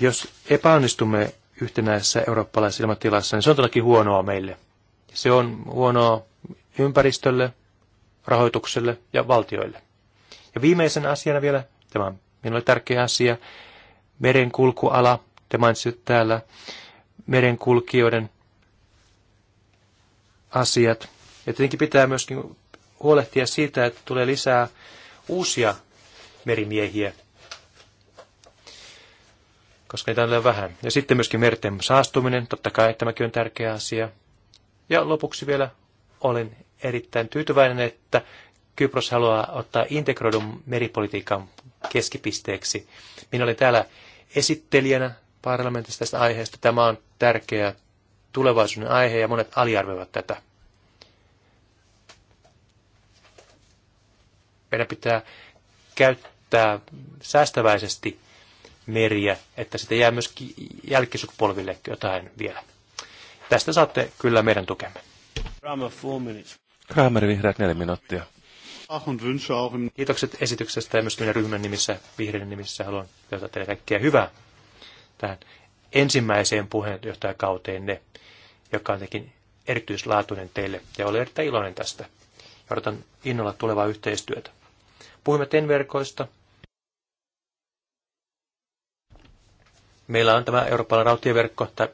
Jos epäonnistumme yhtenäisessä eurooppalaisessa ilmatilassa, niin se on todellakin huonoa meille. Se on huonoa ympäristölle, rahoitukselle ja valtioille. Ja viimeisen asiana vielä, tämä on minulle tärkeä asia, merenkulkuala, te mainitsitte täällä merenkulkijoiden asiat. Ja tietenkin pitää myöskin huolehtia siitä, että tulee lisää uusia merimiehiä, koska niitä on vähän. Ja sitten myöskin merten saastuminen, totta kai tämäkin on tärkeä asia. Ja lopuksi vielä olen erittäin tyytyväinen, että Kypros haluaa ottaa integroidun meripolitiikan keskipisteeksi. Minä olin täällä esittelijänä parlamentissa tästä aiheesta. Tämä on tärkeä tulevaisuuden aihe ja monet aliarvioivat tätä. Meidän pitää käyttää säästäväisesti meriä, että sitä jää myös jälkisukupolville jotain vielä. Tästä saatte kyllä meidän tukemme. Kramer vihreät neljä minuuttia. Kiitokset esityksestä ja myös meidän ryhmän nimissä, vihreiden nimissä haluan toivottaa teille kaikkea hyvää tähän ensimmäiseen puheenjohtajakauteenne, joka on tekin erityislaatuinen teille ja olen erittäin iloinen tästä. odotan innolla tulevaa yhteistyötä. Puhumme TEN-verkoista. Meillä on tämä Euroopan rautieverkko, että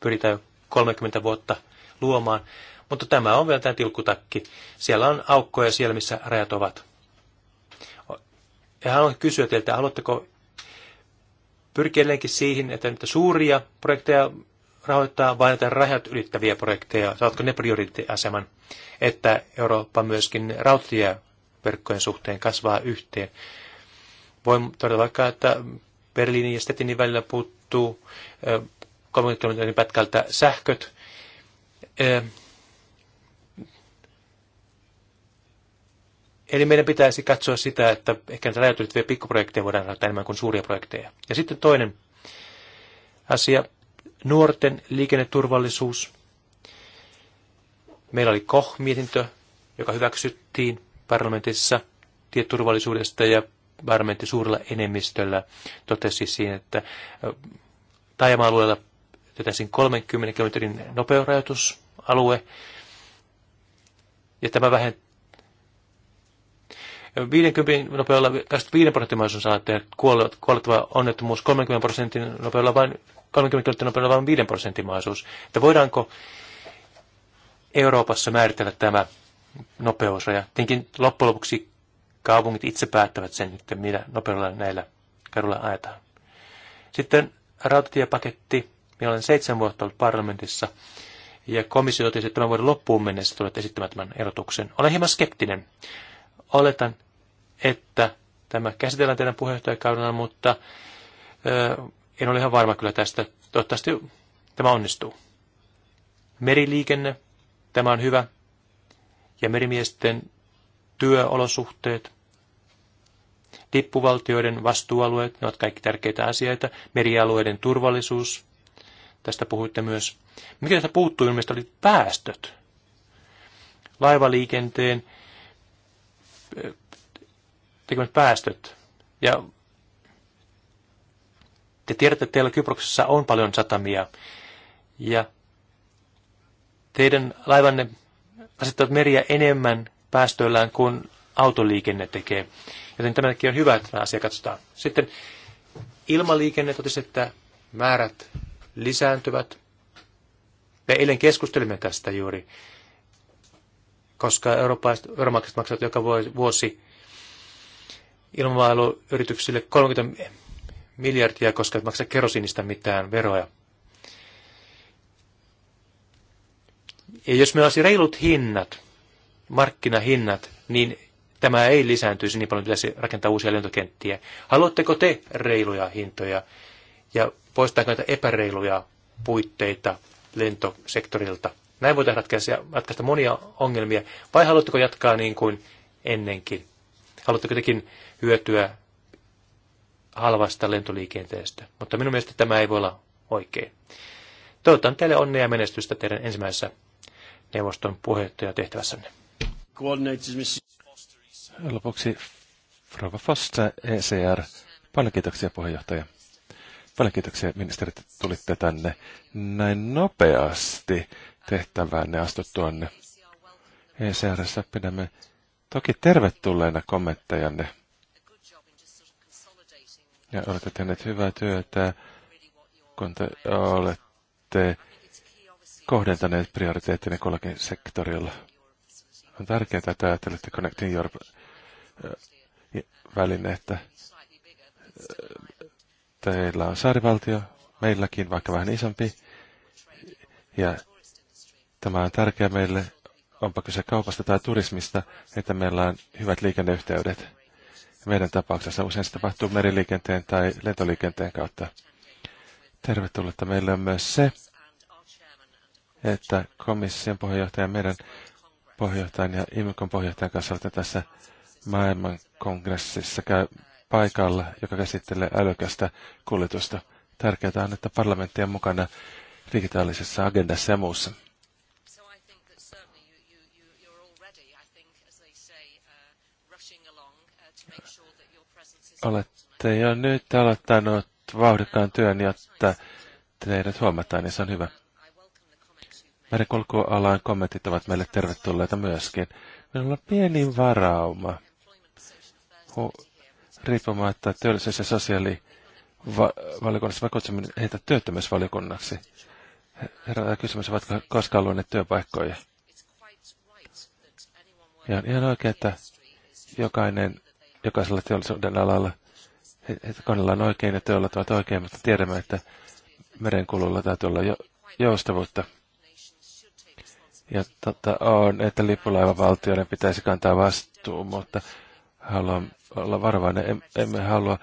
pyritään jo 30 vuotta luomaan. Mutta tämä on vielä tämä tilkkutakki. Siellä on aukkoja siellä, missä rajat ovat. Ja haluan kysyä teiltä, haluatteko pyrkiä edelleenkin siihen, että niitä suuria projekteja rahoittaa vain näitä rajat ylittäviä projekteja? Saatko ne prioriteettiaseman, että Eurooppa myöskin rautatieverkkojen suhteen kasvaa yhteen? Voin todeta vaikka, että Berliinin ja Stettinin välillä puuttuu 30 kilometrin pätkältä sähköt. Eli meidän pitäisi katsoa sitä, että ehkä näitä räätälöityviä pikkuprojekteja voidaan rahoittaa enemmän kuin suuria projekteja. Ja sitten toinen asia, nuorten liikenneturvallisuus. Meillä oli KOH-mietintö, joka hyväksyttiin parlamentissa tieturvallisuudesta ja parlamentti suurella enemmistöllä totesi siinä, että taajama-alueella tehtäisiin 30 kilometrin nopeusrajoitusalue, ja tämä vähentää 50 nopeudella 25 prosentin mahdollisuus saa tehdä kuolettava onnettomuus, 30 prosentin nopeudella vain 30 km nopeudella vain 5 prosentin mahdollisuus. Että voidaanko Euroopassa määritellä tämä nopeusraja? Tietenkin loppujen lopuksi kaupungit itse päättävät sen, että millä nopeudella näillä kadulla ajetaan. Sitten rautatiepaketti. Minä olen seitsemän vuotta ollut parlamentissa ja komissio totesi, että tämän vuoden loppuun mennessä tulet esittämään tämän erotuksen. Olen hieman skeptinen. Oletan, että tämä käsitellään teidän puheenjohtajakaudella, mutta en ole ihan varma kyllä tästä. Toivottavasti tämä onnistuu. Meriliikenne, tämä on hyvä. Ja merimiesten työolosuhteet, lippuvaltioiden vastuualueet, ne ovat kaikki tärkeitä asioita. Merialueiden turvallisuus, tästä puhuitte myös. Mikä tästä puuttuu, ilmeisesti oli päästöt. Laivaliikenteen tekemät päästöt. Ja te tiedätte, että teillä Kyproksessa on paljon satamia. Ja teidän laivanne asettavat meriä enemmän päästöillään kuin autoliikenne tekee. Joten tämä on hyvä, että tämä asia katsotaan. Sitten ilmaliikenne totesi, että määrät lisääntyvät. Me eilen keskustelimme tästä juuri, koska eurooppalaiset veronmaksajat maksavat joka vuosi ilmavailuyrityksille 30 miljardia, koska et maksa kerosiinista mitään veroja. Ja jos meillä olisi reilut hinnat, markkinahinnat, niin tämä ei lisääntyisi niin paljon, pitäisi rakentaa uusia lentokenttiä. Haluatteko te reiluja hintoja ja poistaako näitä epäreiluja puitteita lentosektorilta? Näin voitaisiin ratkaista, ratkaista monia ongelmia. Vai haluatteko jatkaa niin kuin ennenkin? haluatteko tekin hyötyä halvasta lentoliikenteestä. Mutta minun mielestä tämä ei voi olla oikein. Toivotan teille onnea ja menestystä teidän ensimmäisessä neuvoston tehtävässänne. Lopuksi Rova Foster, ECR. Paljon kiitoksia puheenjohtaja. Paljon kiitoksia ministerit, että tulitte tänne näin nopeasti astut tuonne ECRssä pidämme toki tervetulleena kommenttajanne. Ja olette tehneet hyvää työtä, kun te olette kohdentaneet prioriteettinne kullakin sektorilla. On tärkeää, että ajattelette Connecting Europe-välineettä. Teillä on saarivaltio, meilläkin, vaikka vähän isompi. Ja tämä on tärkeää meille onpa kyse kaupasta tai turismista, että meillä on hyvät liikenneyhteydet. Meidän tapauksessa usein se tapahtuu meriliikenteen tai lentoliikenteen kautta. Tervetullutta meille on myös se, että komission puheenjohtajan, meidän puheenjohtajan ja IMIKon puheenjohtajan kanssa olette tässä maailman kongressissa käy paikalla, joka käsittelee älykästä kuljetusta. Tärkeää on, että parlamentti on mukana digitaalisessa agendassa ja muussa. Olette jo nyt aloittanut vauhdikkaan työn, jotta teidät huomataan, niin se on hyvä. Merenkulkualan kommentit ovat meille tervetulleita myöskin. Minulla on pieni varauma. Hu- riippumatta työllisyys- ja sosiaalivaliokunnassa mä kutsun heitä työttömyysvaliokunnaksi. Herra, kysymys, ovatko koskaan luoneet työpaikkoja. Ja on ihan oikein, että jokainen jokaisella teollisuuden alalla. Heitä on oikein ja teolla ovat oikein, mutta tiedämme, että merenkululla täytyy olla jo, joustavuutta. Ja tota, on, että lippulaivavaltioiden pitäisi kantaa vastuu, mutta haluan olla varovainen. Emme halua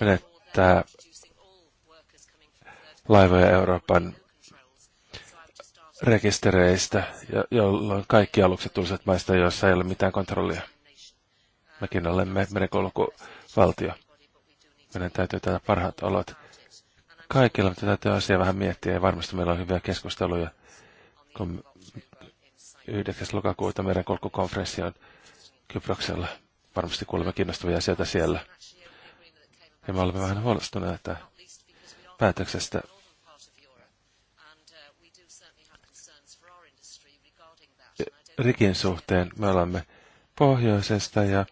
menettää laivoja Euroopan rekistereistä, jolloin kaikki alukset tulisivat maista, joissa ei ole mitään kontrollia. Mekin olemme merenkulkuvaltio. Meidän täytyy tätä parhaat olot kaikilla, mutta täytyy asiaa vähän miettiä ja varmasti meillä on hyviä keskusteluja, kun 9. lokakuuta merenkulkukonferenssi on Kyproksella. Varmasti kuulemme kiinnostavia asioita siellä. Ja me olemme vähän huolestuneita päätöksestä. Rikin suhteen me olemme pohjoisesta ja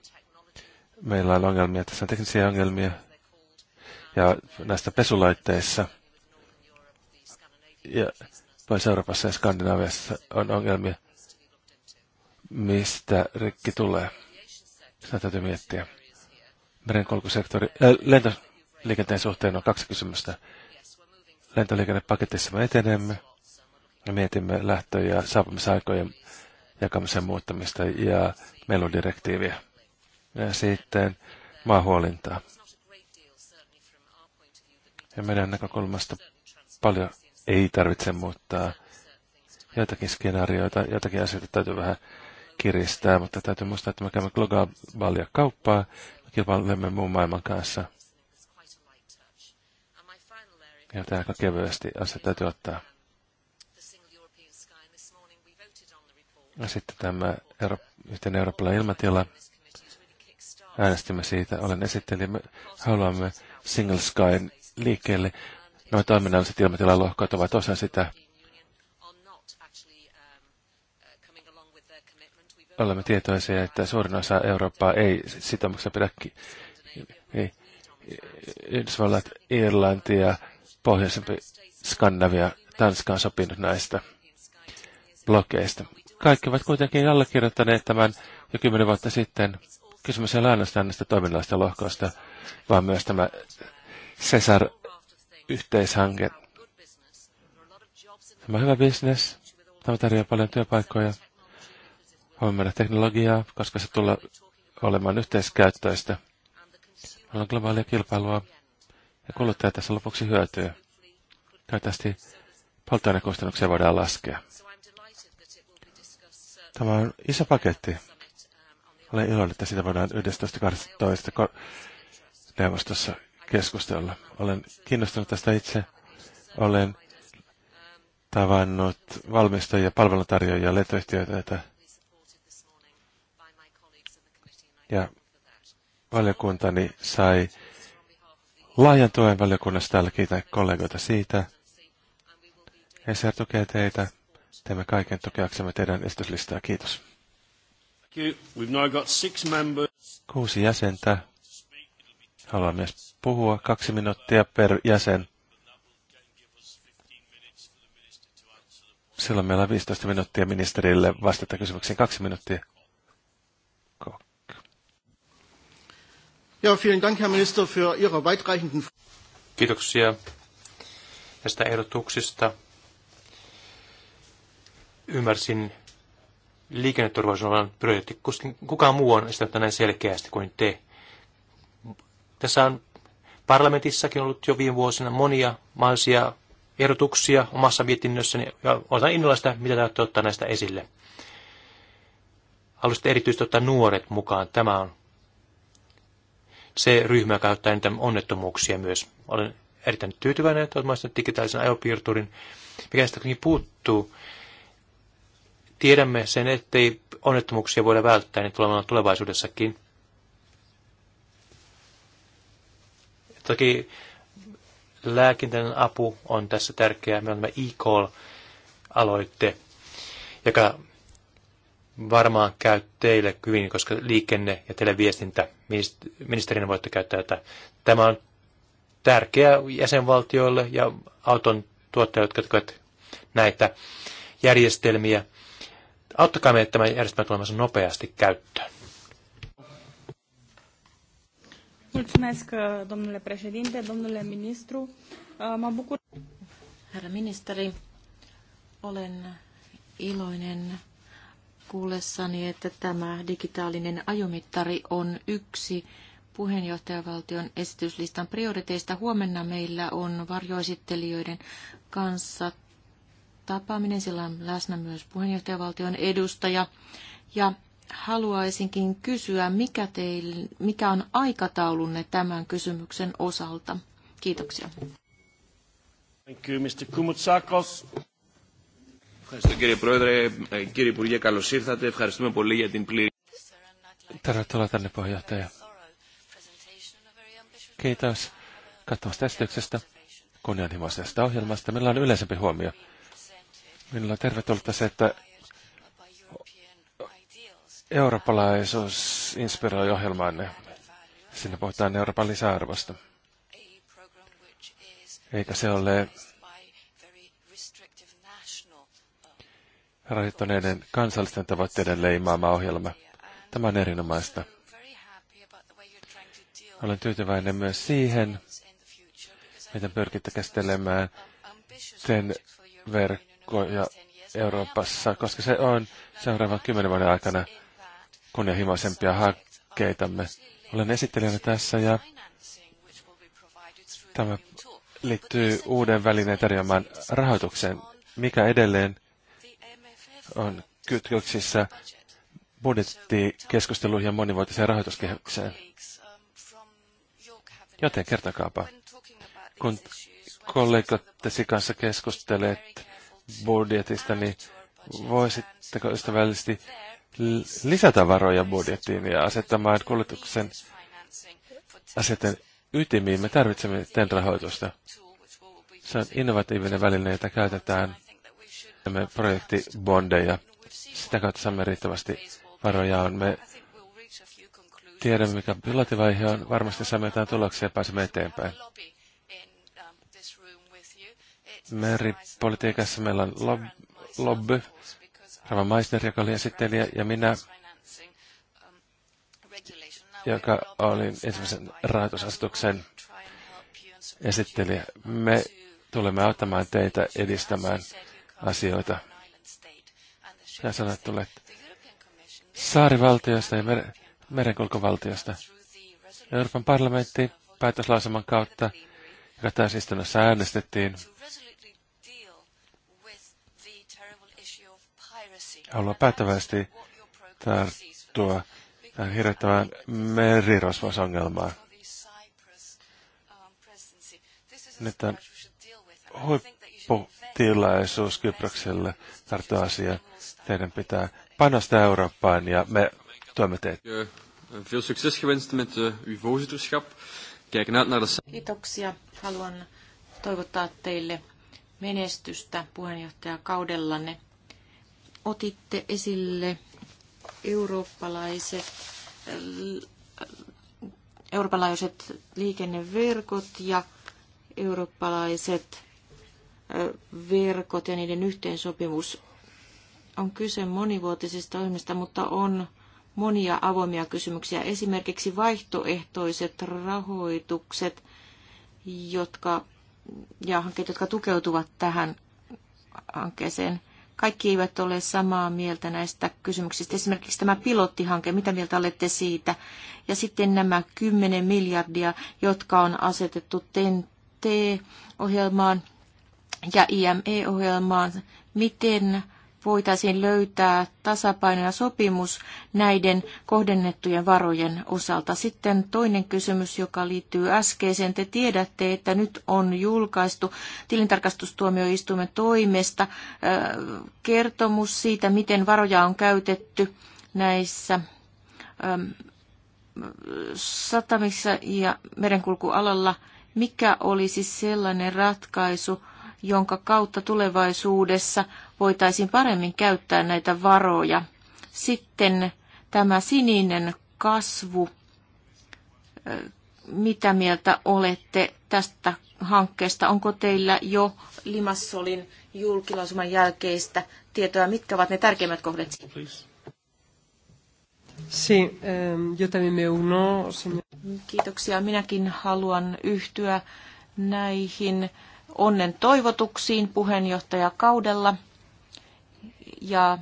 meillä on ongelmia, tässä on teknisiä ongelmia ja näistä pesulaitteissa. Ja pois Euroopassa ja Skandinaaviassa on ongelmia, mistä rikki tulee. Sitä täytyy miettiä. Merenkulkusektori, äh, lentoliikenteen suhteen on kaksi kysymystä. Lentoliikennepaketissa me etenemme ja mietimme lähtö- ja saapumisaikojen jakamisen muuttamista ja direktiiviä ja sitten maahuolintaa. Ja meidän näkökulmasta paljon ei tarvitse muuttaa. Joitakin skenaarioita, joitakin asioita täytyy vähän kiristää, mutta täytyy muistaa, että me käymme globaalia kauppaa, me kilpailemme muun maailman kanssa. Ja tämä aika kevyesti asia täytyy ottaa. Ja sitten tämä euro, yhteinen eurooppalainen ilmatila. Äänestimme siitä, olen Me haluamme Single Sky liikkeelle. Nämä toiminnalliset ilmatilalohkot ovat osa sitä. Olemme tietoisia, että suurin osa Eurooppaa ei sitoumuksena pidä ei. Yhdysvallat, Irlanti ja pohjoisempi Skandinavia, Tanska on sopinut näistä blokeista. Kaikki ovat kuitenkin allekirjoittaneet tämän jo kymmenen vuotta sitten kysymys ei ole ainoastaan näistä toiminnallisista lohkoista, vaan myös tämä Cesar-yhteishanke. Tämä on hyvä bisnes. Tämä tarjoaa paljon työpaikkoja. Voimme mennä teknologiaa, koska se tulee olemaan yhteiskäyttöistä. Meillä on globaalia kilpailua ja kuluttaja tässä lopuksi hyötyy. Toivottavasti polttoainekustannuksia voidaan laskea. Tämä on iso paketti. Olen iloinen, että sitä voidaan 11.12. neuvostossa keskustella. Olen kiinnostunut tästä itse. Olen tavannut valmistajia, palveluntarjoajia, lentoyhtiöitä. Ja valiokuntani sai laajan tuen valiokunnassa Täällä kiitän kollegoita siitä. ESR tukee teitä. Teemme kaiken tukeaksemme teidän esityslistaa. Kiitos. Kuusi jäsentä Haluan myös puhua. Kaksi minuuttia per jäsen. Silloin meillä on 15 minuuttia ministerille vastata kysymyksiin. Kaksi minuuttia. Ja, vielen Dank, Herr Minister, für Ihre weitreichenden... Kiitoksia tästä ehdotuksista. Ymmärsin Liikenneturvallisuuden projekti, koska Kukaan muu on sitä näin selkeästi kuin te. Tässä on parlamentissakin ollut jo viime vuosina monia mahdollisia erotuksia omassa mietinnössäni ja otan innolla sitä, mitä täytyy ottaa näistä esille. Haluaisitte erityisesti ottaa nuoret mukaan. Tämä on se ryhmä, joka käyttää niitä onnettomuuksia myös. Olen erittäin tyytyväinen, että olen digitaalisen ajopiirturin, mikä sitä puuttuu tiedämme sen, ettei onnettomuuksia voida välttää, niin tulemalla tulevaisuudessakin. Toki lääkintäinen apu on tässä tärkeää. Meillä on tämä e-call-aloitte, joka varmaan käy teille hyvin, koska liikenne- ja televiestintä ministerinä voitte käyttää tätä. Tämä on tärkeä jäsenvaltioille ja auton tuottajille, jotka näitä järjestelmiä auttakaa meitä tämän järjestelmän tulemassa nopeasti käyttöön. Mulțumesc, domnule președinte, domnule ministru. Uh, mă bucur... Herra ministeri, olen iloinen kuullessani, että tämä digitaalinen ajomittari on yksi puheenjohtajavaltion esityslistan prioriteista. Huomenna meillä on varjoesittelijöiden kanssa tapaaminen. Siellä on läsnä myös puheenjohtajavaltion edustaja. Ja haluaisinkin kysyä, mikä, teil, mikä on aikataulunne tämän kysymyksen osalta? Kiitoksia. Thank you, Mr. Koumoutsakos. Ευχαριστώ κύριε Πρόεδρε, κύριε Υπουργέ, καλώς ήρθατε. Ευχαριστούμε πολύ για την πλήρη... Tervetuloa tänne puheenjohtaja. Kiitos katsomasta esityksestä, kunnianhimoisesta ohjelmasta. Meillä on yleisempi huomio. Minulla on tervetullutta se, että eurooppalaisuus inspiroi ohjelmaanne. Sinne puhutaan Euroopan lisäarvosta. Eikä se ole rajoittaneiden kansallisten tavoitteiden leimaama ohjelma. Tämä on erinomaista. Olen tyytyväinen myös siihen, miten pyrkitte käsittelemään sen verkkoon ja Euroopassa, koska se on seuraavan kymmenen vuoden aikana kunnianhimoisempia hakkeitamme. Olen esittelijänä tässä ja tämä liittyy uuden välineen tarjoamaan rahoitukseen, mikä edelleen on kytköksissä budjettikeskusteluihin ja monivuotiseen rahoituskehykseen. Joten kertokaapa, kun kollegat kanssa keskustelet budjetista, niin voisitteko ystävällisesti lisätä varoja budjettiin ja asettamaan kuljetuksen asioiden ytimiin. Me tarvitsemme tämän rahoitusta. Se on innovatiivinen väline, jota käytetään me projektibondeja. Sitä kautta saamme riittävästi varoja. On. Me tiedämme, mikä pilotivaihe on. Varmasti saamme jotain tuloksia ja pääsemme eteenpäin meripolitiikassa meillä on lob, lobby, Rava Meissner, joka oli esittelijä, ja minä, joka oli ensimmäisen rahoitusasetuksen esittelijä. Me tulemme auttamaan teitä edistämään asioita. Ja sanat tulet saarivaltiosta ja merenkulkovaltiosta. Euroopan parlamentti päätöslauselman kautta, joka täysistunnossa äänestettiin haluaa päättävästi tarttua tähän hirvittävään merirosvosongelmaan. Nyt on huipputilaisuus Kyprokselle tarttua asiaan. Teidän pitää panostaa Eurooppaan ja me tuemme teitä. Eh, eh, Kiitoksia. Haluan toivottaa teille menestystä puheenjohtajakaudellanne. Otitte esille eurooppalaiset eurooppalaiset liikenneverkot ja eurooppalaiset verkot ja niiden yhteensopimus on kyse monivuotisista ohjelmista, mutta on monia avoimia kysymyksiä. Esimerkiksi vaihtoehtoiset rahoitukset jotka, ja hankkeet, jotka tukeutuvat tähän hankkeeseen. Kaikki eivät ole samaa mieltä näistä kysymyksistä. Esimerkiksi tämä pilottihanke, mitä mieltä olette siitä? Ja sitten nämä 10 miljardia, jotka on asetettu TEN-T-ohjelmaan ja IME-ohjelmaan. Miten voitaisiin löytää tasapaino ja sopimus näiden kohdennettujen varojen osalta. Sitten toinen kysymys, joka liittyy äskeiseen. Te tiedätte, että nyt on julkaistu tilintarkastustuomioistuimen toimesta äh, kertomus siitä, miten varoja on käytetty näissä ähm, satamissa ja merenkulkualalla. Mikä olisi sellainen ratkaisu, jonka kautta tulevaisuudessa voitaisiin paremmin käyttää näitä varoja. Sitten tämä sininen kasvu. Mitä mieltä olette tästä hankkeesta? Onko teillä jo Limassolin julkilausuman jälkeistä tietoa? Mitkä ovat ne tärkeimmät kohdat? Sí, Kiitoksia. Minäkin haluan yhtyä näihin onnen toivotuksiin puheenjohtajakaudella. Ja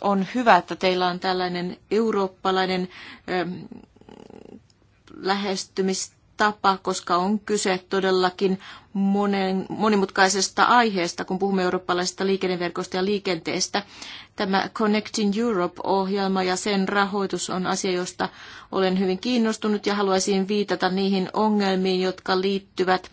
on hyvä, että teillä on tällainen eurooppalainen ähm, lähestymistapa, koska on kyse todellakin monen, monimutkaisesta aiheesta, kun puhumme eurooppalaisesta liikenneverkosta ja liikenteestä. Tämä Connecting Europe-ohjelma ja sen rahoitus on asia, josta olen hyvin kiinnostunut ja haluaisin viitata niihin ongelmiin, jotka liittyvät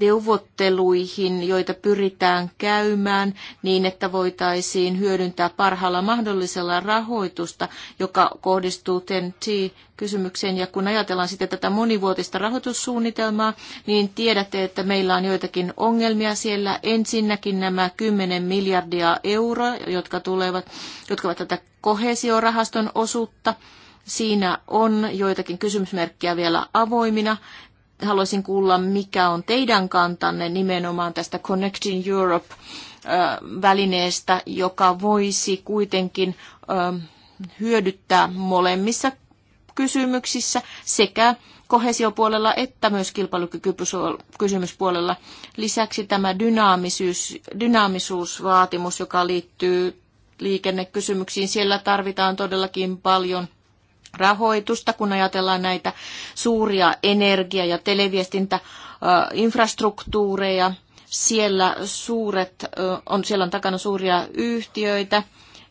neuvotteluihin, joita pyritään käymään niin, että voitaisiin hyödyntää parhaalla mahdollisella rahoitusta, joka kohdistuu TEN-T-kysymykseen. Ja kun ajatellaan sitten tätä monivuotista rahoitussuunnitelmaa, niin tiedätte, että meillä on joitakin ongelmia siellä. Ensinnäkin nämä 10 miljardia euroa, jotka, tulevat, jotka ovat tätä kohesiorahaston osuutta. Siinä on joitakin kysymysmerkkejä vielä avoimina haluaisin kuulla, mikä on teidän kantanne nimenomaan tästä Connecting Europe-välineestä, joka voisi kuitenkin hyödyttää molemmissa kysymyksissä sekä kohesiopuolella että myös kilpailukykykysymyspuolella. Lisäksi tämä dynaamisuus, dynaamisuusvaatimus, joka liittyy liikennekysymyksiin, siellä tarvitaan todellakin paljon rahoitusta, kun ajatellaan näitä suuria energia- ja televiestintäinfrastruktuureja. Siellä, suuret, on, siellä on takana suuria yhtiöitä,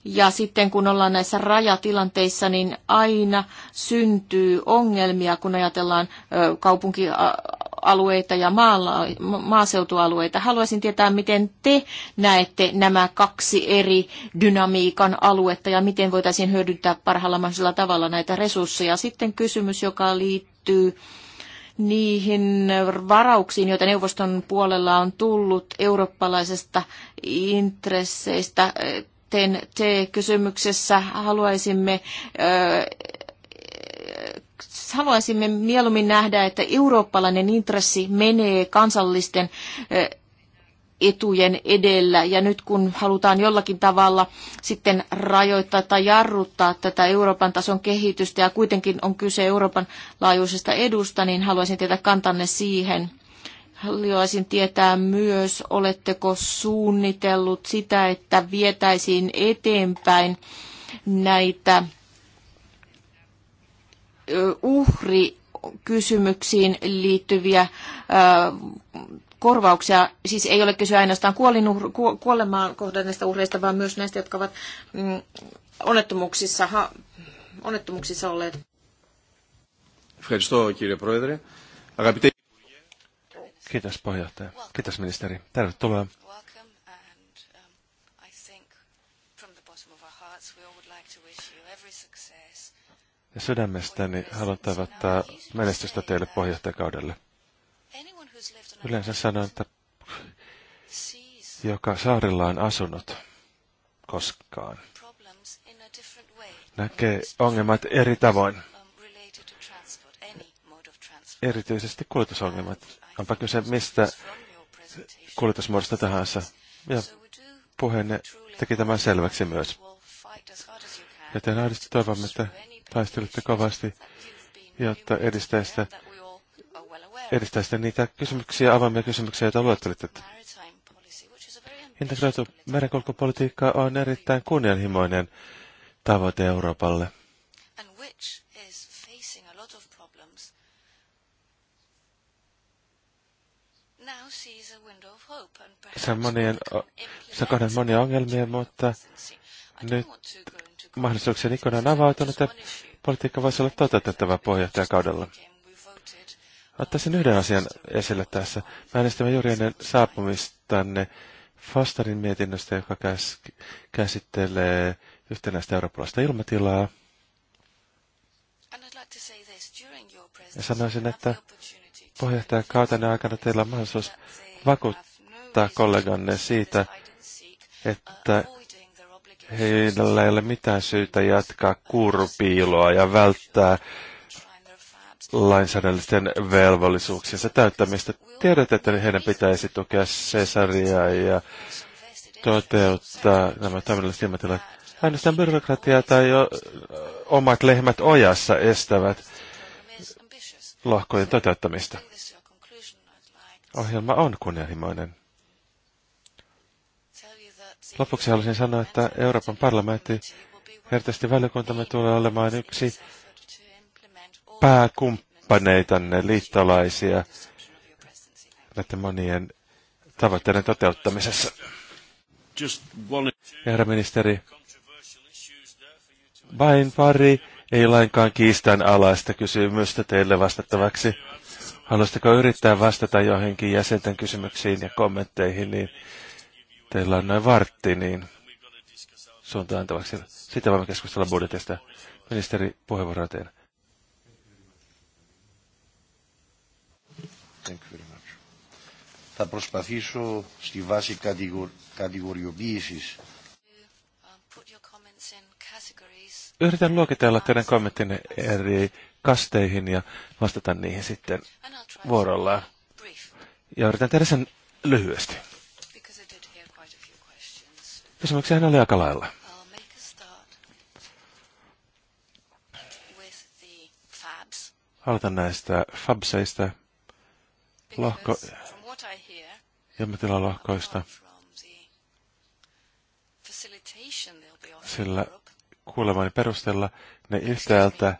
ja sitten kun ollaan näissä rajatilanteissa, niin aina syntyy ongelmia, kun ajatellaan kaupunki alueita ja maala, maaseutualueita. Haluaisin tietää, miten te näette nämä kaksi eri dynamiikan aluetta ja miten voitaisiin hyödyntää parhaalla mahdollisella tavalla näitä resursseja. Sitten kysymys, joka liittyy niihin varauksiin, joita neuvoston puolella on tullut eurooppalaisesta intresseistä. Te kysymyksessä haluaisimme haluaisimme mieluummin nähdä, että eurooppalainen intressi menee kansallisten etujen edellä. Ja nyt kun halutaan jollakin tavalla sitten rajoittaa tai jarruttaa tätä Euroopan tason kehitystä ja kuitenkin on kyse Euroopan laajuisesta edusta, niin haluaisin tietää kantanne siihen. Haluaisin tietää myös, oletteko suunnitellut sitä, että vietäisiin eteenpäin näitä uhrikysymyksiin liittyviä korvauksia, siis ei ole kyse ainoastaan kuolemaan kohdanneista uhreista, vaan myös näistä, jotka ovat mm, onnettomuuksissa, onnettomuuksissa olleet. Kiitos puheenjohtaja. Kiitos ministeri. Tervetuloa. ja sydämestäni haluan toivottaa menestystä teille puheenjohtajakaudelle. Yleensä sanon, että joka saarilla on asunut koskaan, näkee ongelmat eri tavoin. Erityisesti kuljetusongelmat. Onpa kyse mistä kuljetusmuodosta tahansa. Ja puheenne teki tämän selväksi myös. Joten aidosti toivomme, että taistelitte kovasti, jotta edistäisitte, edistäisitte niitä kysymyksiä, avoimia kysymyksiä, joita luettelitte. Integroitu merenkulkupolitiikka on erittäin kunnianhimoinen tavoite Euroopalle. Se on monien, se on monia ongelmia, mutta nyt mahdollisuuksien ikkuna on avautunut ja politiikka voisi olla toteutettava puheenjohtajakaudella. Ottaisin yhden asian esille tässä. Mä äänestimme juuri ennen saapumistanne Fosterin mietinnöstä, joka käs- käsittelee yhtenäistä eurooppalaista ilmatilaa. Ja sanoisin, että puheenjohtajan kautenne aikana teillä on mahdollisuus vakuuttaa kolleganne siitä, että Heillä ei ole mitään syytä jatkaa kuurupiiloa ja välttää lainsäädännöllisten velvollisuuksiensa täyttämistä. Tiedät, että heidän pitäisi tukea Cesaria ja toteuttaa nämä tämmöiset ilmatilat. Ainoastaan byrokratia tai jo omat lehmät ojassa estävät lohkojen toteuttamista. Ohjelma on kunnianhimoinen. Lopuksi haluaisin sanoa, että Euroopan parlamentti, erityisesti valiokuntamme tulee olemaan yksi pääkumppaneitanne, liittolaisia näiden monien tavoitteiden toteuttamisessa. Herra ministeri, vain pari ei lainkaan alaista kysymystä teille vastattavaksi. Haluaisitteko yrittää vastata johonkin jäsenten kysymyksiin ja kommentteihin niin Teillä on noin vartti, niin suuntaan antavaksi. Sitten voimme keskustella budjetista. Ministeri, puheenvuoro teille. Thank you very much. Θα προσπαθήσω στη βάση κατηγοριοποίησης. Yritän luokitella teidän kommenttinne eri kasteihin ja vastata niihin sitten vuorollaan. Ja yritän tehdä sen lyhyesti. Kysymyksiä hän oli aika lailla. Aloitan näistä fabseista, lohko, ilmatilalohkoista, sillä kuulemani perusteella ne yhtäältä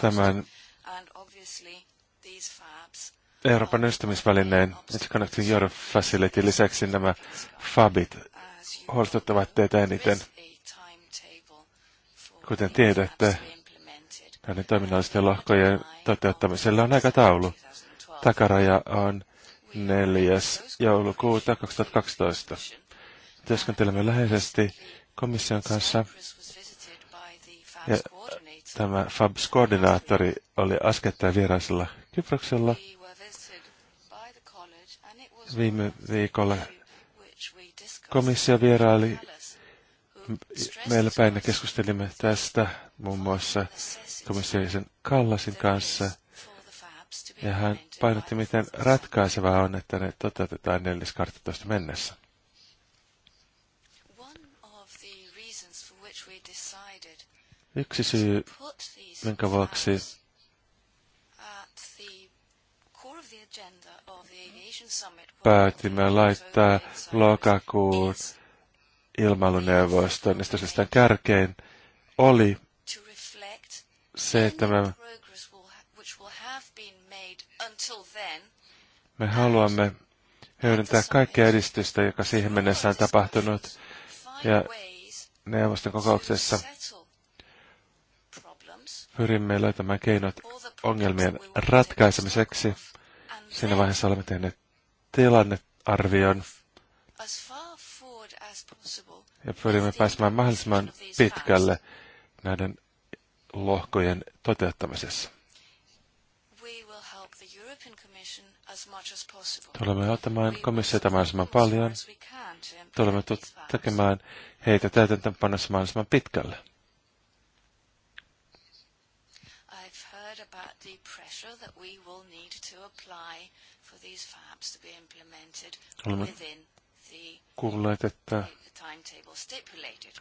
tämän Euroopan ystämisvälineen Interconnecting Europe Facility lisäksi nämä FABit huolestuttavat teitä eniten. Kuten tiedätte, näiden toiminnallisten lohkojen toteuttamisella on aikataulu. Takaraja on 4. joulukuuta 2012. Työskentelemme läheisesti komission kanssa. Ja tämä FABS-koordinaattori oli äskettäin vieraisella Kyproksella. Viime viikolla komissio vieraili meillä päin ja keskustelimme tästä muun muassa komissiolisen Kallasin kanssa. Ja hän painotti, miten ratkaisevaa on, että ne toteutetaan 4.12. mennessä. Yksi syy, minkä vuoksi päätimme laittaa lokakuun ilmailuneuvoston, niistä sitä kärkein oli se, että me, me haluamme hyödyntää kaikkea edistystä, joka siihen mennessä on tapahtunut. Ja neuvoston kokouksessa pyrimme löytämään keinot ongelmien ratkaisemiseksi. Siinä vaiheessa olemme tehneet tilannearvion ja pyrimme pääsemään mahdollisimman pitkälle näiden lohkojen toteuttamisessa. Tulemme ottamaan komissiota mahdollisimman paljon. Tulemme tekemään heitä täytäntöönpanossa mahdollisimman pitkälle. Olemme kuulleet, että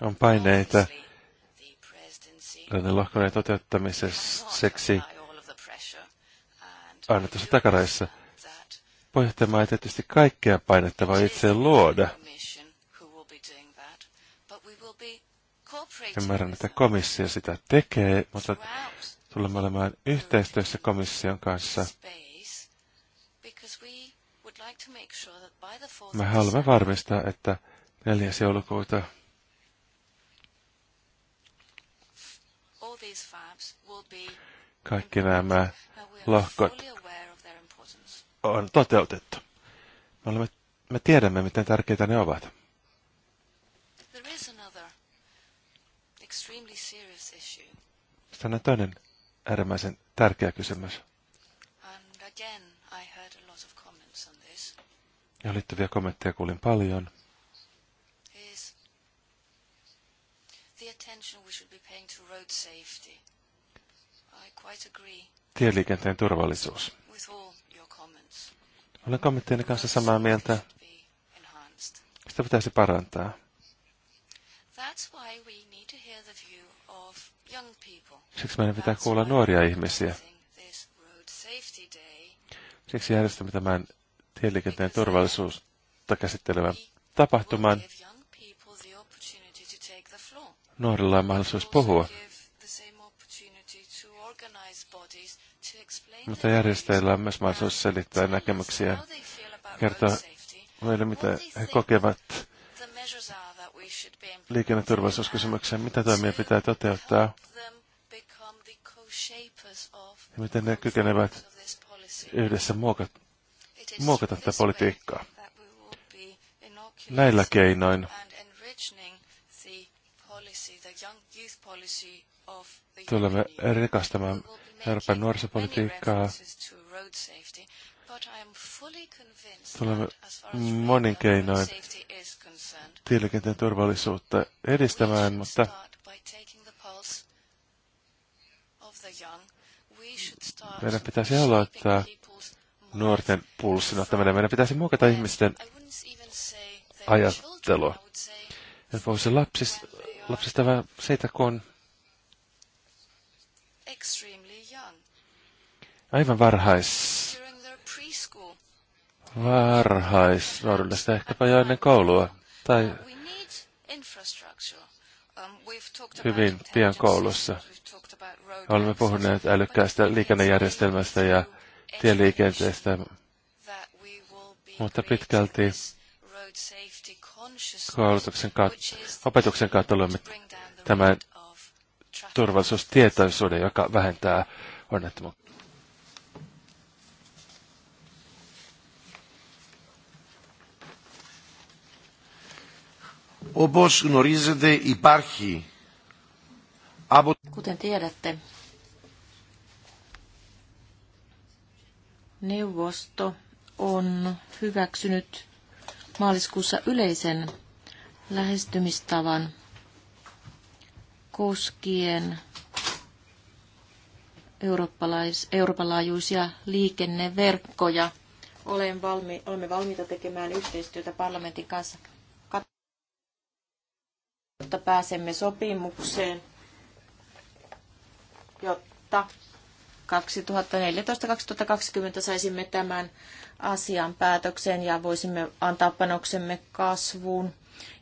on paineita näiden lohkojen toteuttamiseksi annetussa takaraissa. Pohjohtajamaa ei tietysti kaikkea painetta voi itse luoda. Ymmärrän, että komissio sitä tekee, mutta tulemme olemaan yhteistyössä komission kanssa me haluamme varmistaa, että neljäs joulukuuta kaikki nämä lohkot on toteutettu. Me, olemme, me tiedämme, miten tärkeitä ne ovat. Sitten on toinen äärimmäisen tärkeä kysymys. Ja liittyviä kommentteja kuulin paljon. Tieliikenteen turvallisuus. Olen kommenttien kanssa samaa mieltä. Sitä pitäisi parantaa. Siksi meidän pitää kuulla nuoria ihmisiä. Siksi järjestämme tämän tieliikenteen turvallisuutta käsittelevän tapahtuman. Nuorilla on mahdollisuus puhua, mutta järjestäjillä on myös mahdollisuus selittää näkemyksiä, kertoa meille, mitä he kokevat liikenneturvallisuuskysymykseen, mitä toimia pitää toteuttaa ja miten ne kykenevät yhdessä muokat, muokata tätä politiikkaa. Näillä keinoin tulemme rikastamaan Euroopan nuorisopolitiikkaa. Tulemme monin keinoin tieliikenteen turvallisuutta edistämään, mutta meidän pitäisi aloittaa nuorten pulssin ottaminen. Meidän pitäisi muokata ihmisten ajattelua. En puhuisi lapsista, lapsista vaan siitä, kun aivan varhais varhais varhaisnuoruudesta, ehkäpä jo ennen koulua tai hyvin pian koulussa. Olemme puhuneet älykkäästä liikennejärjestelmästä ja tieliikenteestä, mutta pitkälti koulutuksen kautta, opetuksen kautta luemme tämän turvallisuustietoisuuden, joka vähentää onnettomuutta. Όπως γνωρίζετε υπάρχει Kuten tiedätte, Neuvosto on hyväksynyt maaliskuussa yleisen lähestymistavan koskien eurooppalais, Euroopan laajuisia liikenneverkkoja. Olen valmi, olemme valmiita tekemään yhteistyötä parlamentin kanssa, jotta pääsemme sopimukseen, jotta 2014-2020 saisimme tämän asian päätökseen ja voisimme antaa panoksemme kasvuun.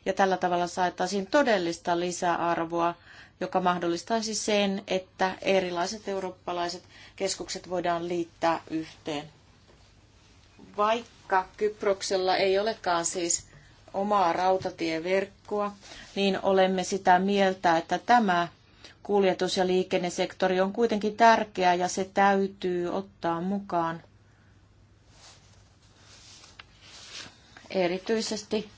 Ja tällä tavalla saataisiin todellista lisäarvoa, joka mahdollistaisi sen, että erilaiset eurooppalaiset keskukset voidaan liittää yhteen. Vaikka Kyproksella ei olekaan siis omaa rautatieverkkoa, niin olemme sitä mieltä, että tämä kuljetus- ja liikennesektori on kuitenkin tärkeä ja se täytyy ottaa mukaan erityisesti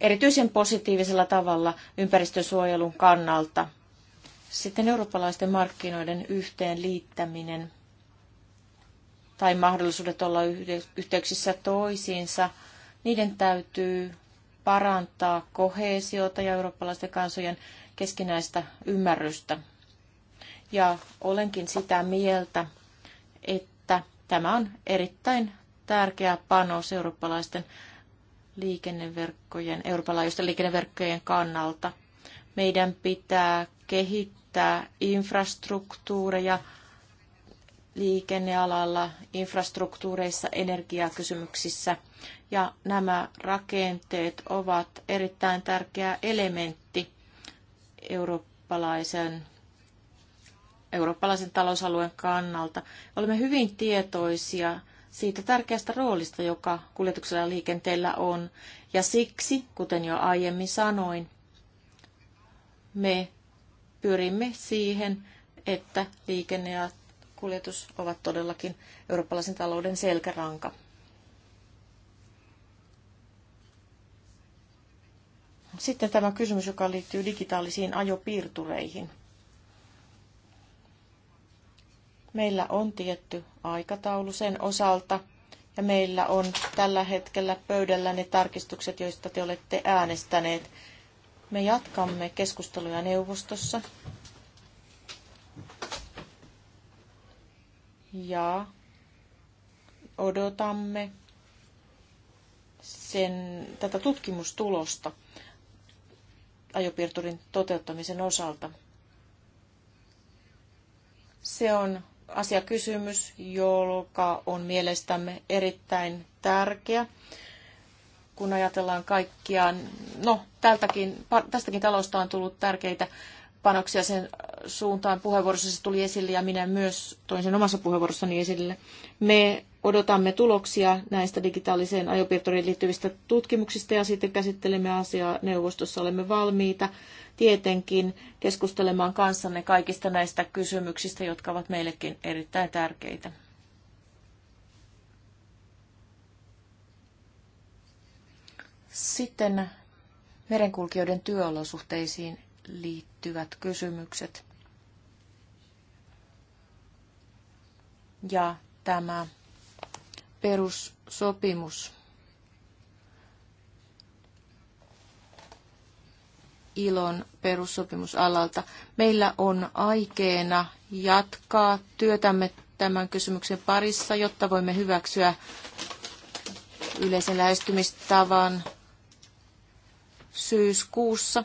erityisen positiivisella tavalla ympäristösuojelun kannalta. Sitten eurooppalaisten markkinoiden yhteenliittäminen tai mahdollisuudet olla yhteyksissä toisiinsa, niiden täytyy parantaa kohesiota ja eurooppalaisten kansojen keskinäistä ymmärrystä. Ja olenkin sitä mieltä, että tämä on erittäin tärkeä panos eurooppalaisten liikenneverkkojen, eurooppalaisten liikenneverkkojen kannalta. Meidän pitää kehittää infrastruktuureja liikennealalla, infrastruktuureissa, energiakysymyksissä. Ja nämä rakenteet ovat erittäin tärkeä elementti eurooppalaisen, eurooppalaisen talousalueen kannalta. Olemme hyvin tietoisia siitä tärkeästä roolista, joka kuljetuksella ja liikenteellä on. Ja siksi, kuten jo aiemmin sanoin, me pyrimme siihen, että liikenne ja kuljetus ovat todellakin eurooppalaisen talouden selkäranka. Sitten tämä kysymys, joka liittyy digitaalisiin ajopiirtureihin. Meillä on tietty aikataulu sen osalta, ja meillä on tällä hetkellä pöydällä ne tarkistukset, joista te olette äänestäneet. Me jatkamme keskusteluja neuvostossa. Ja odotamme sen, tätä tutkimustulosta ajopiirturin toteuttamisen osalta. Se on asiakysymys, joka on mielestämme erittäin tärkeä, kun ajatellaan kaikkia. No, tältäkin, tästäkin talosta on tullut tärkeitä panoksia sen suuntaan. Puheenvuorossa se tuli esille ja minä myös toin sen omassa puheenvuorossani esille. Me odotamme tuloksia näistä digitaaliseen ajopiirturiin liittyvistä tutkimuksista ja sitten käsittelemme asiaa neuvostossa. Olemme valmiita tietenkin keskustelemaan kanssanne kaikista näistä kysymyksistä, jotka ovat meillekin erittäin tärkeitä. Sitten merenkulkijoiden työolosuhteisiin liittyvät kysymykset. Ja tämä perussopimus ilon perussopimusalalta. Meillä on aikeena jatkaa työtämme tämän kysymyksen parissa, jotta voimme hyväksyä yleisen lähestymistavan syyskuussa.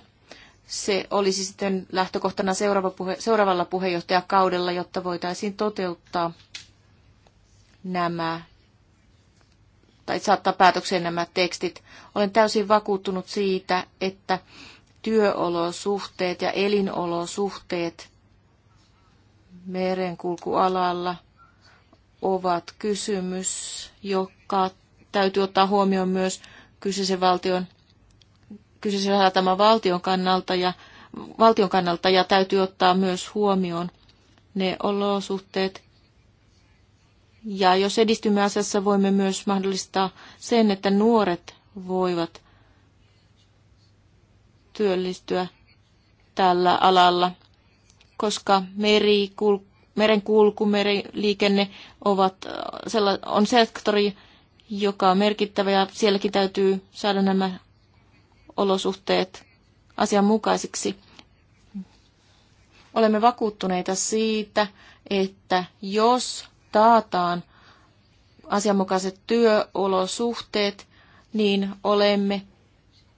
Se olisi sitten lähtökohtana seuraava puhe, seuraavalla puheenjohtajakaudella, jotta voitaisiin toteuttaa nämä tai saattaa päätökseen nämä tekstit. Olen täysin vakuuttunut siitä, että työolosuhteet ja elinolosuhteet merenkulkualalla ovat kysymys, joka täytyy ottaa huomioon myös kyseisen valtion, kyseisen sataman valtion kannalta ja valtion kannalta ja täytyy ottaa myös huomioon ne olosuhteet, ja jos edistymme asiassa, voimme myös mahdollistaa sen, että nuoret voivat työllistyä tällä alalla, koska meri, kul, merenkulku, meriliikenne ovat, äh, on sektori, joka on merkittävä ja sielläkin täytyy saada nämä olosuhteet asianmukaisiksi. Olemme vakuuttuneita siitä, että jos taataan asianmukaiset työolosuhteet, niin olemme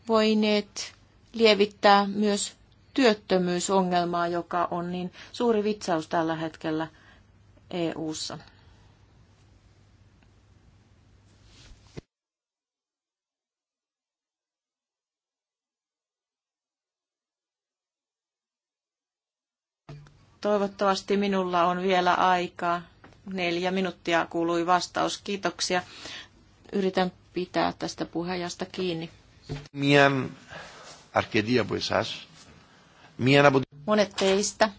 voineet lievittää myös työttömyysongelmaa, joka on niin suuri vitsaus tällä hetkellä EU:ssa. Toivottavasti minulla on vielä aikaa. Neljä minuuttia kuului vastaus. Kiitoksia. Yritän pitää tästä puheenjasta kiinni. Mian arkedia voi saas. Mian Monet teistä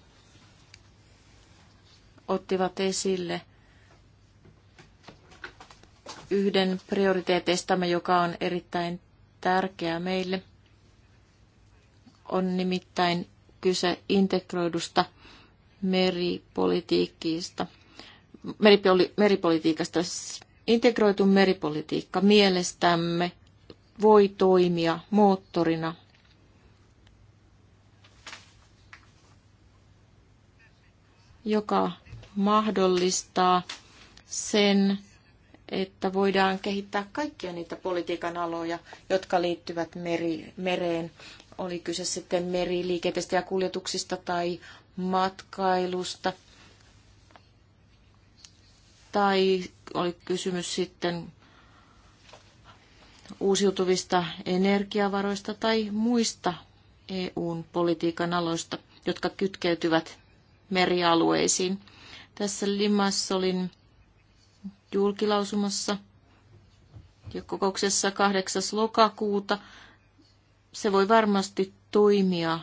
ottivat esille yhden prioriteeteistamme, joka on erittäin tärkeä meille. On nimittäin kyse integroidusta meripolitiikkiista meripoli, meripolitiikasta. Integroitu meripolitiikka mielestämme voi toimia moottorina joka mahdollistaa sen, että voidaan kehittää kaikkia niitä politiikan aloja, jotka liittyvät meri, mereen. Oli kyse sitten meriliikenteestä ja kuljetuksista tai matkailusta tai oli kysymys sitten uusiutuvista energiavaroista tai muista EUn politiikan aloista, jotka kytkeytyvät merialueisiin. Tässä Limassolin julkilausumassa ja kokouksessa 8. lokakuuta se voi varmasti toimia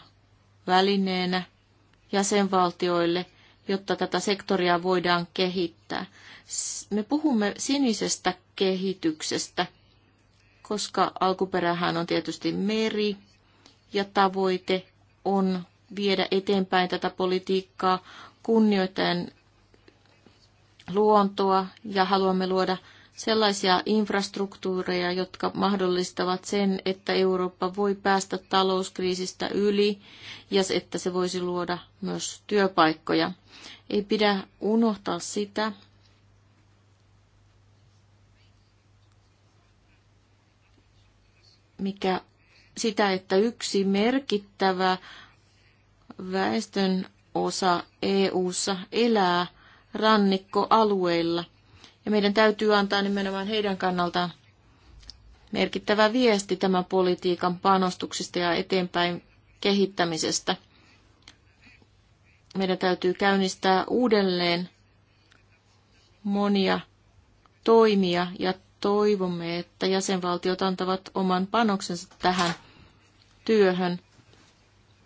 välineenä jäsenvaltioille – jotta tätä sektoria voidaan kehittää. Me puhumme sinisestä kehityksestä, koska alkuperähän on tietysti meri ja tavoite on viedä eteenpäin tätä politiikkaa kunnioittaen luontoa ja haluamme luoda sellaisia infrastruktuureja, jotka mahdollistavat sen, että Eurooppa voi päästä talouskriisistä yli ja että se voisi luoda myös työpaikkoja. Ei pidä unohtaa sitä, mikä sitä, että yksi merkittävä väestön osa EU:ssa elää rannikkoalueilla ja meidän täytyy antaa nimenomaan heidän kannaltaan merkittävä viesti tämän politiikan panostuksista ja eteenpäin kehittämisestä. Meidän täytyy käynnistää uudelleen monia toimia ja toivomme, että jäsenvaltiot antavat oman panoksensa tähän työhön.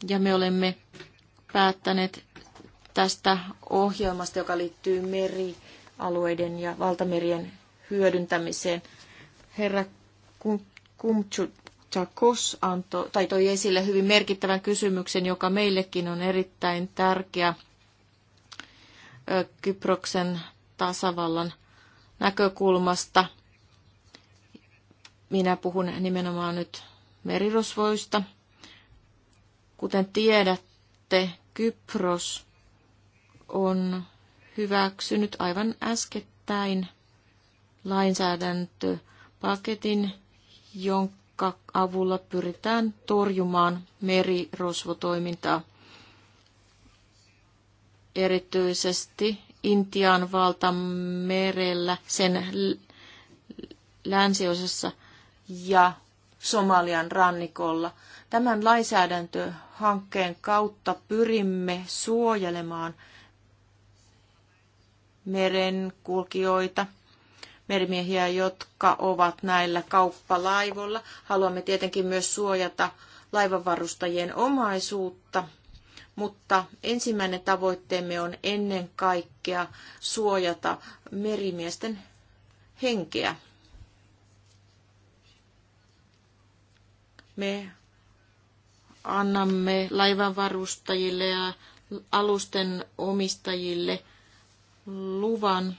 Ja me olemme päättäneet tästä ohjelmasta, joka liittyy meri alueiden ja valtamerien hyödyntämiseen. Herra Kumtsakos antoi, tai toi esille hyvin merkittävän kysymyksen, joka meillekin on erittäin tärkeä Kyproksen tasavallan näkökulmasta. Minä puhun nimenomaan nyt merirosvoista. Kuten tiedätte, Kypros on hyväksynyt aivan äskettäin lainsäädäntöpaketin, jonka avulla pyritään torjumaan merirosvotoimintaa. Erityisesti Intian valtamerellä, sen länsiosassa ja Somalian rannikolla. Tämän lainsäädäntöhankkeen kautta pyrimme suojelemaan – merenkulkijoita, merimiehiä, jotka ovat näillä kauppalaivoilla. Haluamme tietenkin myös suojata laivanvarustajien omaisuutta, mutta ensimmäinen tavoitteemme on ennen kaikkea suojata merimiesten henkeä. Me annamme laivanvarustajille ja alusten omistajille – luvan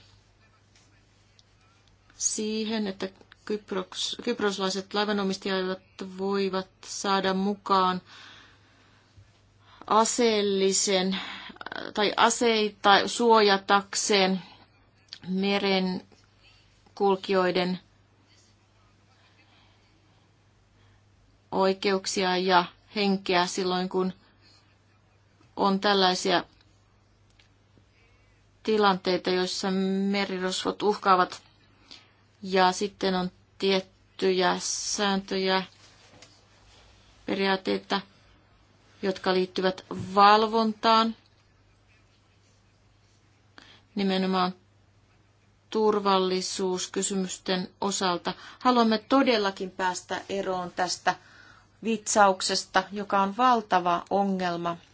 siihen, että kypros, kyproslaiset laivanomistajat voivat saada mukaan aseellisen tai aseita suojatakseen meren kulkijoiden oikeuksia ja henkeä silloin, kun on tällaisia tilanteita, joissa merirosvot uhkaavat. Ja sitten on tiettyjä sääntöjä, periaatteita, jotka liittyvät valvontaan, nimenomaan turvallisuuskysymysten osalta. Haluamme todellakin päästä eroon tästä vitsauksesta, joka on valtava ongelma –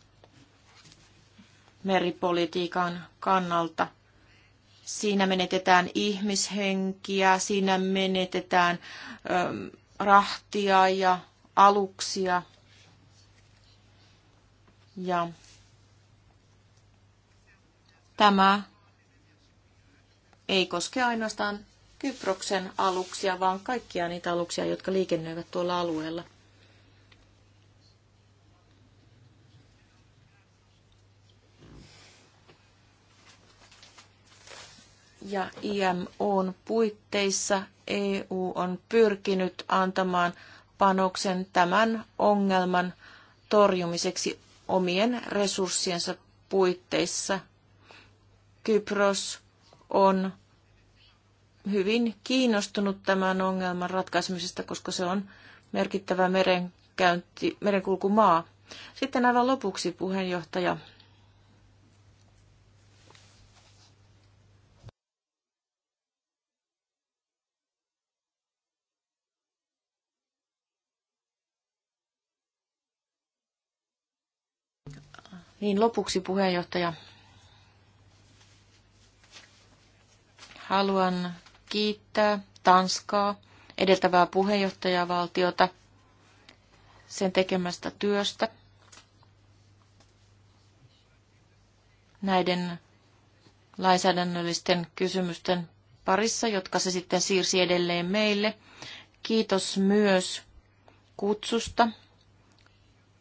meripolitiikan kannalta. Siinä menetetään ihmishenkiä, siinä menetetään ö, rahtia ja aluksia. Ja tämä ei koske ainoastaan Kyproksen aluksia, vaan kaikkia niitä aluksia, jotka liikennöivät tuolla alueella. ja IMOn puitteissa EU on pyrkinyt antamaan panoksen tämän ongelman torjumiseksi omien resurssiensa puitteissa. Kypros on hyvin kiinnostunut tämän ongelman ratkaisemisesta, koska se on merkittävä merenkäynti, merenkulkumaa. Sitten aivan lopuksi puheenjohtaja Niin lopuksi puheenjohtaja. Haluan kiittää Tanskaa, edeltävää puheenjohtajavaltiota, sen tekemästä työstä. Näiden lainsäädännöllisten kysymysten parissa, jotka se sitten siirsi edelleen meille. Kiitos myös kutsusta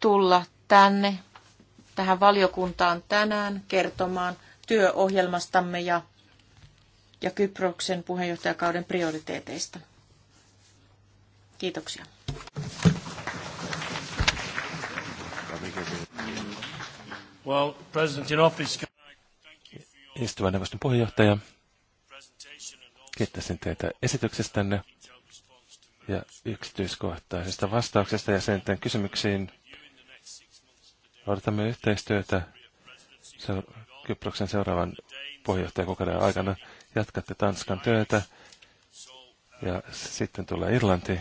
tulla tänne tähän valiokuntaan tänään kertomaan työohjelmastamme ja, ja Kyproksen puheenjohtajakauden prioriteeteista. Kiitoksia. Well, President in Office, Istuvan neuvoston puheenjohtaja, kiittäisin teitä esityksestänne ja yksityiskohtaisesta vastauksesta ja sen kysymyksiin Odotamme yhteistyötä seura- Kyproksen seuraavan puheenjohtajakokouden aikana. Jatkatte Tanskan työtä ja sitten tulee Irlanti.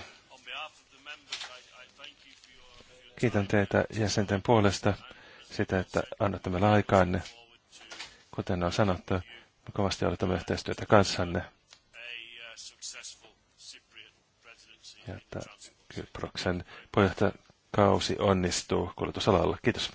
Kiitän teitä jäsenten puolesta sitä, että annatte meille aikaanne. Kuten on sanottu, me kovasti odotamme yhteistyötä kanssanne. Ja että Kyproksen puheenjohtaja kausi onnistuu kuljetusalalla. Kiitos.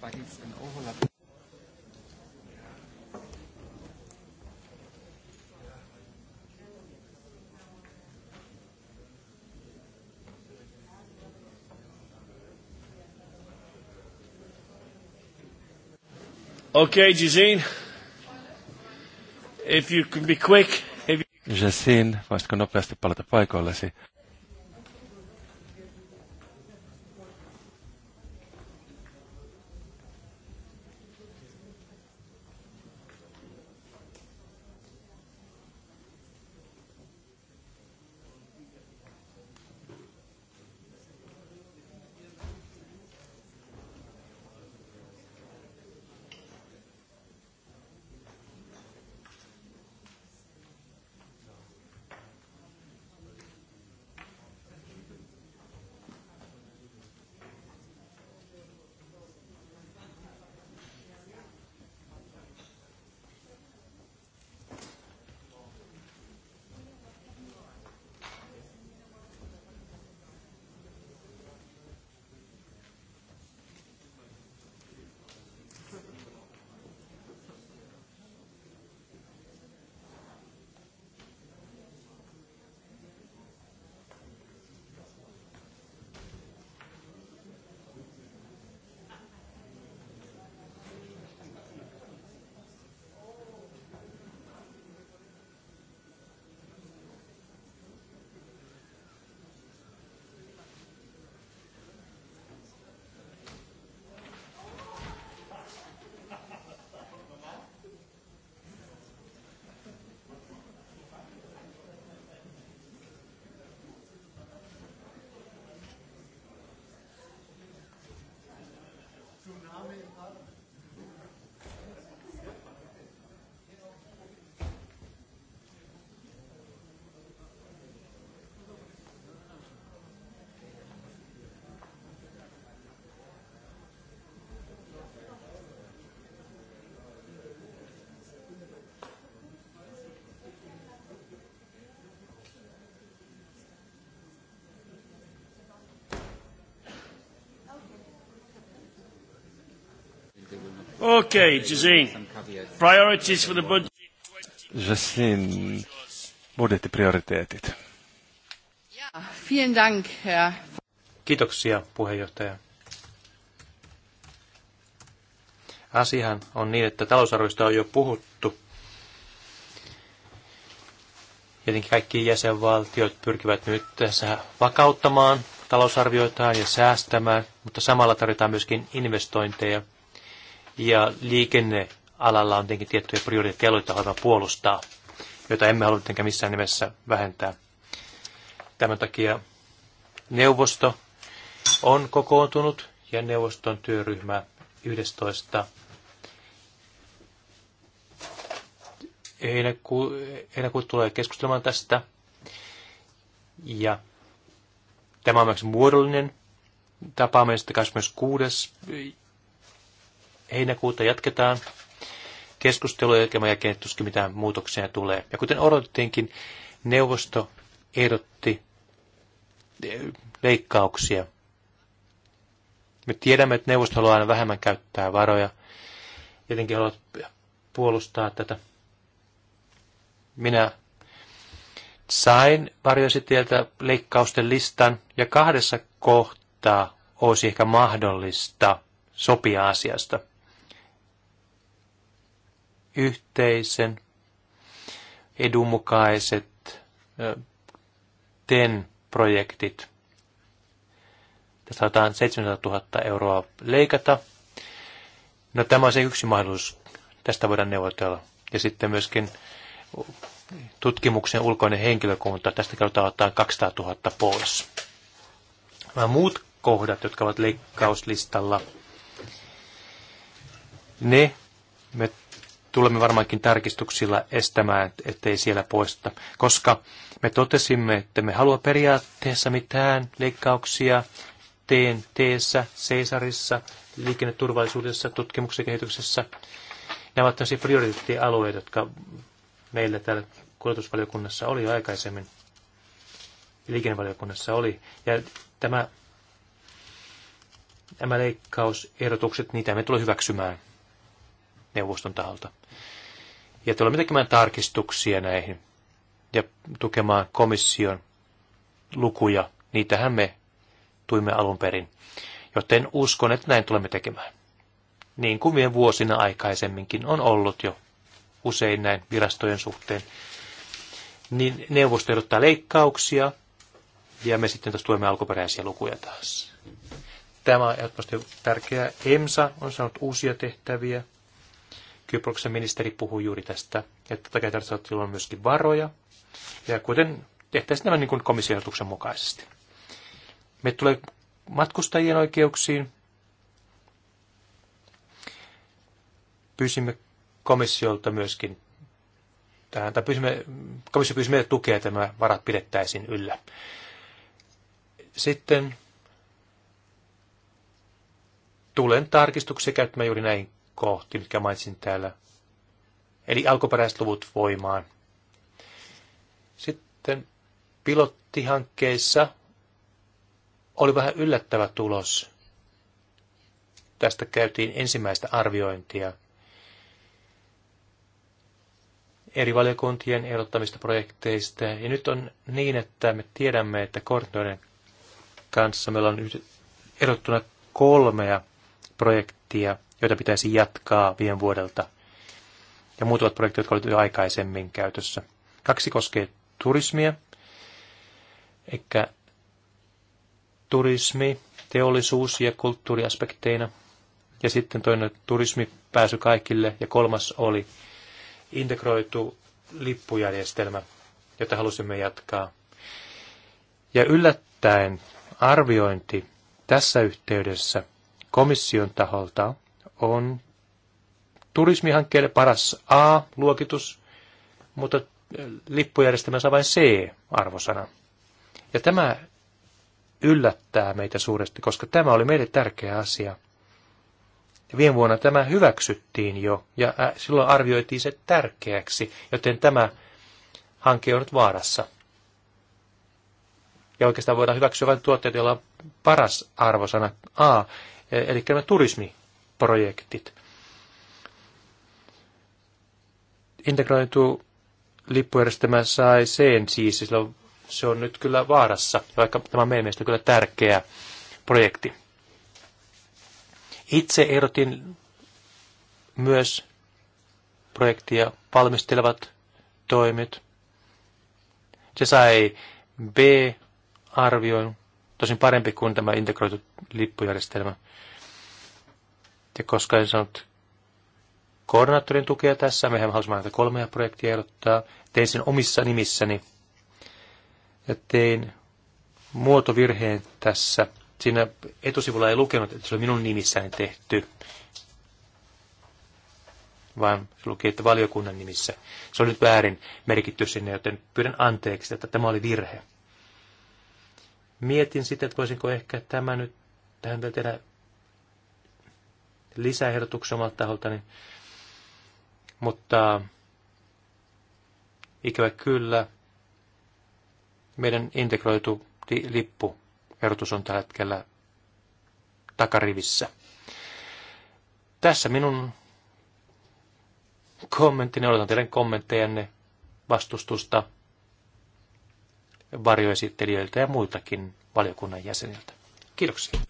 but it's an overlap. Okay, Jacine. If you can be quick. If you... Jacine, voisitko nopeasti palata paikoillesi? Okay, Jazeen. Priorities for the budget. Jazeen, budjettiprioriteetit. Vielen Dank, Herr. Kiitoksia, puheenjohtaja. Asiahan on niin, että talousarvoista on jo puhuttu. Jotenkin kaikki jäsenvaltiot pyrkivät nyt tässä vakauttamaan talousarvioitaan ja säästämään, mutta samalla tarvitaan myöskin investointeja – ja liikennealalla on tietenkin tiettyjä prioriteettialueita, joita haluamme puolustaa, joita emme halua tietenkään missään nimessä vähentää. Tämän takia neuvosto on kokoontunut ja neuvoston työryhmä 11. Heinäkuu, tulee keskustelemaan tästä. Ja tämä on myös muodollinen tapaaminen sitten kuudes heinäkuuta jatketaan keskusteluja, jonka jälkeen tuskin mitään muutoksia tulee. Ja kuten odotettiinkin, neuvosto ehdotti eh, leikkauksia. Me tiedämme, että neuvosto haluaa aina vähemmän käyttää varoja. Jotenkin haluat puolustaa tätä. Minä sain varjoesittäjältä leikkausten listan ja kahdessa kohtaa olisi ehkä mahdollista sopia asiasta yhteisen edunmukaiset TEN-projektit. Tästä saadaan 700 000 euroa leikata. No tämä on se yksi mahdollisuus. Tästä voidaan neuvotella. Ja sitten myöskin tutkimuksen ulkoinen henkilökunta. Tästä kerrotaan ottaa 200 000 pois. Nämä muut kohdat, jotka ovat leikkauslistalla, ne me tulemme varmaankin tarkistuksilla estämään, ettei siellä poista, koska me totesimme, että me halua periaatteessa mitään leikkauksia TNT-ssä, Seisarissa, liikenneturvallisuudessa, tutkimuksessa ja kehityksessä. Nämä ovat tämmöisiä prioriteettialueita, jotka meillä täällä kuljetusvaliokunnassa oli jo aikaisemmin, liikennevaliokunnassa oli. Ja tämä, nämä leikkausehdotukset, niitä me tulee hyväksymään neuvoston taholta ja tulemme tekemään tarkistuksia näihin ja tukemaan komission lukuja. Niitähän me tuimme alun perin, joten uskon, että näin tulemme tekemään. Niin kuin vien vuosina aikaisemminkin on ollut jo usein näin virastojen suhteen, niin neuvosto ehdottaa leikkauksia, ja me sitten taas tuemme alkuperäisiä lukuja taas. Tämä on ehdottomasti tärkeää. EMSA on saanut uusia tehtäviä, Kyproksen ministeri puhui juuri tästä, että takia tarvitaan olla myöskin varoja, ja kuten tehtäisiin nämä niin komission mukaisesti. Me tulee matkustajien oikeuksiin. Pyysimme komissiolta myöskin tähän, tai pyysimme, komissio pyysi meiltä tukea, että nämä varat pidettäisiin yllä. Sitten tulen tarkistuksia käyttämään juuri näihin kohti, mitkä mainitsin täällä. Eli alkuperäiset luvut voimaan. Sitten pilottihankkeissa oli vähän yllättävä tulos. Tästä käytiin ensimmäistä arviointia eri valiokuntien erottamista projekteista. Ja nyt on niin, että me tiedämme, että koordinoiden kanssa meillä on erottuna kolmea projektia – joita pitäisi jatkaa viime vuodelta. Ja muut ovat projektit, jotka olivat jo aikaisemmin käytössä. Kaksi koskee turismia. eikä turismi, teollisuus ja kulttuuriaspekteina. Ja sitten toinen turismi pääsy kaikille. Ja kolmas oli integroitu lippujärjestelmä, jota halusimme jatkaa. Ja yllättäen arviointi tässä yhteydessä komission taholta on turismihankkeelle paras A-luokitus, mutta äh, lippujärjestelmä saa vain C-arvosana. Ja tämä yllättää meitä suuresti, koska tämä oli meille tärkeä asia. Ja viime vuonna tämä hyväksyttiin jo, ja silloin arvioitiin se tärkeäksi, joten tämä hanke on nyt vaarassa. Ja oikeastaan voidaan hyväksyä vain tuotteet, joilla on paras arvosana A, e, eli nämä turismi projektit. Integroitu lippujärjestelmä sai sen siis, sillä se on nyt kyllä vaarassa, vaikka tämä meidän mielestä kyllä tärkeä projekti. Itse ehdotin myös projektia valmistelevat toimit. Se sai B-arvion, tosin parempi kuin tämä integroitu lippujärjestelmä te koskaan saanut koordinaattorin tukea tässä. Mehän halusimme näitä kolmea projektia ehdottaa. Tein sen omissa nimissäni. Ja tein muotovirheen tässä. Siinä etusivulla ei lukenut, että se oli minun nimissäni tehty, vaan se luki, että valiokunnan nimissä. Se oli nyt väärin merkitty sinne, joten pyydän anteeksi, että tämä oli virhe. Mietin sitten, että voisinko ehkä tämä nyt tähän vielä tehdä lisäehdotuksia omalta taholtani. Mutta ikävä kyllä meidän integroitu lippu erotus on tällä hetkellä takarivissä. Tässä minun kommenttini. Odotan teidän kommenttejanne, vastustusta varjoesittelijöiltä ja muiltakin valiokunnan jäseniltä. Kiitoksia.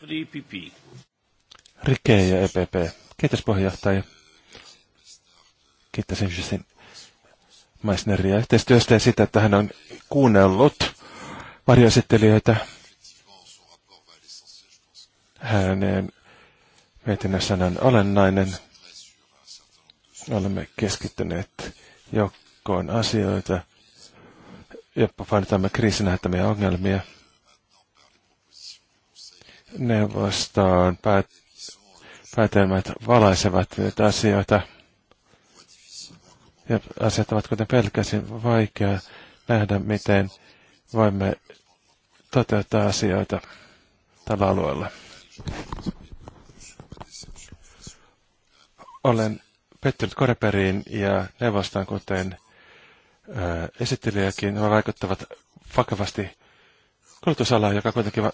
Rike ja EPP. Kiitos puheenjohtaja. Kiitos Justin Meissneria yhteistyöstä ja sitä, että hän on kuunnellut varjoesittelijöitä. Hänen mietinnössään on olennainen. Olemme keskittyneet joukkoon asioita, jopa painetamme kriisin lähettämiä ongelmia. Neuvosto on päät- päätelmät valaisevat nyt asioita. Ja asiat ovat, kuten pelkäsin, vaikea nähdä, miten voimme toteuttaa asioita tällä alueella. Olen pettynyt Koreperiin ja neuvostan, kuten esittelijäkin. Nämä vaikuttavat vakavasti kulutusalaan, joka kuitenkin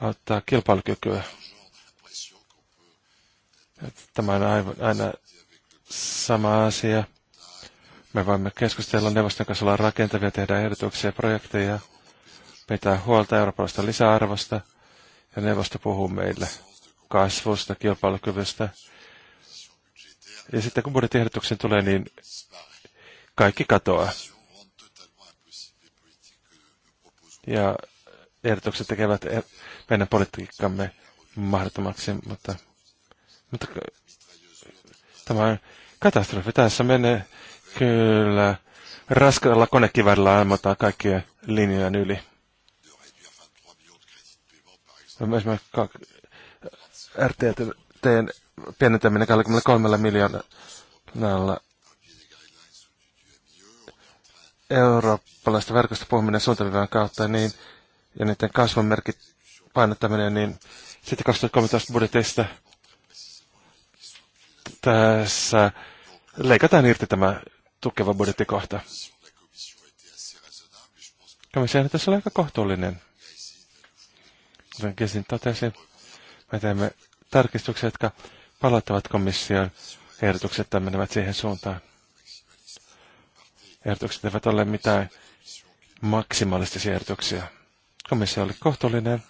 auttaa kilpailukykyä. Tämä on aina sama asia. Me voimme keskustella neuvoston kanssa, olla rakentavia, tehdä ehdotuksia, projekteja, pitää huolta eurooppalaisesta lisäarvosta ja neuvosto puhuu meille kasvusta, kilpailukyvystä. Ja sitten kun budjettiehdotuksen tulee, niin kaikki katoaa. Ja ehdotukset tekevät meidän politiikkamme mahdottomaksi, mutta mutta tämä on katastrofi. Tässä menee kyllä raskalla konekivällä ammataan kaikkien linjojen yli. Esimerkiksi RTTn pienentäminen 23 miljoonalla eurooppalaista verkosta puhuminen suuntaviivan kautta niin, ja niiden kasvun merkit painottaminen, niin sitten 2013 budjetista tässä leikataan irti tämä tukeva budjettikohta. Komissio tässä oli aika kohtuullinen. Kuten Kesin totesi, me teemme tarkistuksia, jotka palauttavat komission ehdotukset ja menevät siihen suuntaan. Ehdotukset eivät ole mitään maksimaalistisia ehdotuksia. Komissio oli kohtuullinen.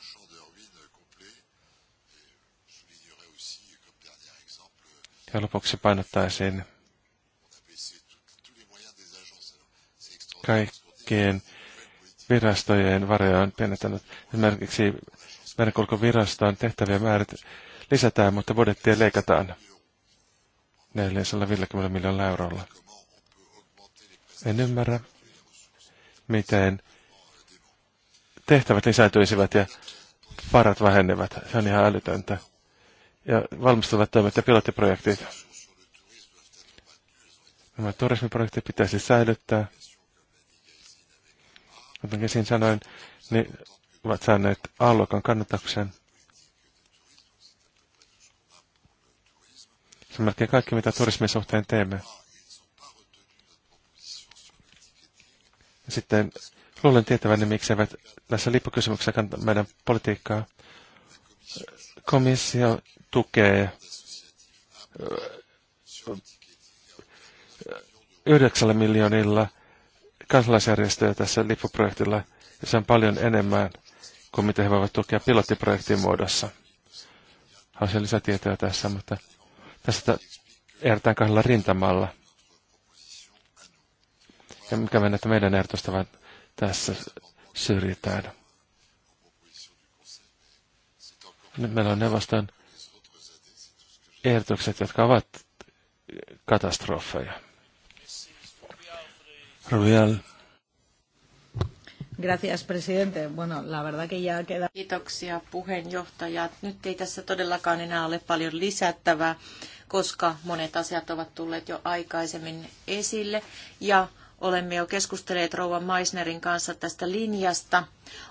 Ja lopuksi painottaisin kaikkien virastojen varoja on pienentänyt. Esimerkiksi merenkulkuviraston tehtäviä määrät lisätään, mutta budjettia leikataan 450 miljoonalla eurolla. En ymmärrä, miten tehtävät lisääntyisivät ja varat vähenevät. Se on ihan älytöntä ja valmistuvat toimet ja pilottiprojektit. Nämä turismiprojektit pitäisi säilyttää. Kuten Kesin sanoin, niin ovat saaneet A-luokan kannatuksen. Se on melkein kaikki, mitä turismin suhteen teemme. Ja sitten luulen tietäväni, miksi eivät tässä lippukysymyksissä kannata meidän politiikkaa. Komissio tukee 9 miljoonilla kansalaisjärjestöjä tässä lippuprojektilla, ja se on paljon enemmän kuin mitä he voivat tukea pilottiprojektin muodossa. Haluaisin lisätietoja tässä, mutta tässä ehdetään kahdella rintamalla. Ja mikä mennä, että meidän ehdotusta vaan tässä syrjitään. Nyt meillä on neuvoston ehdotukset, jotka ovat katastrofeja. Rubial. Gracias, presidente. Bueno, la verdad que ya queda... Kiitoksia puheenjohtaja. Nyt ei tässä todellakaan enää ole paljon lisättävää, koska monet asiat ovat tulleet jo aikaisemmin esille. Ja Olemme jo keskustelleet rouva Meisnerin kanssa tästä linjasta.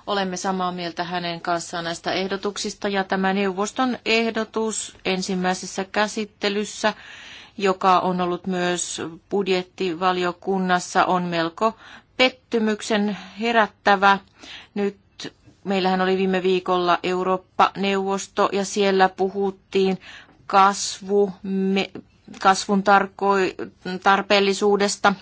Olemme samaa mieltä hänen kanssaan näistä ehdotuksista ja tämä neuvoston ehdotus ensimmäisessä käsittelyssä joka on ollut myös budjettivaliokunnassa, on melko pettymyksen herättävä. Nyt meillähän oli viime viikolla Eurooppa-neuvosto ja siellä puhuttiin kasvu, me, kasvun tarko, tarpeellisuudesta –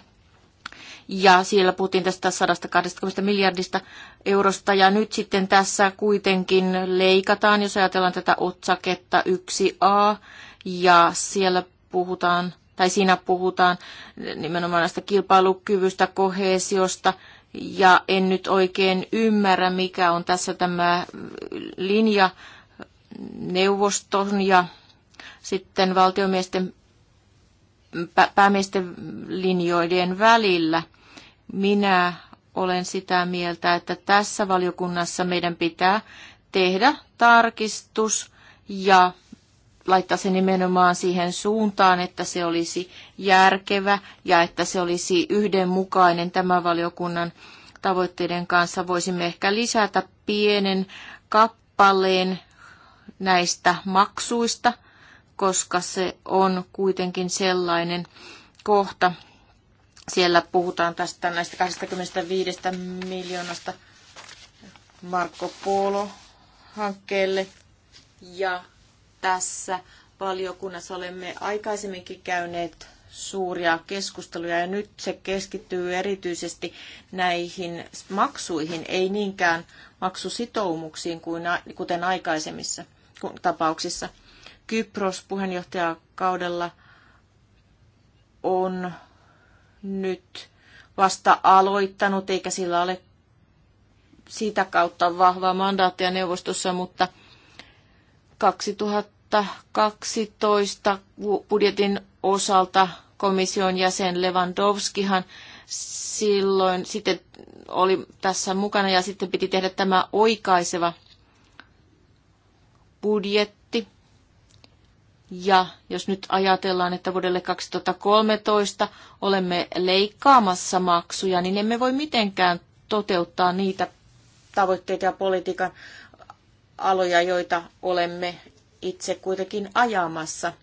ja siellä puhuttiin tästä 120 miljardista eurosta ja nyt sitten tässä kuitenkin leikataan, jos ajatellaan tätä otsaketta 1a ja siellä puhutaan tai siinä puhutaan nimenomaan näistä kilpailukyvystä, kohesiosta, ja en nyt oikein ymmärrä, mikä on tässä tämä linja neuvoston ja sitten valtiomiesten päämiesten linjoiden välillä. Minä olen sitä mieltä, että tässä valiokunnassa meidän pitää tehdä tarkistus ja laittaa se nimenomaan siihen suuntaan, että se olisi järkevä ja että se olisi yhdenmukainen tämän valiokunnan tavoitteiden kanssa. Voisimme ehkä lisätä pienen kappaleen näistä maksuista, koska se on kuitenkin sellainen kohta, siellä puhutaan tästä näistä 25 miljoonasta Marco Polo-hankkeelle. Ja tässä valiokunnassa olemme aikaisemminkin käyneet suuria keskusteluja ja nyt se keskittyy erityisesti näihin maksuihin, ei niinkään maksusitoumuksiin kuin, kuten aikaisemmissa tapauksissa. Kypros puheenjohtajakaudella on nyt vasta aloittanut, eikä sillä ole sitä kautta vahvaa mandaattia neuvostossa, mutta 2012 budjetin osalta komission jäsen Lewandowskihan silloin sitten oli tässä mukana ja sitten piti tehdä tämä oikaiseva budjetti ja jos nyt ajatellaan, että vuodelle 2013 olemme leikkaamassa maksuja, niin emme voi mitenkään toteuttaa niitä tavoitteita ja politiikan aloja, joita olemme itse kuitenkin ajamassa.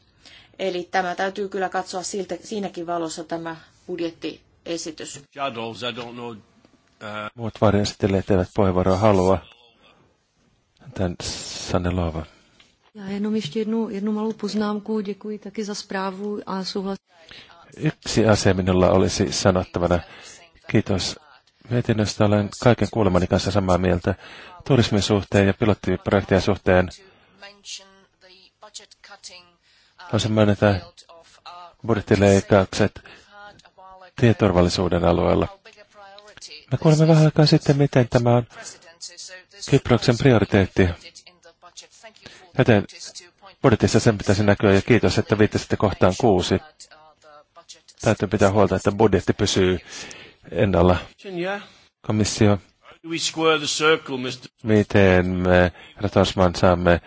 Eli tämä täytyy kyllä katsoa siltä, siinäkin valossa tämä budjettiesitys. Uh, Muut varjensitelleet eivät puheenvuoroa halua. Tän Sanelova. Já jenom ještě jednu, jednu malou poznámku. Děkuji taky za zprávu a souhlasím. Yksi asia minulla olisi sanottavana. Kiitos. Mietinnöstä olen kaiken kuulemani kanssa samaa mieltä turismin suhteen ja pilottiprojektien suhteen. Haluaisin mainita budjettileikkaukset tieturvallisuuden alueella. Me kuulemme vähän aikaa sitten, miten tämä on Kyproksen prioriteetti. Joten budjetissa sen pitäisi näkyä ja kiitos, että viittasitte kohtaan kuusi. Täytyy pitää huolta, että budjetti pysyy ennalla. Komissio. Miten me, herra Torsman, saamme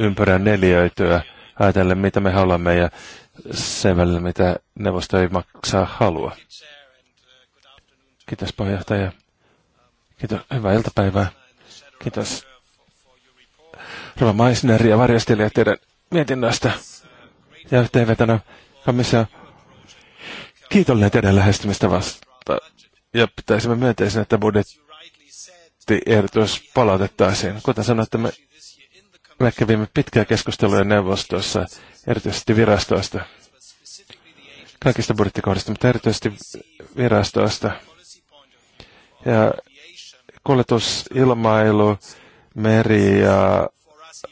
ympyrän neljöityä ajatellen, mitä me haluamme ja sen välillä, mitä neuvosto ei maksaa halua. Kiitos puheenjohtaja. Kiitos. Hyvää iltapäivää. Kiitos Rova Meissner ja varjastelijat teidän mietinnöstä ja yhteenvetona komissio kiitollinen teidän lähestymistä vasta ja pitäisimme myönteisenä, että budjettiehdotus palautettaisiin. Kuten sanoitte, me, me kävimme pitkää keskustelua neuvostossa, erityisesti virastoista, kaikista budjettikohdista, mutta erityisesti virastoista. Ja kuljetus, ilmailu, meri ja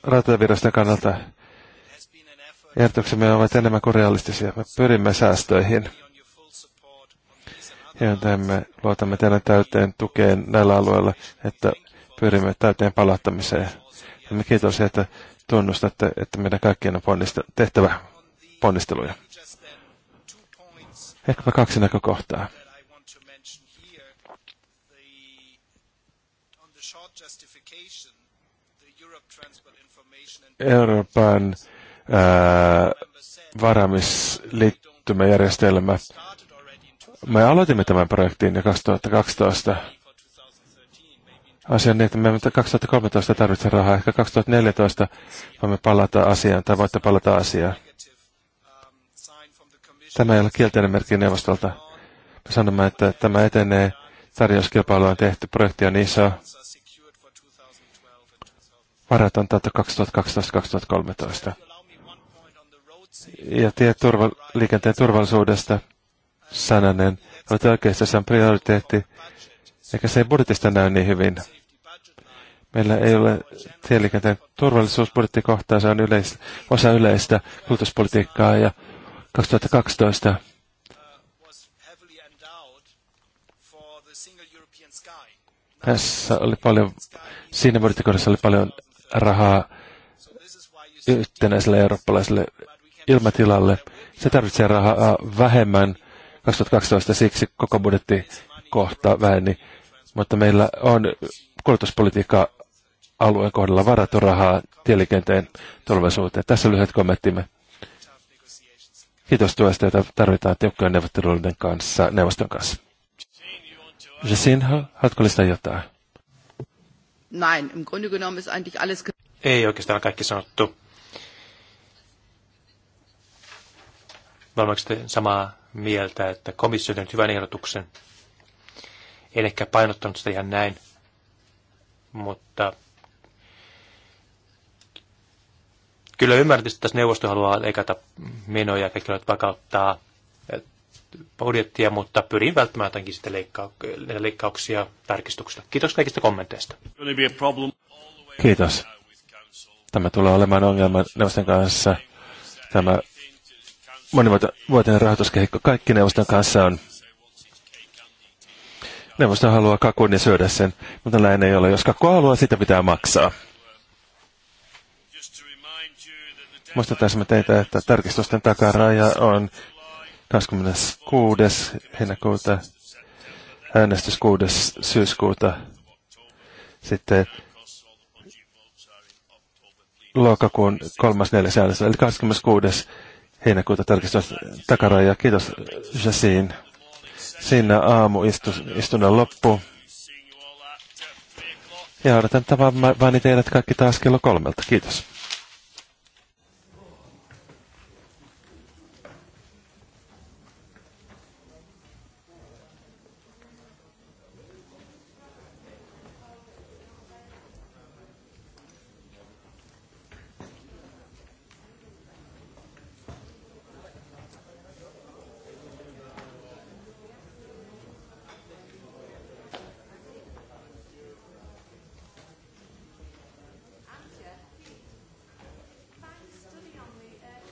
rautatieviraston kannalta ehdotuksemme ovat enemmän kuin realistisia. Me pyrimme säästöihin, Ja me luotamme teidän täyteen tukeen näillä alueilla, että pyrimme täyteen palauttamiseen. me kiitos, että tunnustatte, että meidän kaikkien on ponnista, tehtävä ponnisteluja. Ehkäpä kaksi näkökohtaa. Euroopan ää, varamisliittymäjärjestelmä. Me aloitimme tämän projektin jo 2012. Asia niin, että me 2013 tarvitse rahaa, ehkä 2014 voimme palata asiaan tai voitte palata asiaan. Tämä ei ole kielteinen merkki neuvostolta. Me sanomme, että tämä etenee, tarjouskilpailu on tehty, projekti on iso varaton tätä 2012-2013. Ja turva, liikenteen turvallisuudesta sananen. Olet oikeasti se on prioriteetti, eikä se ei budjetista näy niin hyvin. Meillä ei ole tieliikenteen turvallisuusbudjettikohtaa, se on yleis, osa yleistä kulutuspolitiikkaa ja 2012 tässä oli paljon, siinä budjettikohdassa oli paljon rahaa yhtenäiselle eurooppalaiselle ilmatilalle. Se tarvitsee rahaa vähemmän 2012, siksi koko budjetti kohta väheni. Mutta meillä on kulutuspolitiikka alueen kohdalla varattu rahaa tieliikenteen turvallisuuteen. Tässä lyhyet kommenttimme. Kiitos tuesta, jota tarvitaan tiukkojen neuvotteluiden kanssa, neuvoston kanssa. Jesin, haluatko lisätä jotain? Nein, im Grunde genommen ist eigentlich alles... Ei oikeastaan kaikki sanottu. Varmaanko te samaa mieltä, että komissio on hyvän ehdotuksen? En ehkä painottanut sitä ihan näin, mutta kyllä ymmärtäisin, että tässä neuvosto haluaa leikata menoja ja kaikki vakauttaa budjettia, mutta pyrin välttämään jotakin sitten leikka- leikkauksia tarkistuksista. Kiitos kaikista kommenteista. Kiitos. Tämä tulee olemaan ongelma neuvoston kanssa. Tämä monivuotinen rahoituskehikko kaikki neuvoston kanssa on. Neuvosto haluaa kakun ja syödä sen, mutta näin ei ole. Jos kakku haluaa, sitä pitää maksaa. Muistutaan teitä, että tarkistusten takaraja on 26. heinäkuuta, äänestys 6. syyskuuta, sitten lokakuun 3.4. äänestys, eli 26. heinäkuuta tarkistus takaraja. Kiitos Jasiin. Siinä aamu istu, istunnon loppu. Ja odotan tavallaan vain teidät kaikki taas kello kolmelta. Kiitos.